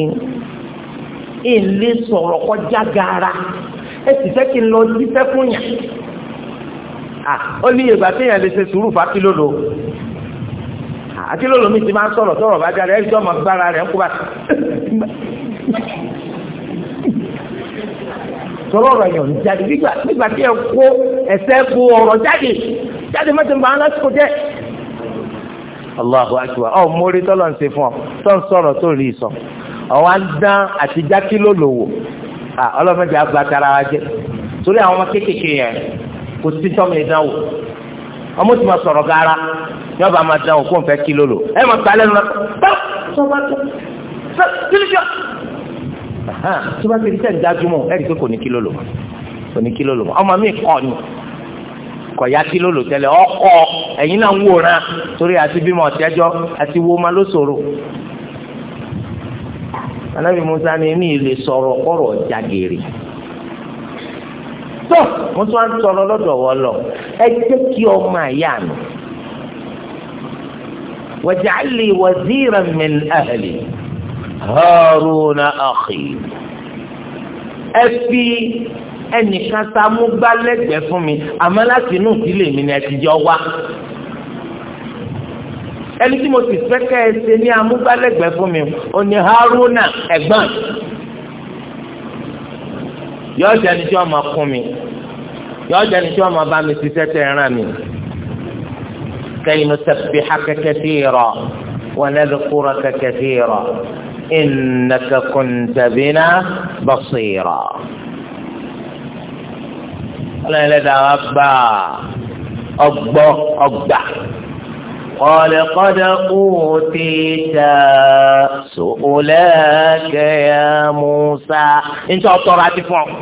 ilé sọ̀rọ̀ kọjá gaara ẹ sì fẹ́ kí n lọ sí fẹ́ fún yàn ó ní ìgbà téèyàn lè ṣe sùúrù fákìlólo àti lólomi ti máa ń sọ̀rọ̀ sọ̀rọ̀ bá jáde ẹ̀rí tó máa gbára rẹ̀ ń kú bá. sọ̀rọ̀ ọ̀rọ̀ yẹn ò ní jáde nígbà tí ẹ kó ẹsẹ̀ bu ọ̀rọ̀ jáde jáde mọ́tò ń bá wọn lásìkò jẹ́. Allahu akbar ọ mórí tọ́lọ̀ ń ṣe fún ọ tó ń sọ̀rọ̀ tó rí sọ ọ̀wá ń dán àti jákí lólòwò ọlọ́mọdé agbátara wa jẹ torí àwọn ọmọ kéékèèké yẹn kò sí tọ́mọ ìdánwò ọmọ tí mo sọ̀rọ̀ gara ní ọba máa dán òkú nfẹ́ kí lólo ẹ mọ̀ gbà lẹ́nu náà tó bá ti di sẹ́ni dájú mọ́ ẹ̀rí pé kò ní kí lólo kò ní kí lólo ọmọ mi kọ́ ni kọ̀ ya kí lólo tẹ́lẹ̀ ọkọ̀ ẹ̀yin náà ń wòran torí àti bímọ ọ̀tẹ́jọ́ àti wo ma ló sọ̀rọ̀ anábì musa ni mi lè sọ̀rọ̀ kọ̀rọ̀ jagere tó musa sọ̀rọ̀ lọ́dọ̀ wọ́ lọ ẹ jẹ́ kí ọmọ àyà mi. واجعل لي وزيرا من أهلي هارون أخي أفي ẹnìkan tá a mú gbá lẹ́gbẹ̀ẹ́ fún mi àmọ́ láti inú ìdílé mi ni ẹ ti jọ wá ẹni tí mo sì fẹ́ kẹ́ ní amúgbálẹ́gbẹ̀ẹ́ fún mi ò ní Haruna ẹ̀gbọ́n yọ̀ọ́ jẹ́ni tí wọ́n máa kún mi yọ̀ọ́ jẹ́ni tí wọ́n máa bá mi ṣiṣẹ́ tẹ̀ ẹ̀ràn mi. كي نسبحك كثيرا ونذكرك كثيرا إنك كنت بنا بصيرا لدى ربا أبا أبا قال قد أوتيت سؤلك يا موسى إن شاء الله ترى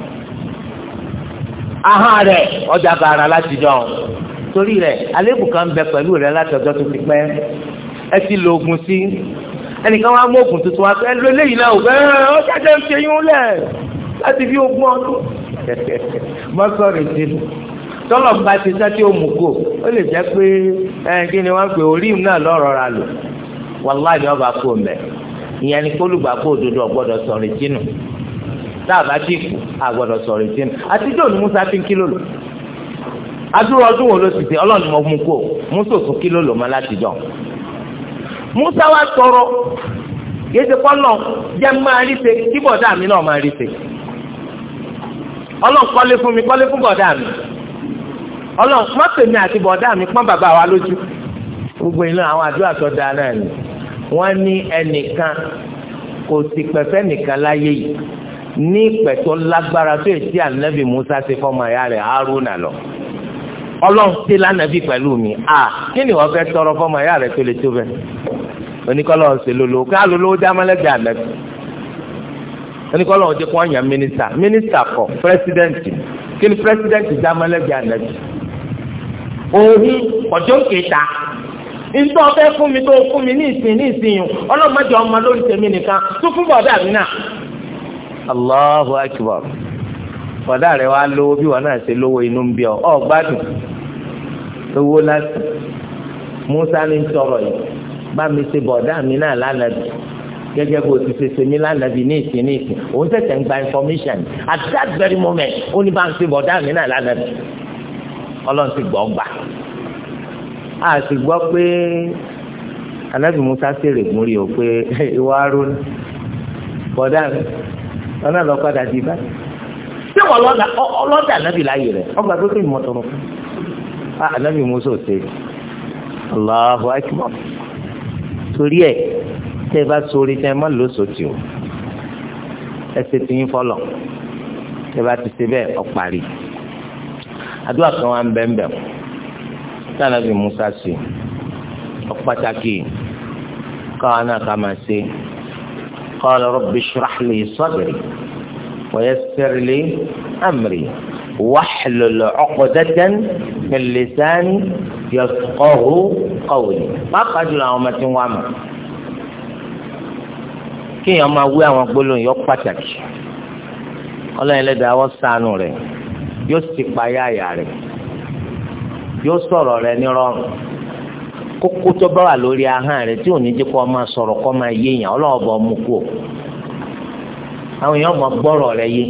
أها رẹ̀ ọjà لا láti torí rẹ̀ àlébù kan bẹ pẹ̀lú rẹ̀ látọjọ́ tó ti pẹ́ ẹ ti lo oògùn sí ẹnìkan wá mú oògùn tuntun wá pé ẹ lo eléyìí náà ò bẹ́ẹ̀ ọ ṣẹ̀ṣẹ̀ ń ṣe yún lẹ̀ láti fi ogún ọdún mọ́sọ̀rì ti nù tọ́lọ̀ bá ti sá tí ó mú kó ó lè jẹ́ pé ẹ kí ni wọ́n pè orí náà lọ́rọ̀ ra lò wàláì ni wọ́n bá kó mẹ́ ìyẹn ni kólùgbàgbọ́ òdodo ọ̀gbọ́dọ̀ sọ̀rọ̀ ìtinù tá a bá ti kú àgbọ́dọ̀ sọ̀rọ̀ ìtinù àtijọ́ ni Musa fi ń kí lòlò adúrò ọdún wo ló ti ṣe mo mú kó musa tún kí ló lò mọ́ musa wa tọrọ yéésì kọ́nà jẹ́ máa rí ṣe kí bọ̀dá mi náà máa rí ṣe ọlọ́run kọ́lé fún mi kọ́lé fún mi ọlọ́run pọ́n àti bọ̀dá mi pọ́n bàbá wa lójú gbogbo iná àwọn àdúrà tó náà ni wọ́n ní ẹnìkan kò sí pẹ̀fẹ́ nìkan láyé yìí ní pẹ̀tọ́ lágbára tó èsì ànábì musa ṣe fọ́mọ ìyá rẹ̀ haruna lọ. ọlọ́run ṣe lánàbí pẹ̀lú mi a kí ni wọ́n fẹ́ tọrọ fọmọ ẹ̀yà rẹ̀ tó le tó bẹ́ẹ̀ oníkọ́lọ́ lolo ká lolo dámọ́lẹ́gbẹ̀ ànábì oníkọ́lọ́ ọ̀dẹ́kùn ọ̀yàn mínísítà mínísítà kọ pírẹsidẹ́ǹtì kí ni pírẹsidẹ́ǹtì dámọ́lẹ́gbẹ̀ ànábì òun ọjọ́ kẹta ntọ́ fẹ́ fún mi tó fún mi ní ìsìn ní ìsìn lori Allahu bọ̀dá rẹ̀ wá lówó bí wọn náà ṣe lówó inú ń bí ọ ọ gbádùn owó láti Musa ní sọ̀rọ̀ yìí bá mi ṣe bọ̀dá mi náà lánàá bì gẹ́gẹ́ bó ti ṣe ṣe mí lánàá bì ní ìsìn ní ìsìn òun ṣẹ̀ṣẹ̀ ń gba information at that very moment ó ní bá ń ṣe bọ̀dá mi náà lánàá bì ọlọ́run ti gbọ́ gbà á sì gbọ́ pé anábì Musa ṣèrè gún rí o pé ìwà arún mi ọ̀nà lọ́kọ̀dà ti bá ṣé wọn lọ́dà ànábì láàyè rẹ̀ ọgbà tó kéwì mọ́tò rẹ̀ ànábì Mùsá ò ṣe Allahu akbar torí ẹ̀ tẹ́ ẹ bá sori tẹ́ ẹ má lò sòtì o ẹ ṣe ti yín fọlọ̀ tẹ́ ẹ bá ti ṣe bẹ́ẹ̀ ọ̀parí àdúrà kan wà ń bẹ́ẹ̀ tí ànábì Mùsá ṣe ọ̀pátákì káwọn náà ká máa ṣe qala rabbi shrah li sadri. ويسر لي أمري واحلل عقدة من لساني يفقه قولي pàápàá jùlọ ọmọ tí ń wá mọ̀ kéèyàn máa wí àwọn gbólóhùn yọ pàtàkì ọlọ́run ẹlẹ́dàá rẹ̀ yóò sì àwọn èèyàn mọ̀ gbọ́rọ̀ rẹ yé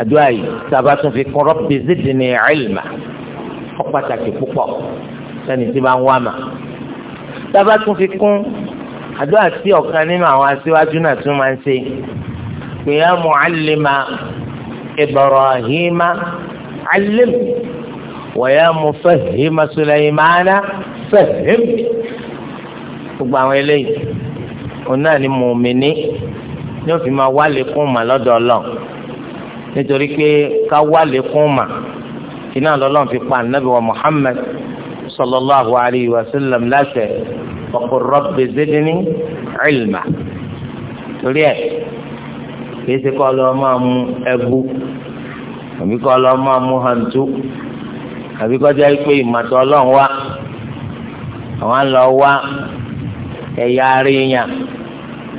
àdúrà yìí sábà tún fi kọ́ rabbi zidni ilma ó pàtàkì púpọ̀ sẹ́ni tí bá ń wá mà sábà tún fi kún àdúrà sí ọ̀kan nínú àwọn aṣíwájú náà tún máa ń ṣe pé ya mu'allima ibrahima allim wa ya mufahhima sulaymana fahhim gbogbo àwọn eléyìí òun ni mùmíní ni ó fi máa wálé kún mà lọ́dọ̀ ọlọ́run nítorí pé ká wálé kún mà iná lọ́lọ́run fi pa ànábì wa Muhammad sallallahu alayhi wa sallam láṣẹ ọkọ̀ rabbi zidni ilma torí ẹ̀ kìí ṣe kọ́ lọ́ọ́ máa mú ẹbu àbí kọ́ lọ́ọ́ máa mú hàǹtú àbí kọ́ jẹ́ pé ìmọ̀tọ́ ọlọ́run wá àwọn lọ wá ẹ̀yà arìyàn.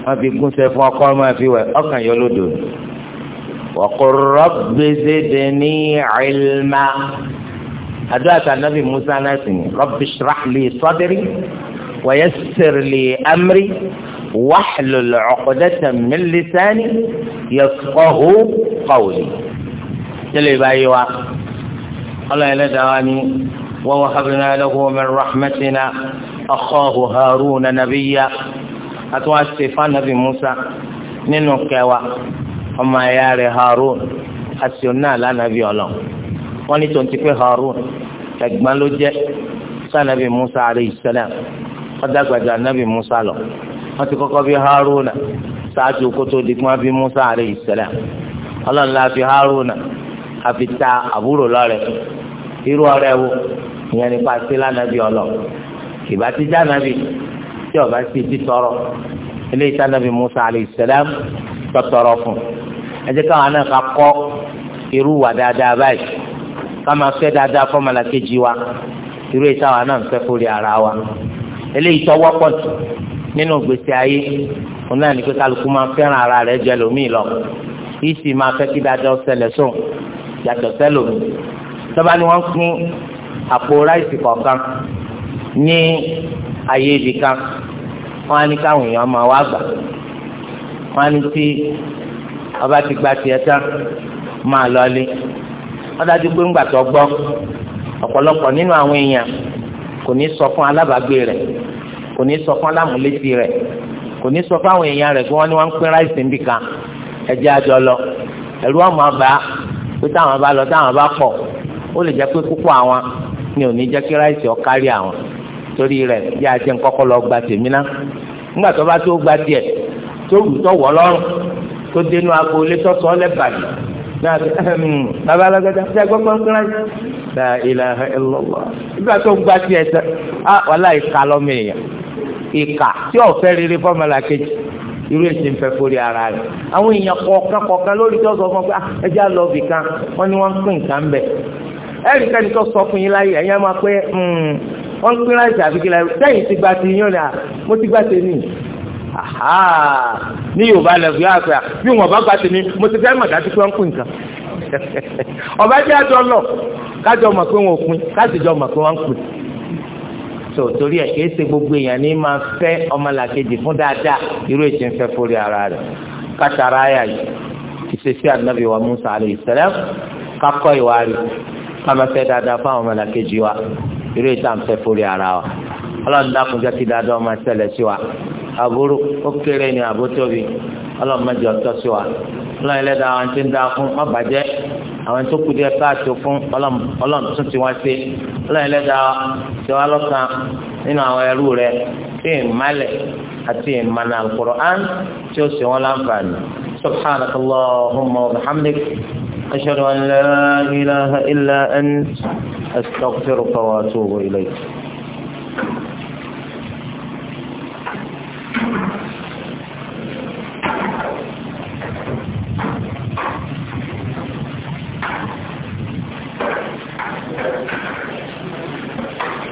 wọ́n fi gúnṣẹ́ fún ọkọ ma fi wẹ̀ ọkàn yọ lódò wa qur rabbi zidni ilma àdúrà ta nabi musa na sì ní rabbi shrah li sadri wa yassir li amri wahlul uqdatan min lisani yafqahu qawli tẹ́lẹ̀ báyìí wa ọlọ́yìn lẹ́dàá wa ni wa wahabna lahu min rahmatina akhahu haruna nabiyya. àti wọn ṣe fanabi Musa nínú kẹwàá ọmọ ẹ̀yà rẹ̀ Harun àti ọ̀nà àlànàbí ọlọ wọn ní tòun ti pé Harun ẹ̀gbọ́n ló jẹ́ sanabi Musa alayhi salam ọ̀dàgbàjà anabi Musa lọ wọn ti kọ́kọ́ bí Haruna ṣáájú kótó dìgbọn bí Musa alayhi salam ọlọ́nla fi Haruna àfi ta àbúrò lọ́rẹ̀ irú ọ̀rẹ́ wo ìyẹn nípa sí ọlọ ìbátí já tí ọba sí ti tọrọ ilé ìta nàbì Musa alayhi salam tọtọrọ fún ẹ jẹ́ káwọn náà ká kọ́ irú wà dáadáa báyìí ká máa fẹ́ dáadáa fọmọlá kejì wa irú ìta wa náà ń fẹ́ fúri ara wa eléyìí tó wọ́pọ̀ jù nínú gbèsè ayé òun náà ní pé kálukú máa fẹ́ràn ara rẹ̀ jẹ lómìn lọ kì sì máa fẹ́ kí dáadáa ṣẹlẹ̀ sùn yàtọ̀ sẹ́lòmí tọ́ba ni wọ́n pín àpò ráìsì kọ̀ọ̀kan ní ayé ibì kan wọn á ní káwọn èèyàn máa wá gbà wọn á ní tí ọba ti gba tiẹ̀ tán máa lọlé wọn dájú pé ńgbà tó gbọ́ ọ̀pọ̀lọpọ̀ nínú àwọn èèyàn kò ní sọ fún alábàágbé rẹ̀ kò ní sọ fún alámúlétí rẹ̀ kò ní sọ fún àwọn èèyàn rẹ̀ pé wọ́n ní wọ́n ń pín ráìsì níbì kan ẹ̀jẹ̀ àjọ lọ ẹ̀rú ọmọ àbá pé táwọn bá lọ táwọn bá pọ̀ ó lè jẹ́ pé púpọ̀ àwọn ni ò ní jẹ́ kí ráìsì ó kárí àwọn. torí rẹ̀ ya jẹ́ nkọ́kọ́ lọ gba tèmi ná tó bá tó gba tiẹ̀ tó wù tó wọ̀ lọ́rùn tó dénú aago létọ́sọ́ lẹ́bàdì náà bàbá alágbádá ṣe gbọ́gbọ́ ńlá gba tiẹ̀ wàlá ìka lọ́mọ èèyàn ìka tí ọ̀fẹ́ rere fọ́mọlá kejì irú èsì ń fẹ́ ara rẹ̀ àwọn èèyàn kọ̀ọ̀kan kọ̀ọ̀kan lórí tó sọ fún ah, ń tó wọ́n ń pín ráìsì àbí kílá sẹ́yìn ti gba ti yán ni à mo ti gba ti ní ní yorùbá lẹ́fù yóò àpẹ́ à bí wọn bá gba ti ní mo ti fẹ́ mọ̀ dájú pé wọ́n kún nǹkan ọba jẹ́ àjọ lọ kájọ mọ̀ pé wọ́n pín kájọ mọ̀ pé wọ́n pín so torí ẹ̀ kìí ṣe gbogbo èèyàn ní máa fẹ́ ọmọlàkejì fún dáadáa irú èsì ń fẹ́ fórí ara rẹ̀ kátàrà ayà yìí ìṣesí ànábì wa Musa alayhi salam kakọ ìwà rẹ̀ ká máa fẹ́ dáadáa fún àwọn ọmọlàkejì wa irú ìta ń fẹ́ forí ara wa ọlọ́run dákun jẹ́ kí dáadáa máa ṣẹlẹ̀ sí wa aburú ó kéré ní àbótóbi ọlọ́run mẹ́jọ tọ́ sí wa ọlọ́run ẹlẹ́dàá àwọn tí ń dá fún má bàjẹ́ àwọn tó kù díẹ̀ káàtó fún ọlọ́run tún ti wá sí ọlọ́run ẹlẹ́dàá ṣe wá lọ́kàn nínú àwọn ẹrú rẹ tí ì malẹ̀ àti ìmọ̀nà al-Qur'an tí ó sì wọ́n láǹfààní subhanaka Allahumma wa bihamdik ashhadu an la ilaha illa ant. أستغفرك وأتوب إليك Thank you.